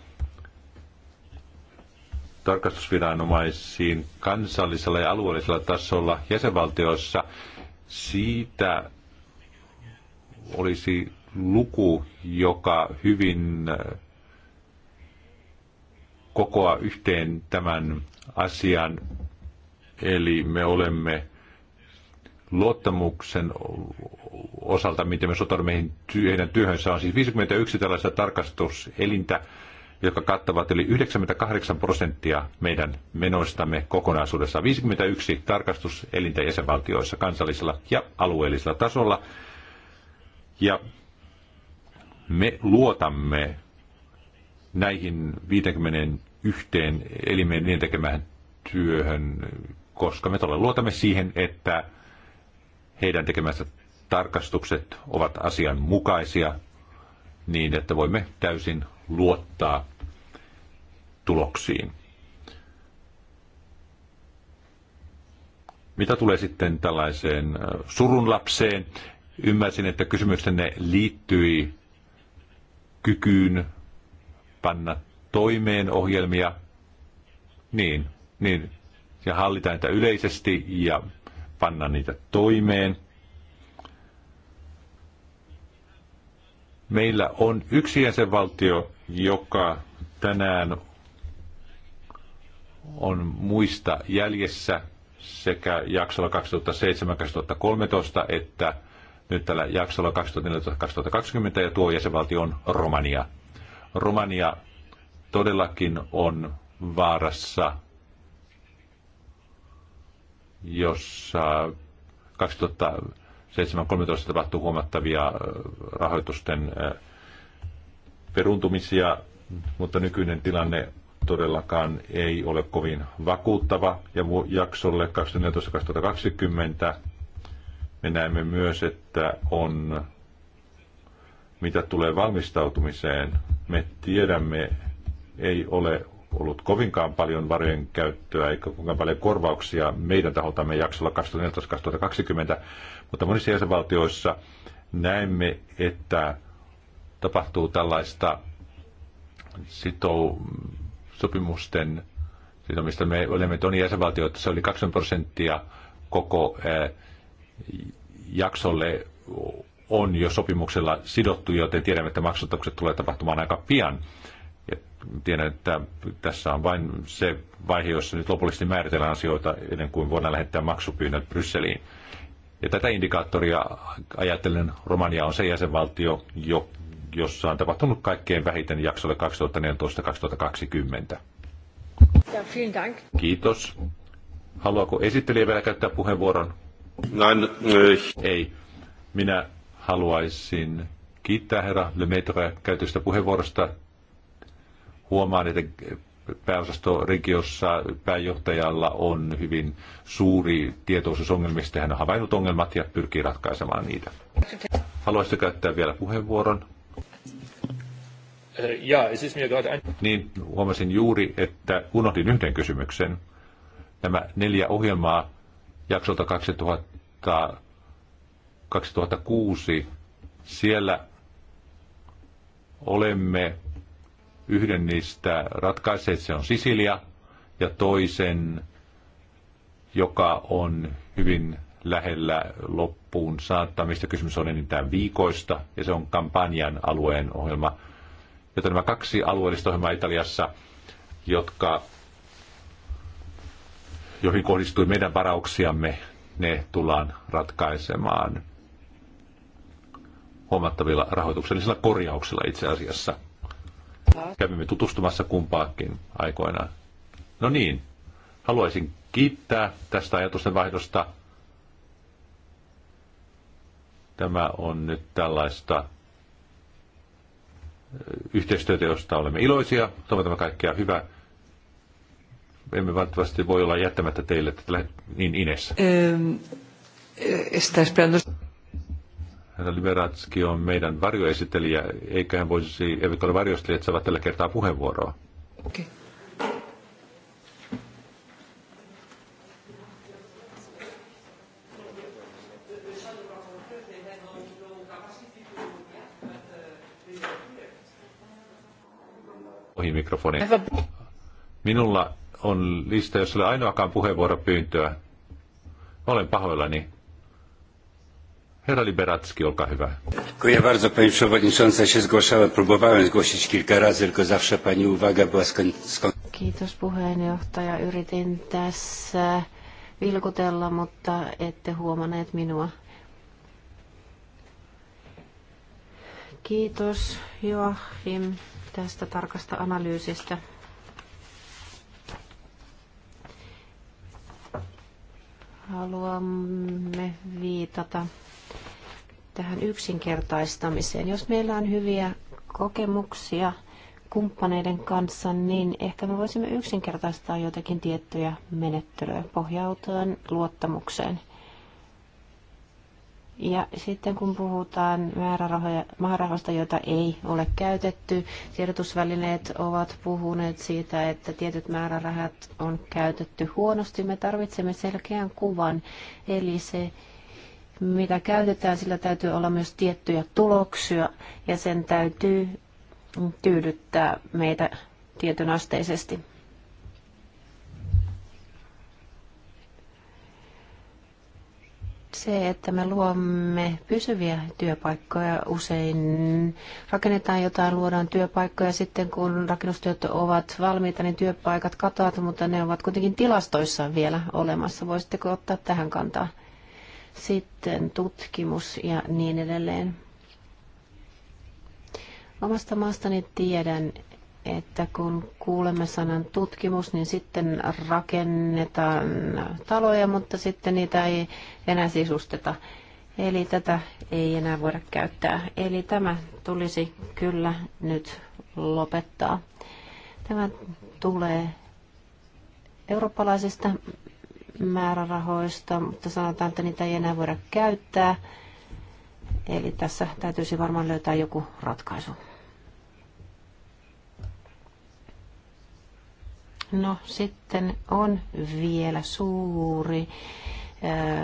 tarkastusviranomaisiin kansallisella ja alueellisella tasolla jäsenvaltioissa, siitä olisi luku, joka hyvin kokoaa yhteen tämän asian. Eli me olemme luottamuksen osalta, miten me sotamme heidän työhönsä on siis 51 tällaista tarkastuselintä, jotka kattavat yli 98 prosenttia meidän menoistamme kokonaisuudessaan. 51 tarkastuselintä jäsenvaltioissa kansallisella ja alueellisella tasolla. Ja me luotamme näihin 51 elimeen niiden tekemään työhön, koska me todella luotamme siihen, että heidän tekemänsä tarkastukset ovat asianmukaisia niin, että voimme täysin luottaa tuloksiin. Mitä tulee sitten tällaiseen äh, surunlapseen, ymmärsin, että kysymyksenne liittyi kykyyn panna toimeen ohjelmia. Niin, niin. Ja hallita niitä yleisesti ja panna niitä toimeen. Meillä on yksi jäsenvaltio, joka tänään on muista jäljessä sekä jaksolla 2007-2013 että nyt tällä jaksolla 2014-2020 ja tuo jäsenvaltio on Romania. Romania todellakin on vaarassa jossa 2007-2013 tapahtui huomattavia rahoitusten peruntumisia, mutta nykyinen tilanne todellakaan ei ole kovin vakuuttava. Ja jaksolle 2014-2020 me näemme myös, että on, mitä tulee valmistautumiseen, me tiedämme, ei ole ollut kovinkaan paljon varojen käyttöä eikä kovinkaan paljon korvauksia meidän taholtamme jaksolla 2014-2020, mutta monissa jäsenvaltioissa näemme, että tapahtuu tällaista sitou, sopimusten, siitä mistä me olemme toni että se oli 20 prosenttia koko eh, jaksolle on jo sopimuksella sidottu, joten tiedämme, että maksatukset tulee tapahtumaan aika pian. Ja tiedän, että tässä on vain se vaihe, jossa nyt lopullisesti määritellään asioita ennen kuin voidaan lähettää maksupyynnöt Brysseliin. Ja tätä indikaattoria ajatellen Romania on se jäsenvaltio, jo, jossa on tapahtunut kaikkein vähiten jaksolle 2014-2020. Ja, Kiitos. Haluaako esittelijä vielä käyttää puheenvuoron? Nein, ei. Minä haluaisin kiittää herra Lemaitre käytöstä puheenvuorosta. Huomaan, että pääosasto Regiossa pääjohtajalla on hyvin suuri tietoisuus ongelmista. Hän on havainnut ongelmat ja pyrkii ratkaisemaan niitä. Haluaisitko käyttää vielä puheenvuoron? Niin, huomasin juuri, että unohdin yhden kysymyksen. Nämä neljä ohjelmaa jaksolta 2000, 2006, siellä olemme Yhden niistä ratkaisee, se on Sisilia, ja toisen, joka on hyvin lähellä loppuun saattamista. Kysymys on enintään viikoista, ja se on kampanjan alueen ohjelma. Joten nämä kaksi alueellista ohjelmaa Italiassa, jotka, joihin kohdistui meidän varauksiamme, ne tullaan ratkaisemaan huomattavilla rahoituksellisilla korjauksilla itse asiassa – Kävimme tutustumassa kumpaakin aikoinaan. No niin, haluaisin kiittää tästä ajatusten vaihdosta. Tämä on nyt tällaista yhteistyötä, josta olemme iloisia. Toivotamme kaikkea hyvää. Emme välttämättä voi olla jättämättä teille tätä niin Inessä. Ähm, está Herra Liberatski on meidän varjoesittelijä, eikä hän voisi, eivätkä ole varjoesittelijät saavat tällä kertaa puheenvuoroa. Okay. ohi mikrofoni. Minulla on lista, jos ei ole ainoakaan puheenvuoropyyntöä. Olen pahoillani. Herra Liberacki, olkaa hyvä. Dziękuję bardzo, Się zgłaszałem, próbowałem zgłosić kilka razy, tylko zawsze pani uwaga była skąd... Kiitos puheenjohtaja. Yritin tässä vilkutella, mutta ette huomaneet minua. Kiitos Joachim tästä tarkasta analyysistä. Haluamme viitata tähän yksinkertaistamiseen. Jos meillä on hyviä kokemuksia kumppaneiden kanssa, niin ehkä me voisimme yksinkertaistaa jotakin tiettyjä menettelyjä pohjautuen luottamukseen. Ja sitten kun puhutaan määrärahoista, joita ei ole käytetty, tiedotusvälineet ovat puhuneet siitä, että tietyt määrärahat on käytetty huonosti. Me tarvitsemme selkeän kuvan, eli se mitä käytetään, sillä täytyy olla myös tiettyjä tuloksia ja sen täytyy tyydyttää meitä tietyn asteisesti. se, että me luomme pysyviä työpaikkoja. Usein rakennetaan jotain, luodaan työpaikkoja. Sitten kun rakennustyöt ovat valmiita, niin työpaikat katoavat, mutta ne ovat kuitenkin tilastoissa vielä olemassa. Voisitteko ottaa tähän kantaa? sitten tutkimus ja niin edelleen. Omasta maastani tiedän, että kun kuulemme sanan tutkimus, niin sitten rakennetaan taloja, mutta sitten niitä ei enää sisusteta. Eli tätä ei enää voida käyttää. Eli tämä tulisi kyllä nyt lopettaa. Tämä tulee eurooppalaisista määrärahoista, mutta sanotaan, että niitä ei enää voida käyttää. Eli tässä täytyisi varmaan löytää joku ratkaisu. No sitten on vielä suuri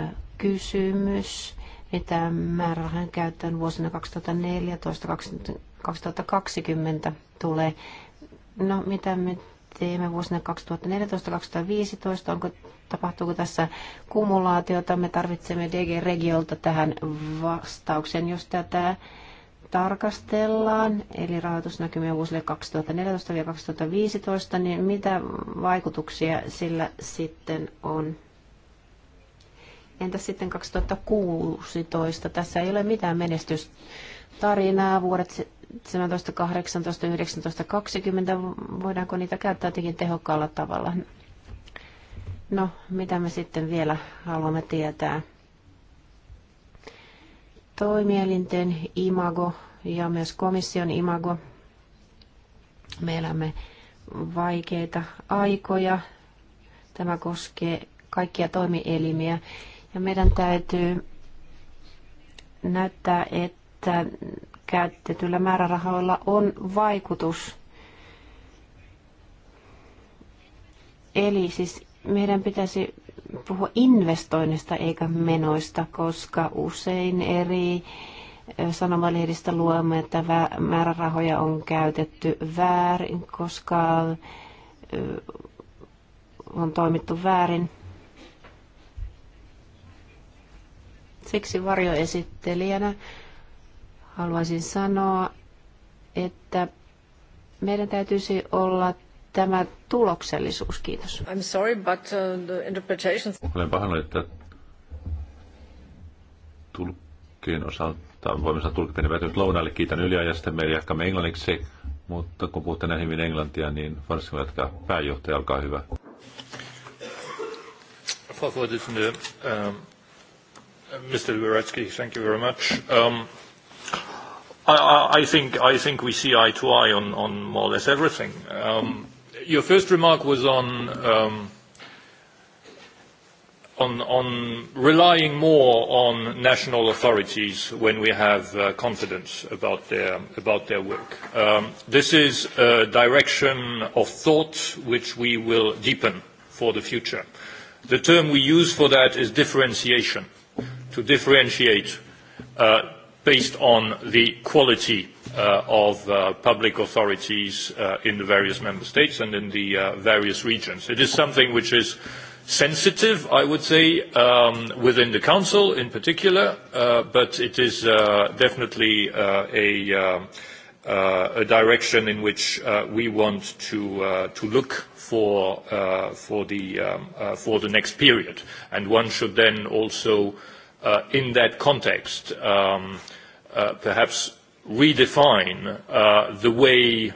ö, kysymys, mitä määrärahan käyttöön vuosina 2014-2020 tulee. No mitä me teemme vuosina 2014-2015. Onko, tapahtuuko tässä kumulaatiota? Me tarvitsemme DG Regiolta tähän vastauksen, jos tätä tarkastellaan, eli rahoitusnäkymiä vuosille 2014-2015, niin mitä vaikutuksia sillä sitten on? Entäs sitten 2016? Tässä ei ole mitään menestystarinaa. Vuodet 17, 18, 19, 20, voidaanko niitä käyttää jotenkin tehokkaalla tavalla? No, mitä me sitten vielä haluamme tietää? Toimielinten imago ja myös komission imago. Me elämme vaikeita aikoja. Tämä koskee kaikkia toimielimiä. Ja meidän täytyy näyttää, että käytetyillä määrärahoilla on vaikutus. Eli siis meidän pitäisi puhua investoinnista eikä menoista, koska usein eri sanomalehdistä luomme, että määrärahoja on käytetty väärin, koska on toimittu väärin. Siksi varjoesittelijänä haluaisin sanoa, että meidän täytyisi olla tämä tuloksellisuus. Kiitos. I'm sorry, but uh, the interpretations... Olen pahoillani, että tulkkien osalta voimme saada tulkita niin päätynyt lounaalle. Kiitän yliajasta. Me jatkamme englanniksi, mutta kun puhutte näin hyvin englantia, niin varsinkin jatkaa pääjohtaja, olkaa hyvä. Frau Vorsitzende, um, ähm, Mr. Liberetsky, thank you very much. Um, I, think, we see eye to eye on, more or less everything. Um, your first remark was um, on, relying more on national authorities when we have uh, confidence about their, work. Um, this is a direction of thought which we will deepen for the future. The term we use for that is differentiation, to differentiate uh, based on the quality uh, of uh, public authorities uh, in the various member states and in the uh, various regions. It is something which is sensitive, I would say, um, within the Council in particular, uh, but it is uh, definitely uh, a, uh, uh, a direction in which uh, we want to, uh, to look for, uh, for, the, um, uh, for the next period. And one should then also, uh, in that context, um, uh, Uh, perhaps redefine uh, the way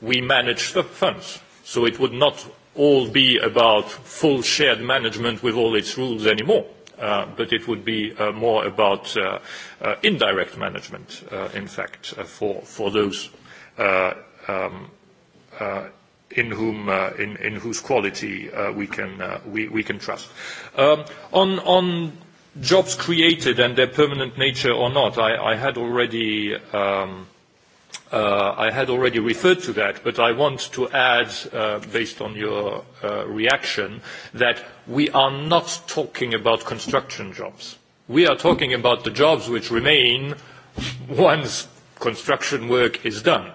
we manage the funds. So it would not all be about full shared management with all its rules anymore, uh, but it would be uh, more about uh, uh, indirect management, uh, in fact, uh, for, for those uh, um, uh, in whom uh, in, in whose quality uh, we can uh, we, we can trust. Um, on on jobs created and their permanent nature or not, I, I had already um, uh, I had already referred to that, but I want to add, uh, based on your uh, reaction, that we are not talking about construction jobs. We are talking about the jobs which remain once construction work is done.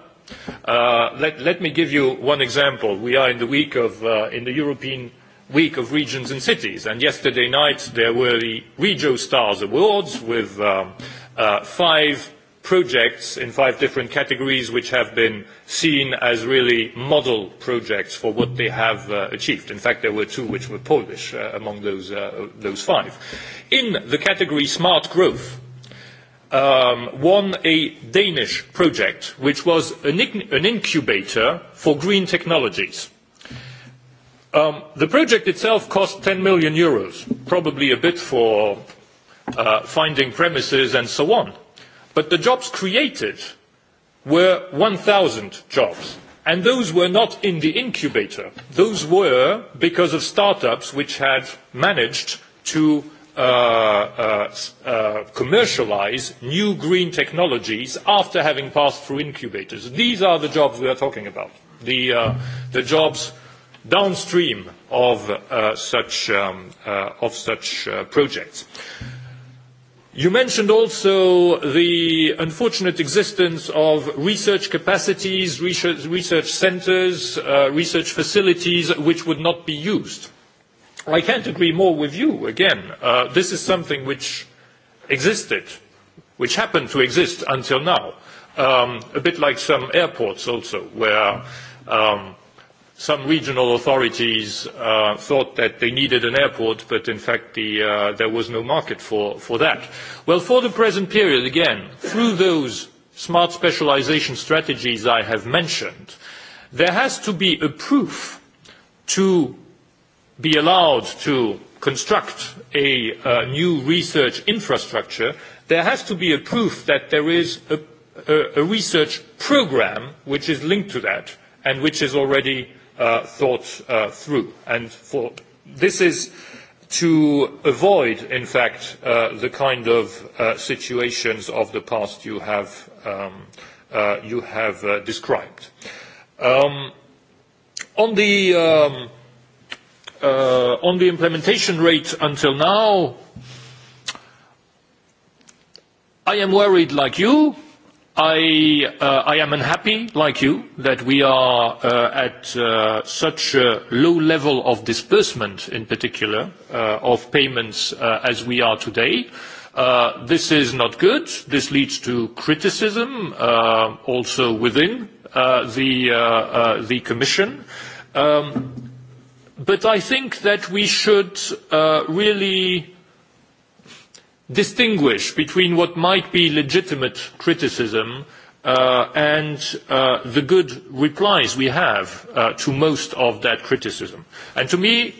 Uh, let, let me give you one example. We are in the week of, uh, in the European uh, week of regions and cities. And yesterday night there were the Regio Stars Awards with um, uh, five projects in five different categories which have been seen as really model projects for what they have uh, achieved. In fact, there were two which were Polish uh, among those, uh, those five. In the category Smart Growth, um, won a Danish project which was an, an incubator for green technologies Um, the project itself cost 10 million euros, probably a bit for uh, finding premises and so on. But the jobs created were 1,000 jobs. And those were not in the incubator. Those were because of startups which had managed to uh, uh, uh, commercialize new green technologies after having passed through incubators. These are the jobs we are talking about. The, uh, the jobs downstream of uh, such, um, uh, of such uh, projects. You mentioned also the unfortunate existence of research capacities, research, research centres, uh, research facilities which would not be used. I can't agree more with you. Again, uh, this is something which existed, which happened to exist until now. Um, a bit like some airports also, where um, some regional authorities uh, thought that they needed an airport, but in fact the, uh, there was no market for, for that. Well, for the present period, again, through those smart specialization strategies I have mentioned, there has to be a proof to be allowed to construct a uh, new research infrastructure, there has to be a proof that there is a, a, a research program which is linked to that and which is already Uh, thought uh, through. And for, this is to avoid, in fact, uh, the kind of uh, situations of the past you have, um, uh, you have uh, described. Um, on the um, uh, on the implementation rate until now, I am worried like you I, uh, I am unhappy, like you, that we are uh, at uh, such a low level of disbursement, in particular, uh, of payments uh, as we are today. Uh, this is not good. This leads to criticism, also within the, the commission. Um, but I think that we should really distinguish between what might be legitimate criticism uh, and uh, the good replies we have uh, to most of that criticism. And to me,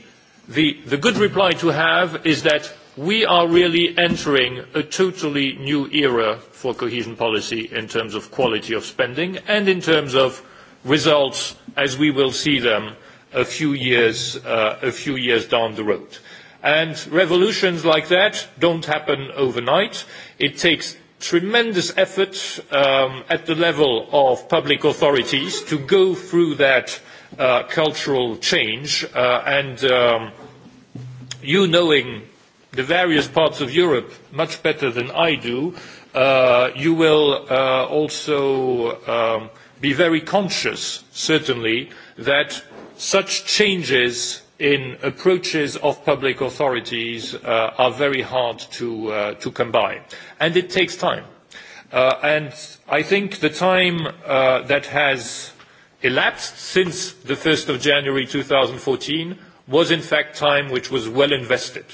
the, the good reply to have is that we are really entering a totally new era for cohesion policy in terms of quality of spending and in terms of results as we will see them a few years, uh, a few years down the road. And revolutions like that don't happen overnight. It takes tremendous effort um, at the level of public authorities to go through that uh, cultural change. Uh, and um, you knowing the various parts of Europe much better than I do, uh, you will uh, also um, be very conscious, certainly, that such changes in approaches of public authorities uh, are very hard to, uh, to come by. And it takes time. Uh, and I think the time uh, that has elapsed since the 1st of January 2014 was in fact time which was well invested,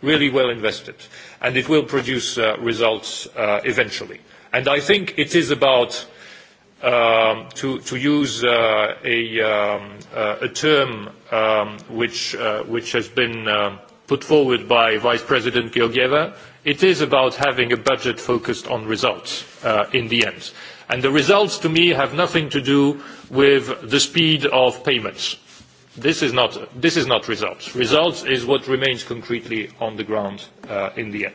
really well invested. And it will produce uh, results uh, eventually. And I think it is about um, to, to use uh, a, um, uh, a term um, which, uh, which has been uh, put forward by Vice President Georgieva, it is about having a budget focused on results uh, in the end. And the results to me have nothing to do with the speed of payments. This is not, this is not results. Results is what remains concretely on the ground uh, in the end.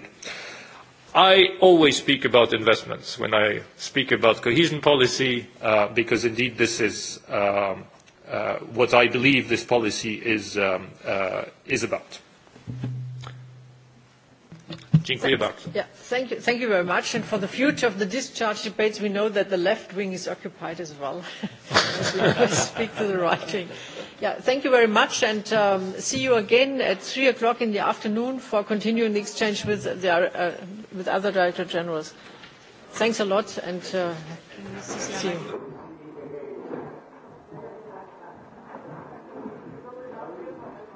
I always speak about investments when I speak about cohesion policy, uh, because indeed this is um, uh, what I believe this policy is, um, uh, is about. Dziękuję bardzo. Yeah, thank you, thank you very much. And for the future of the discharge debates, we know that the left wing is occupied as well. speak to the right wing thank you very much and um, see you again at three o'clock in the afternoon for continuing the exchange with, uh, other Director Generals. Thanks a lot and uh, see you.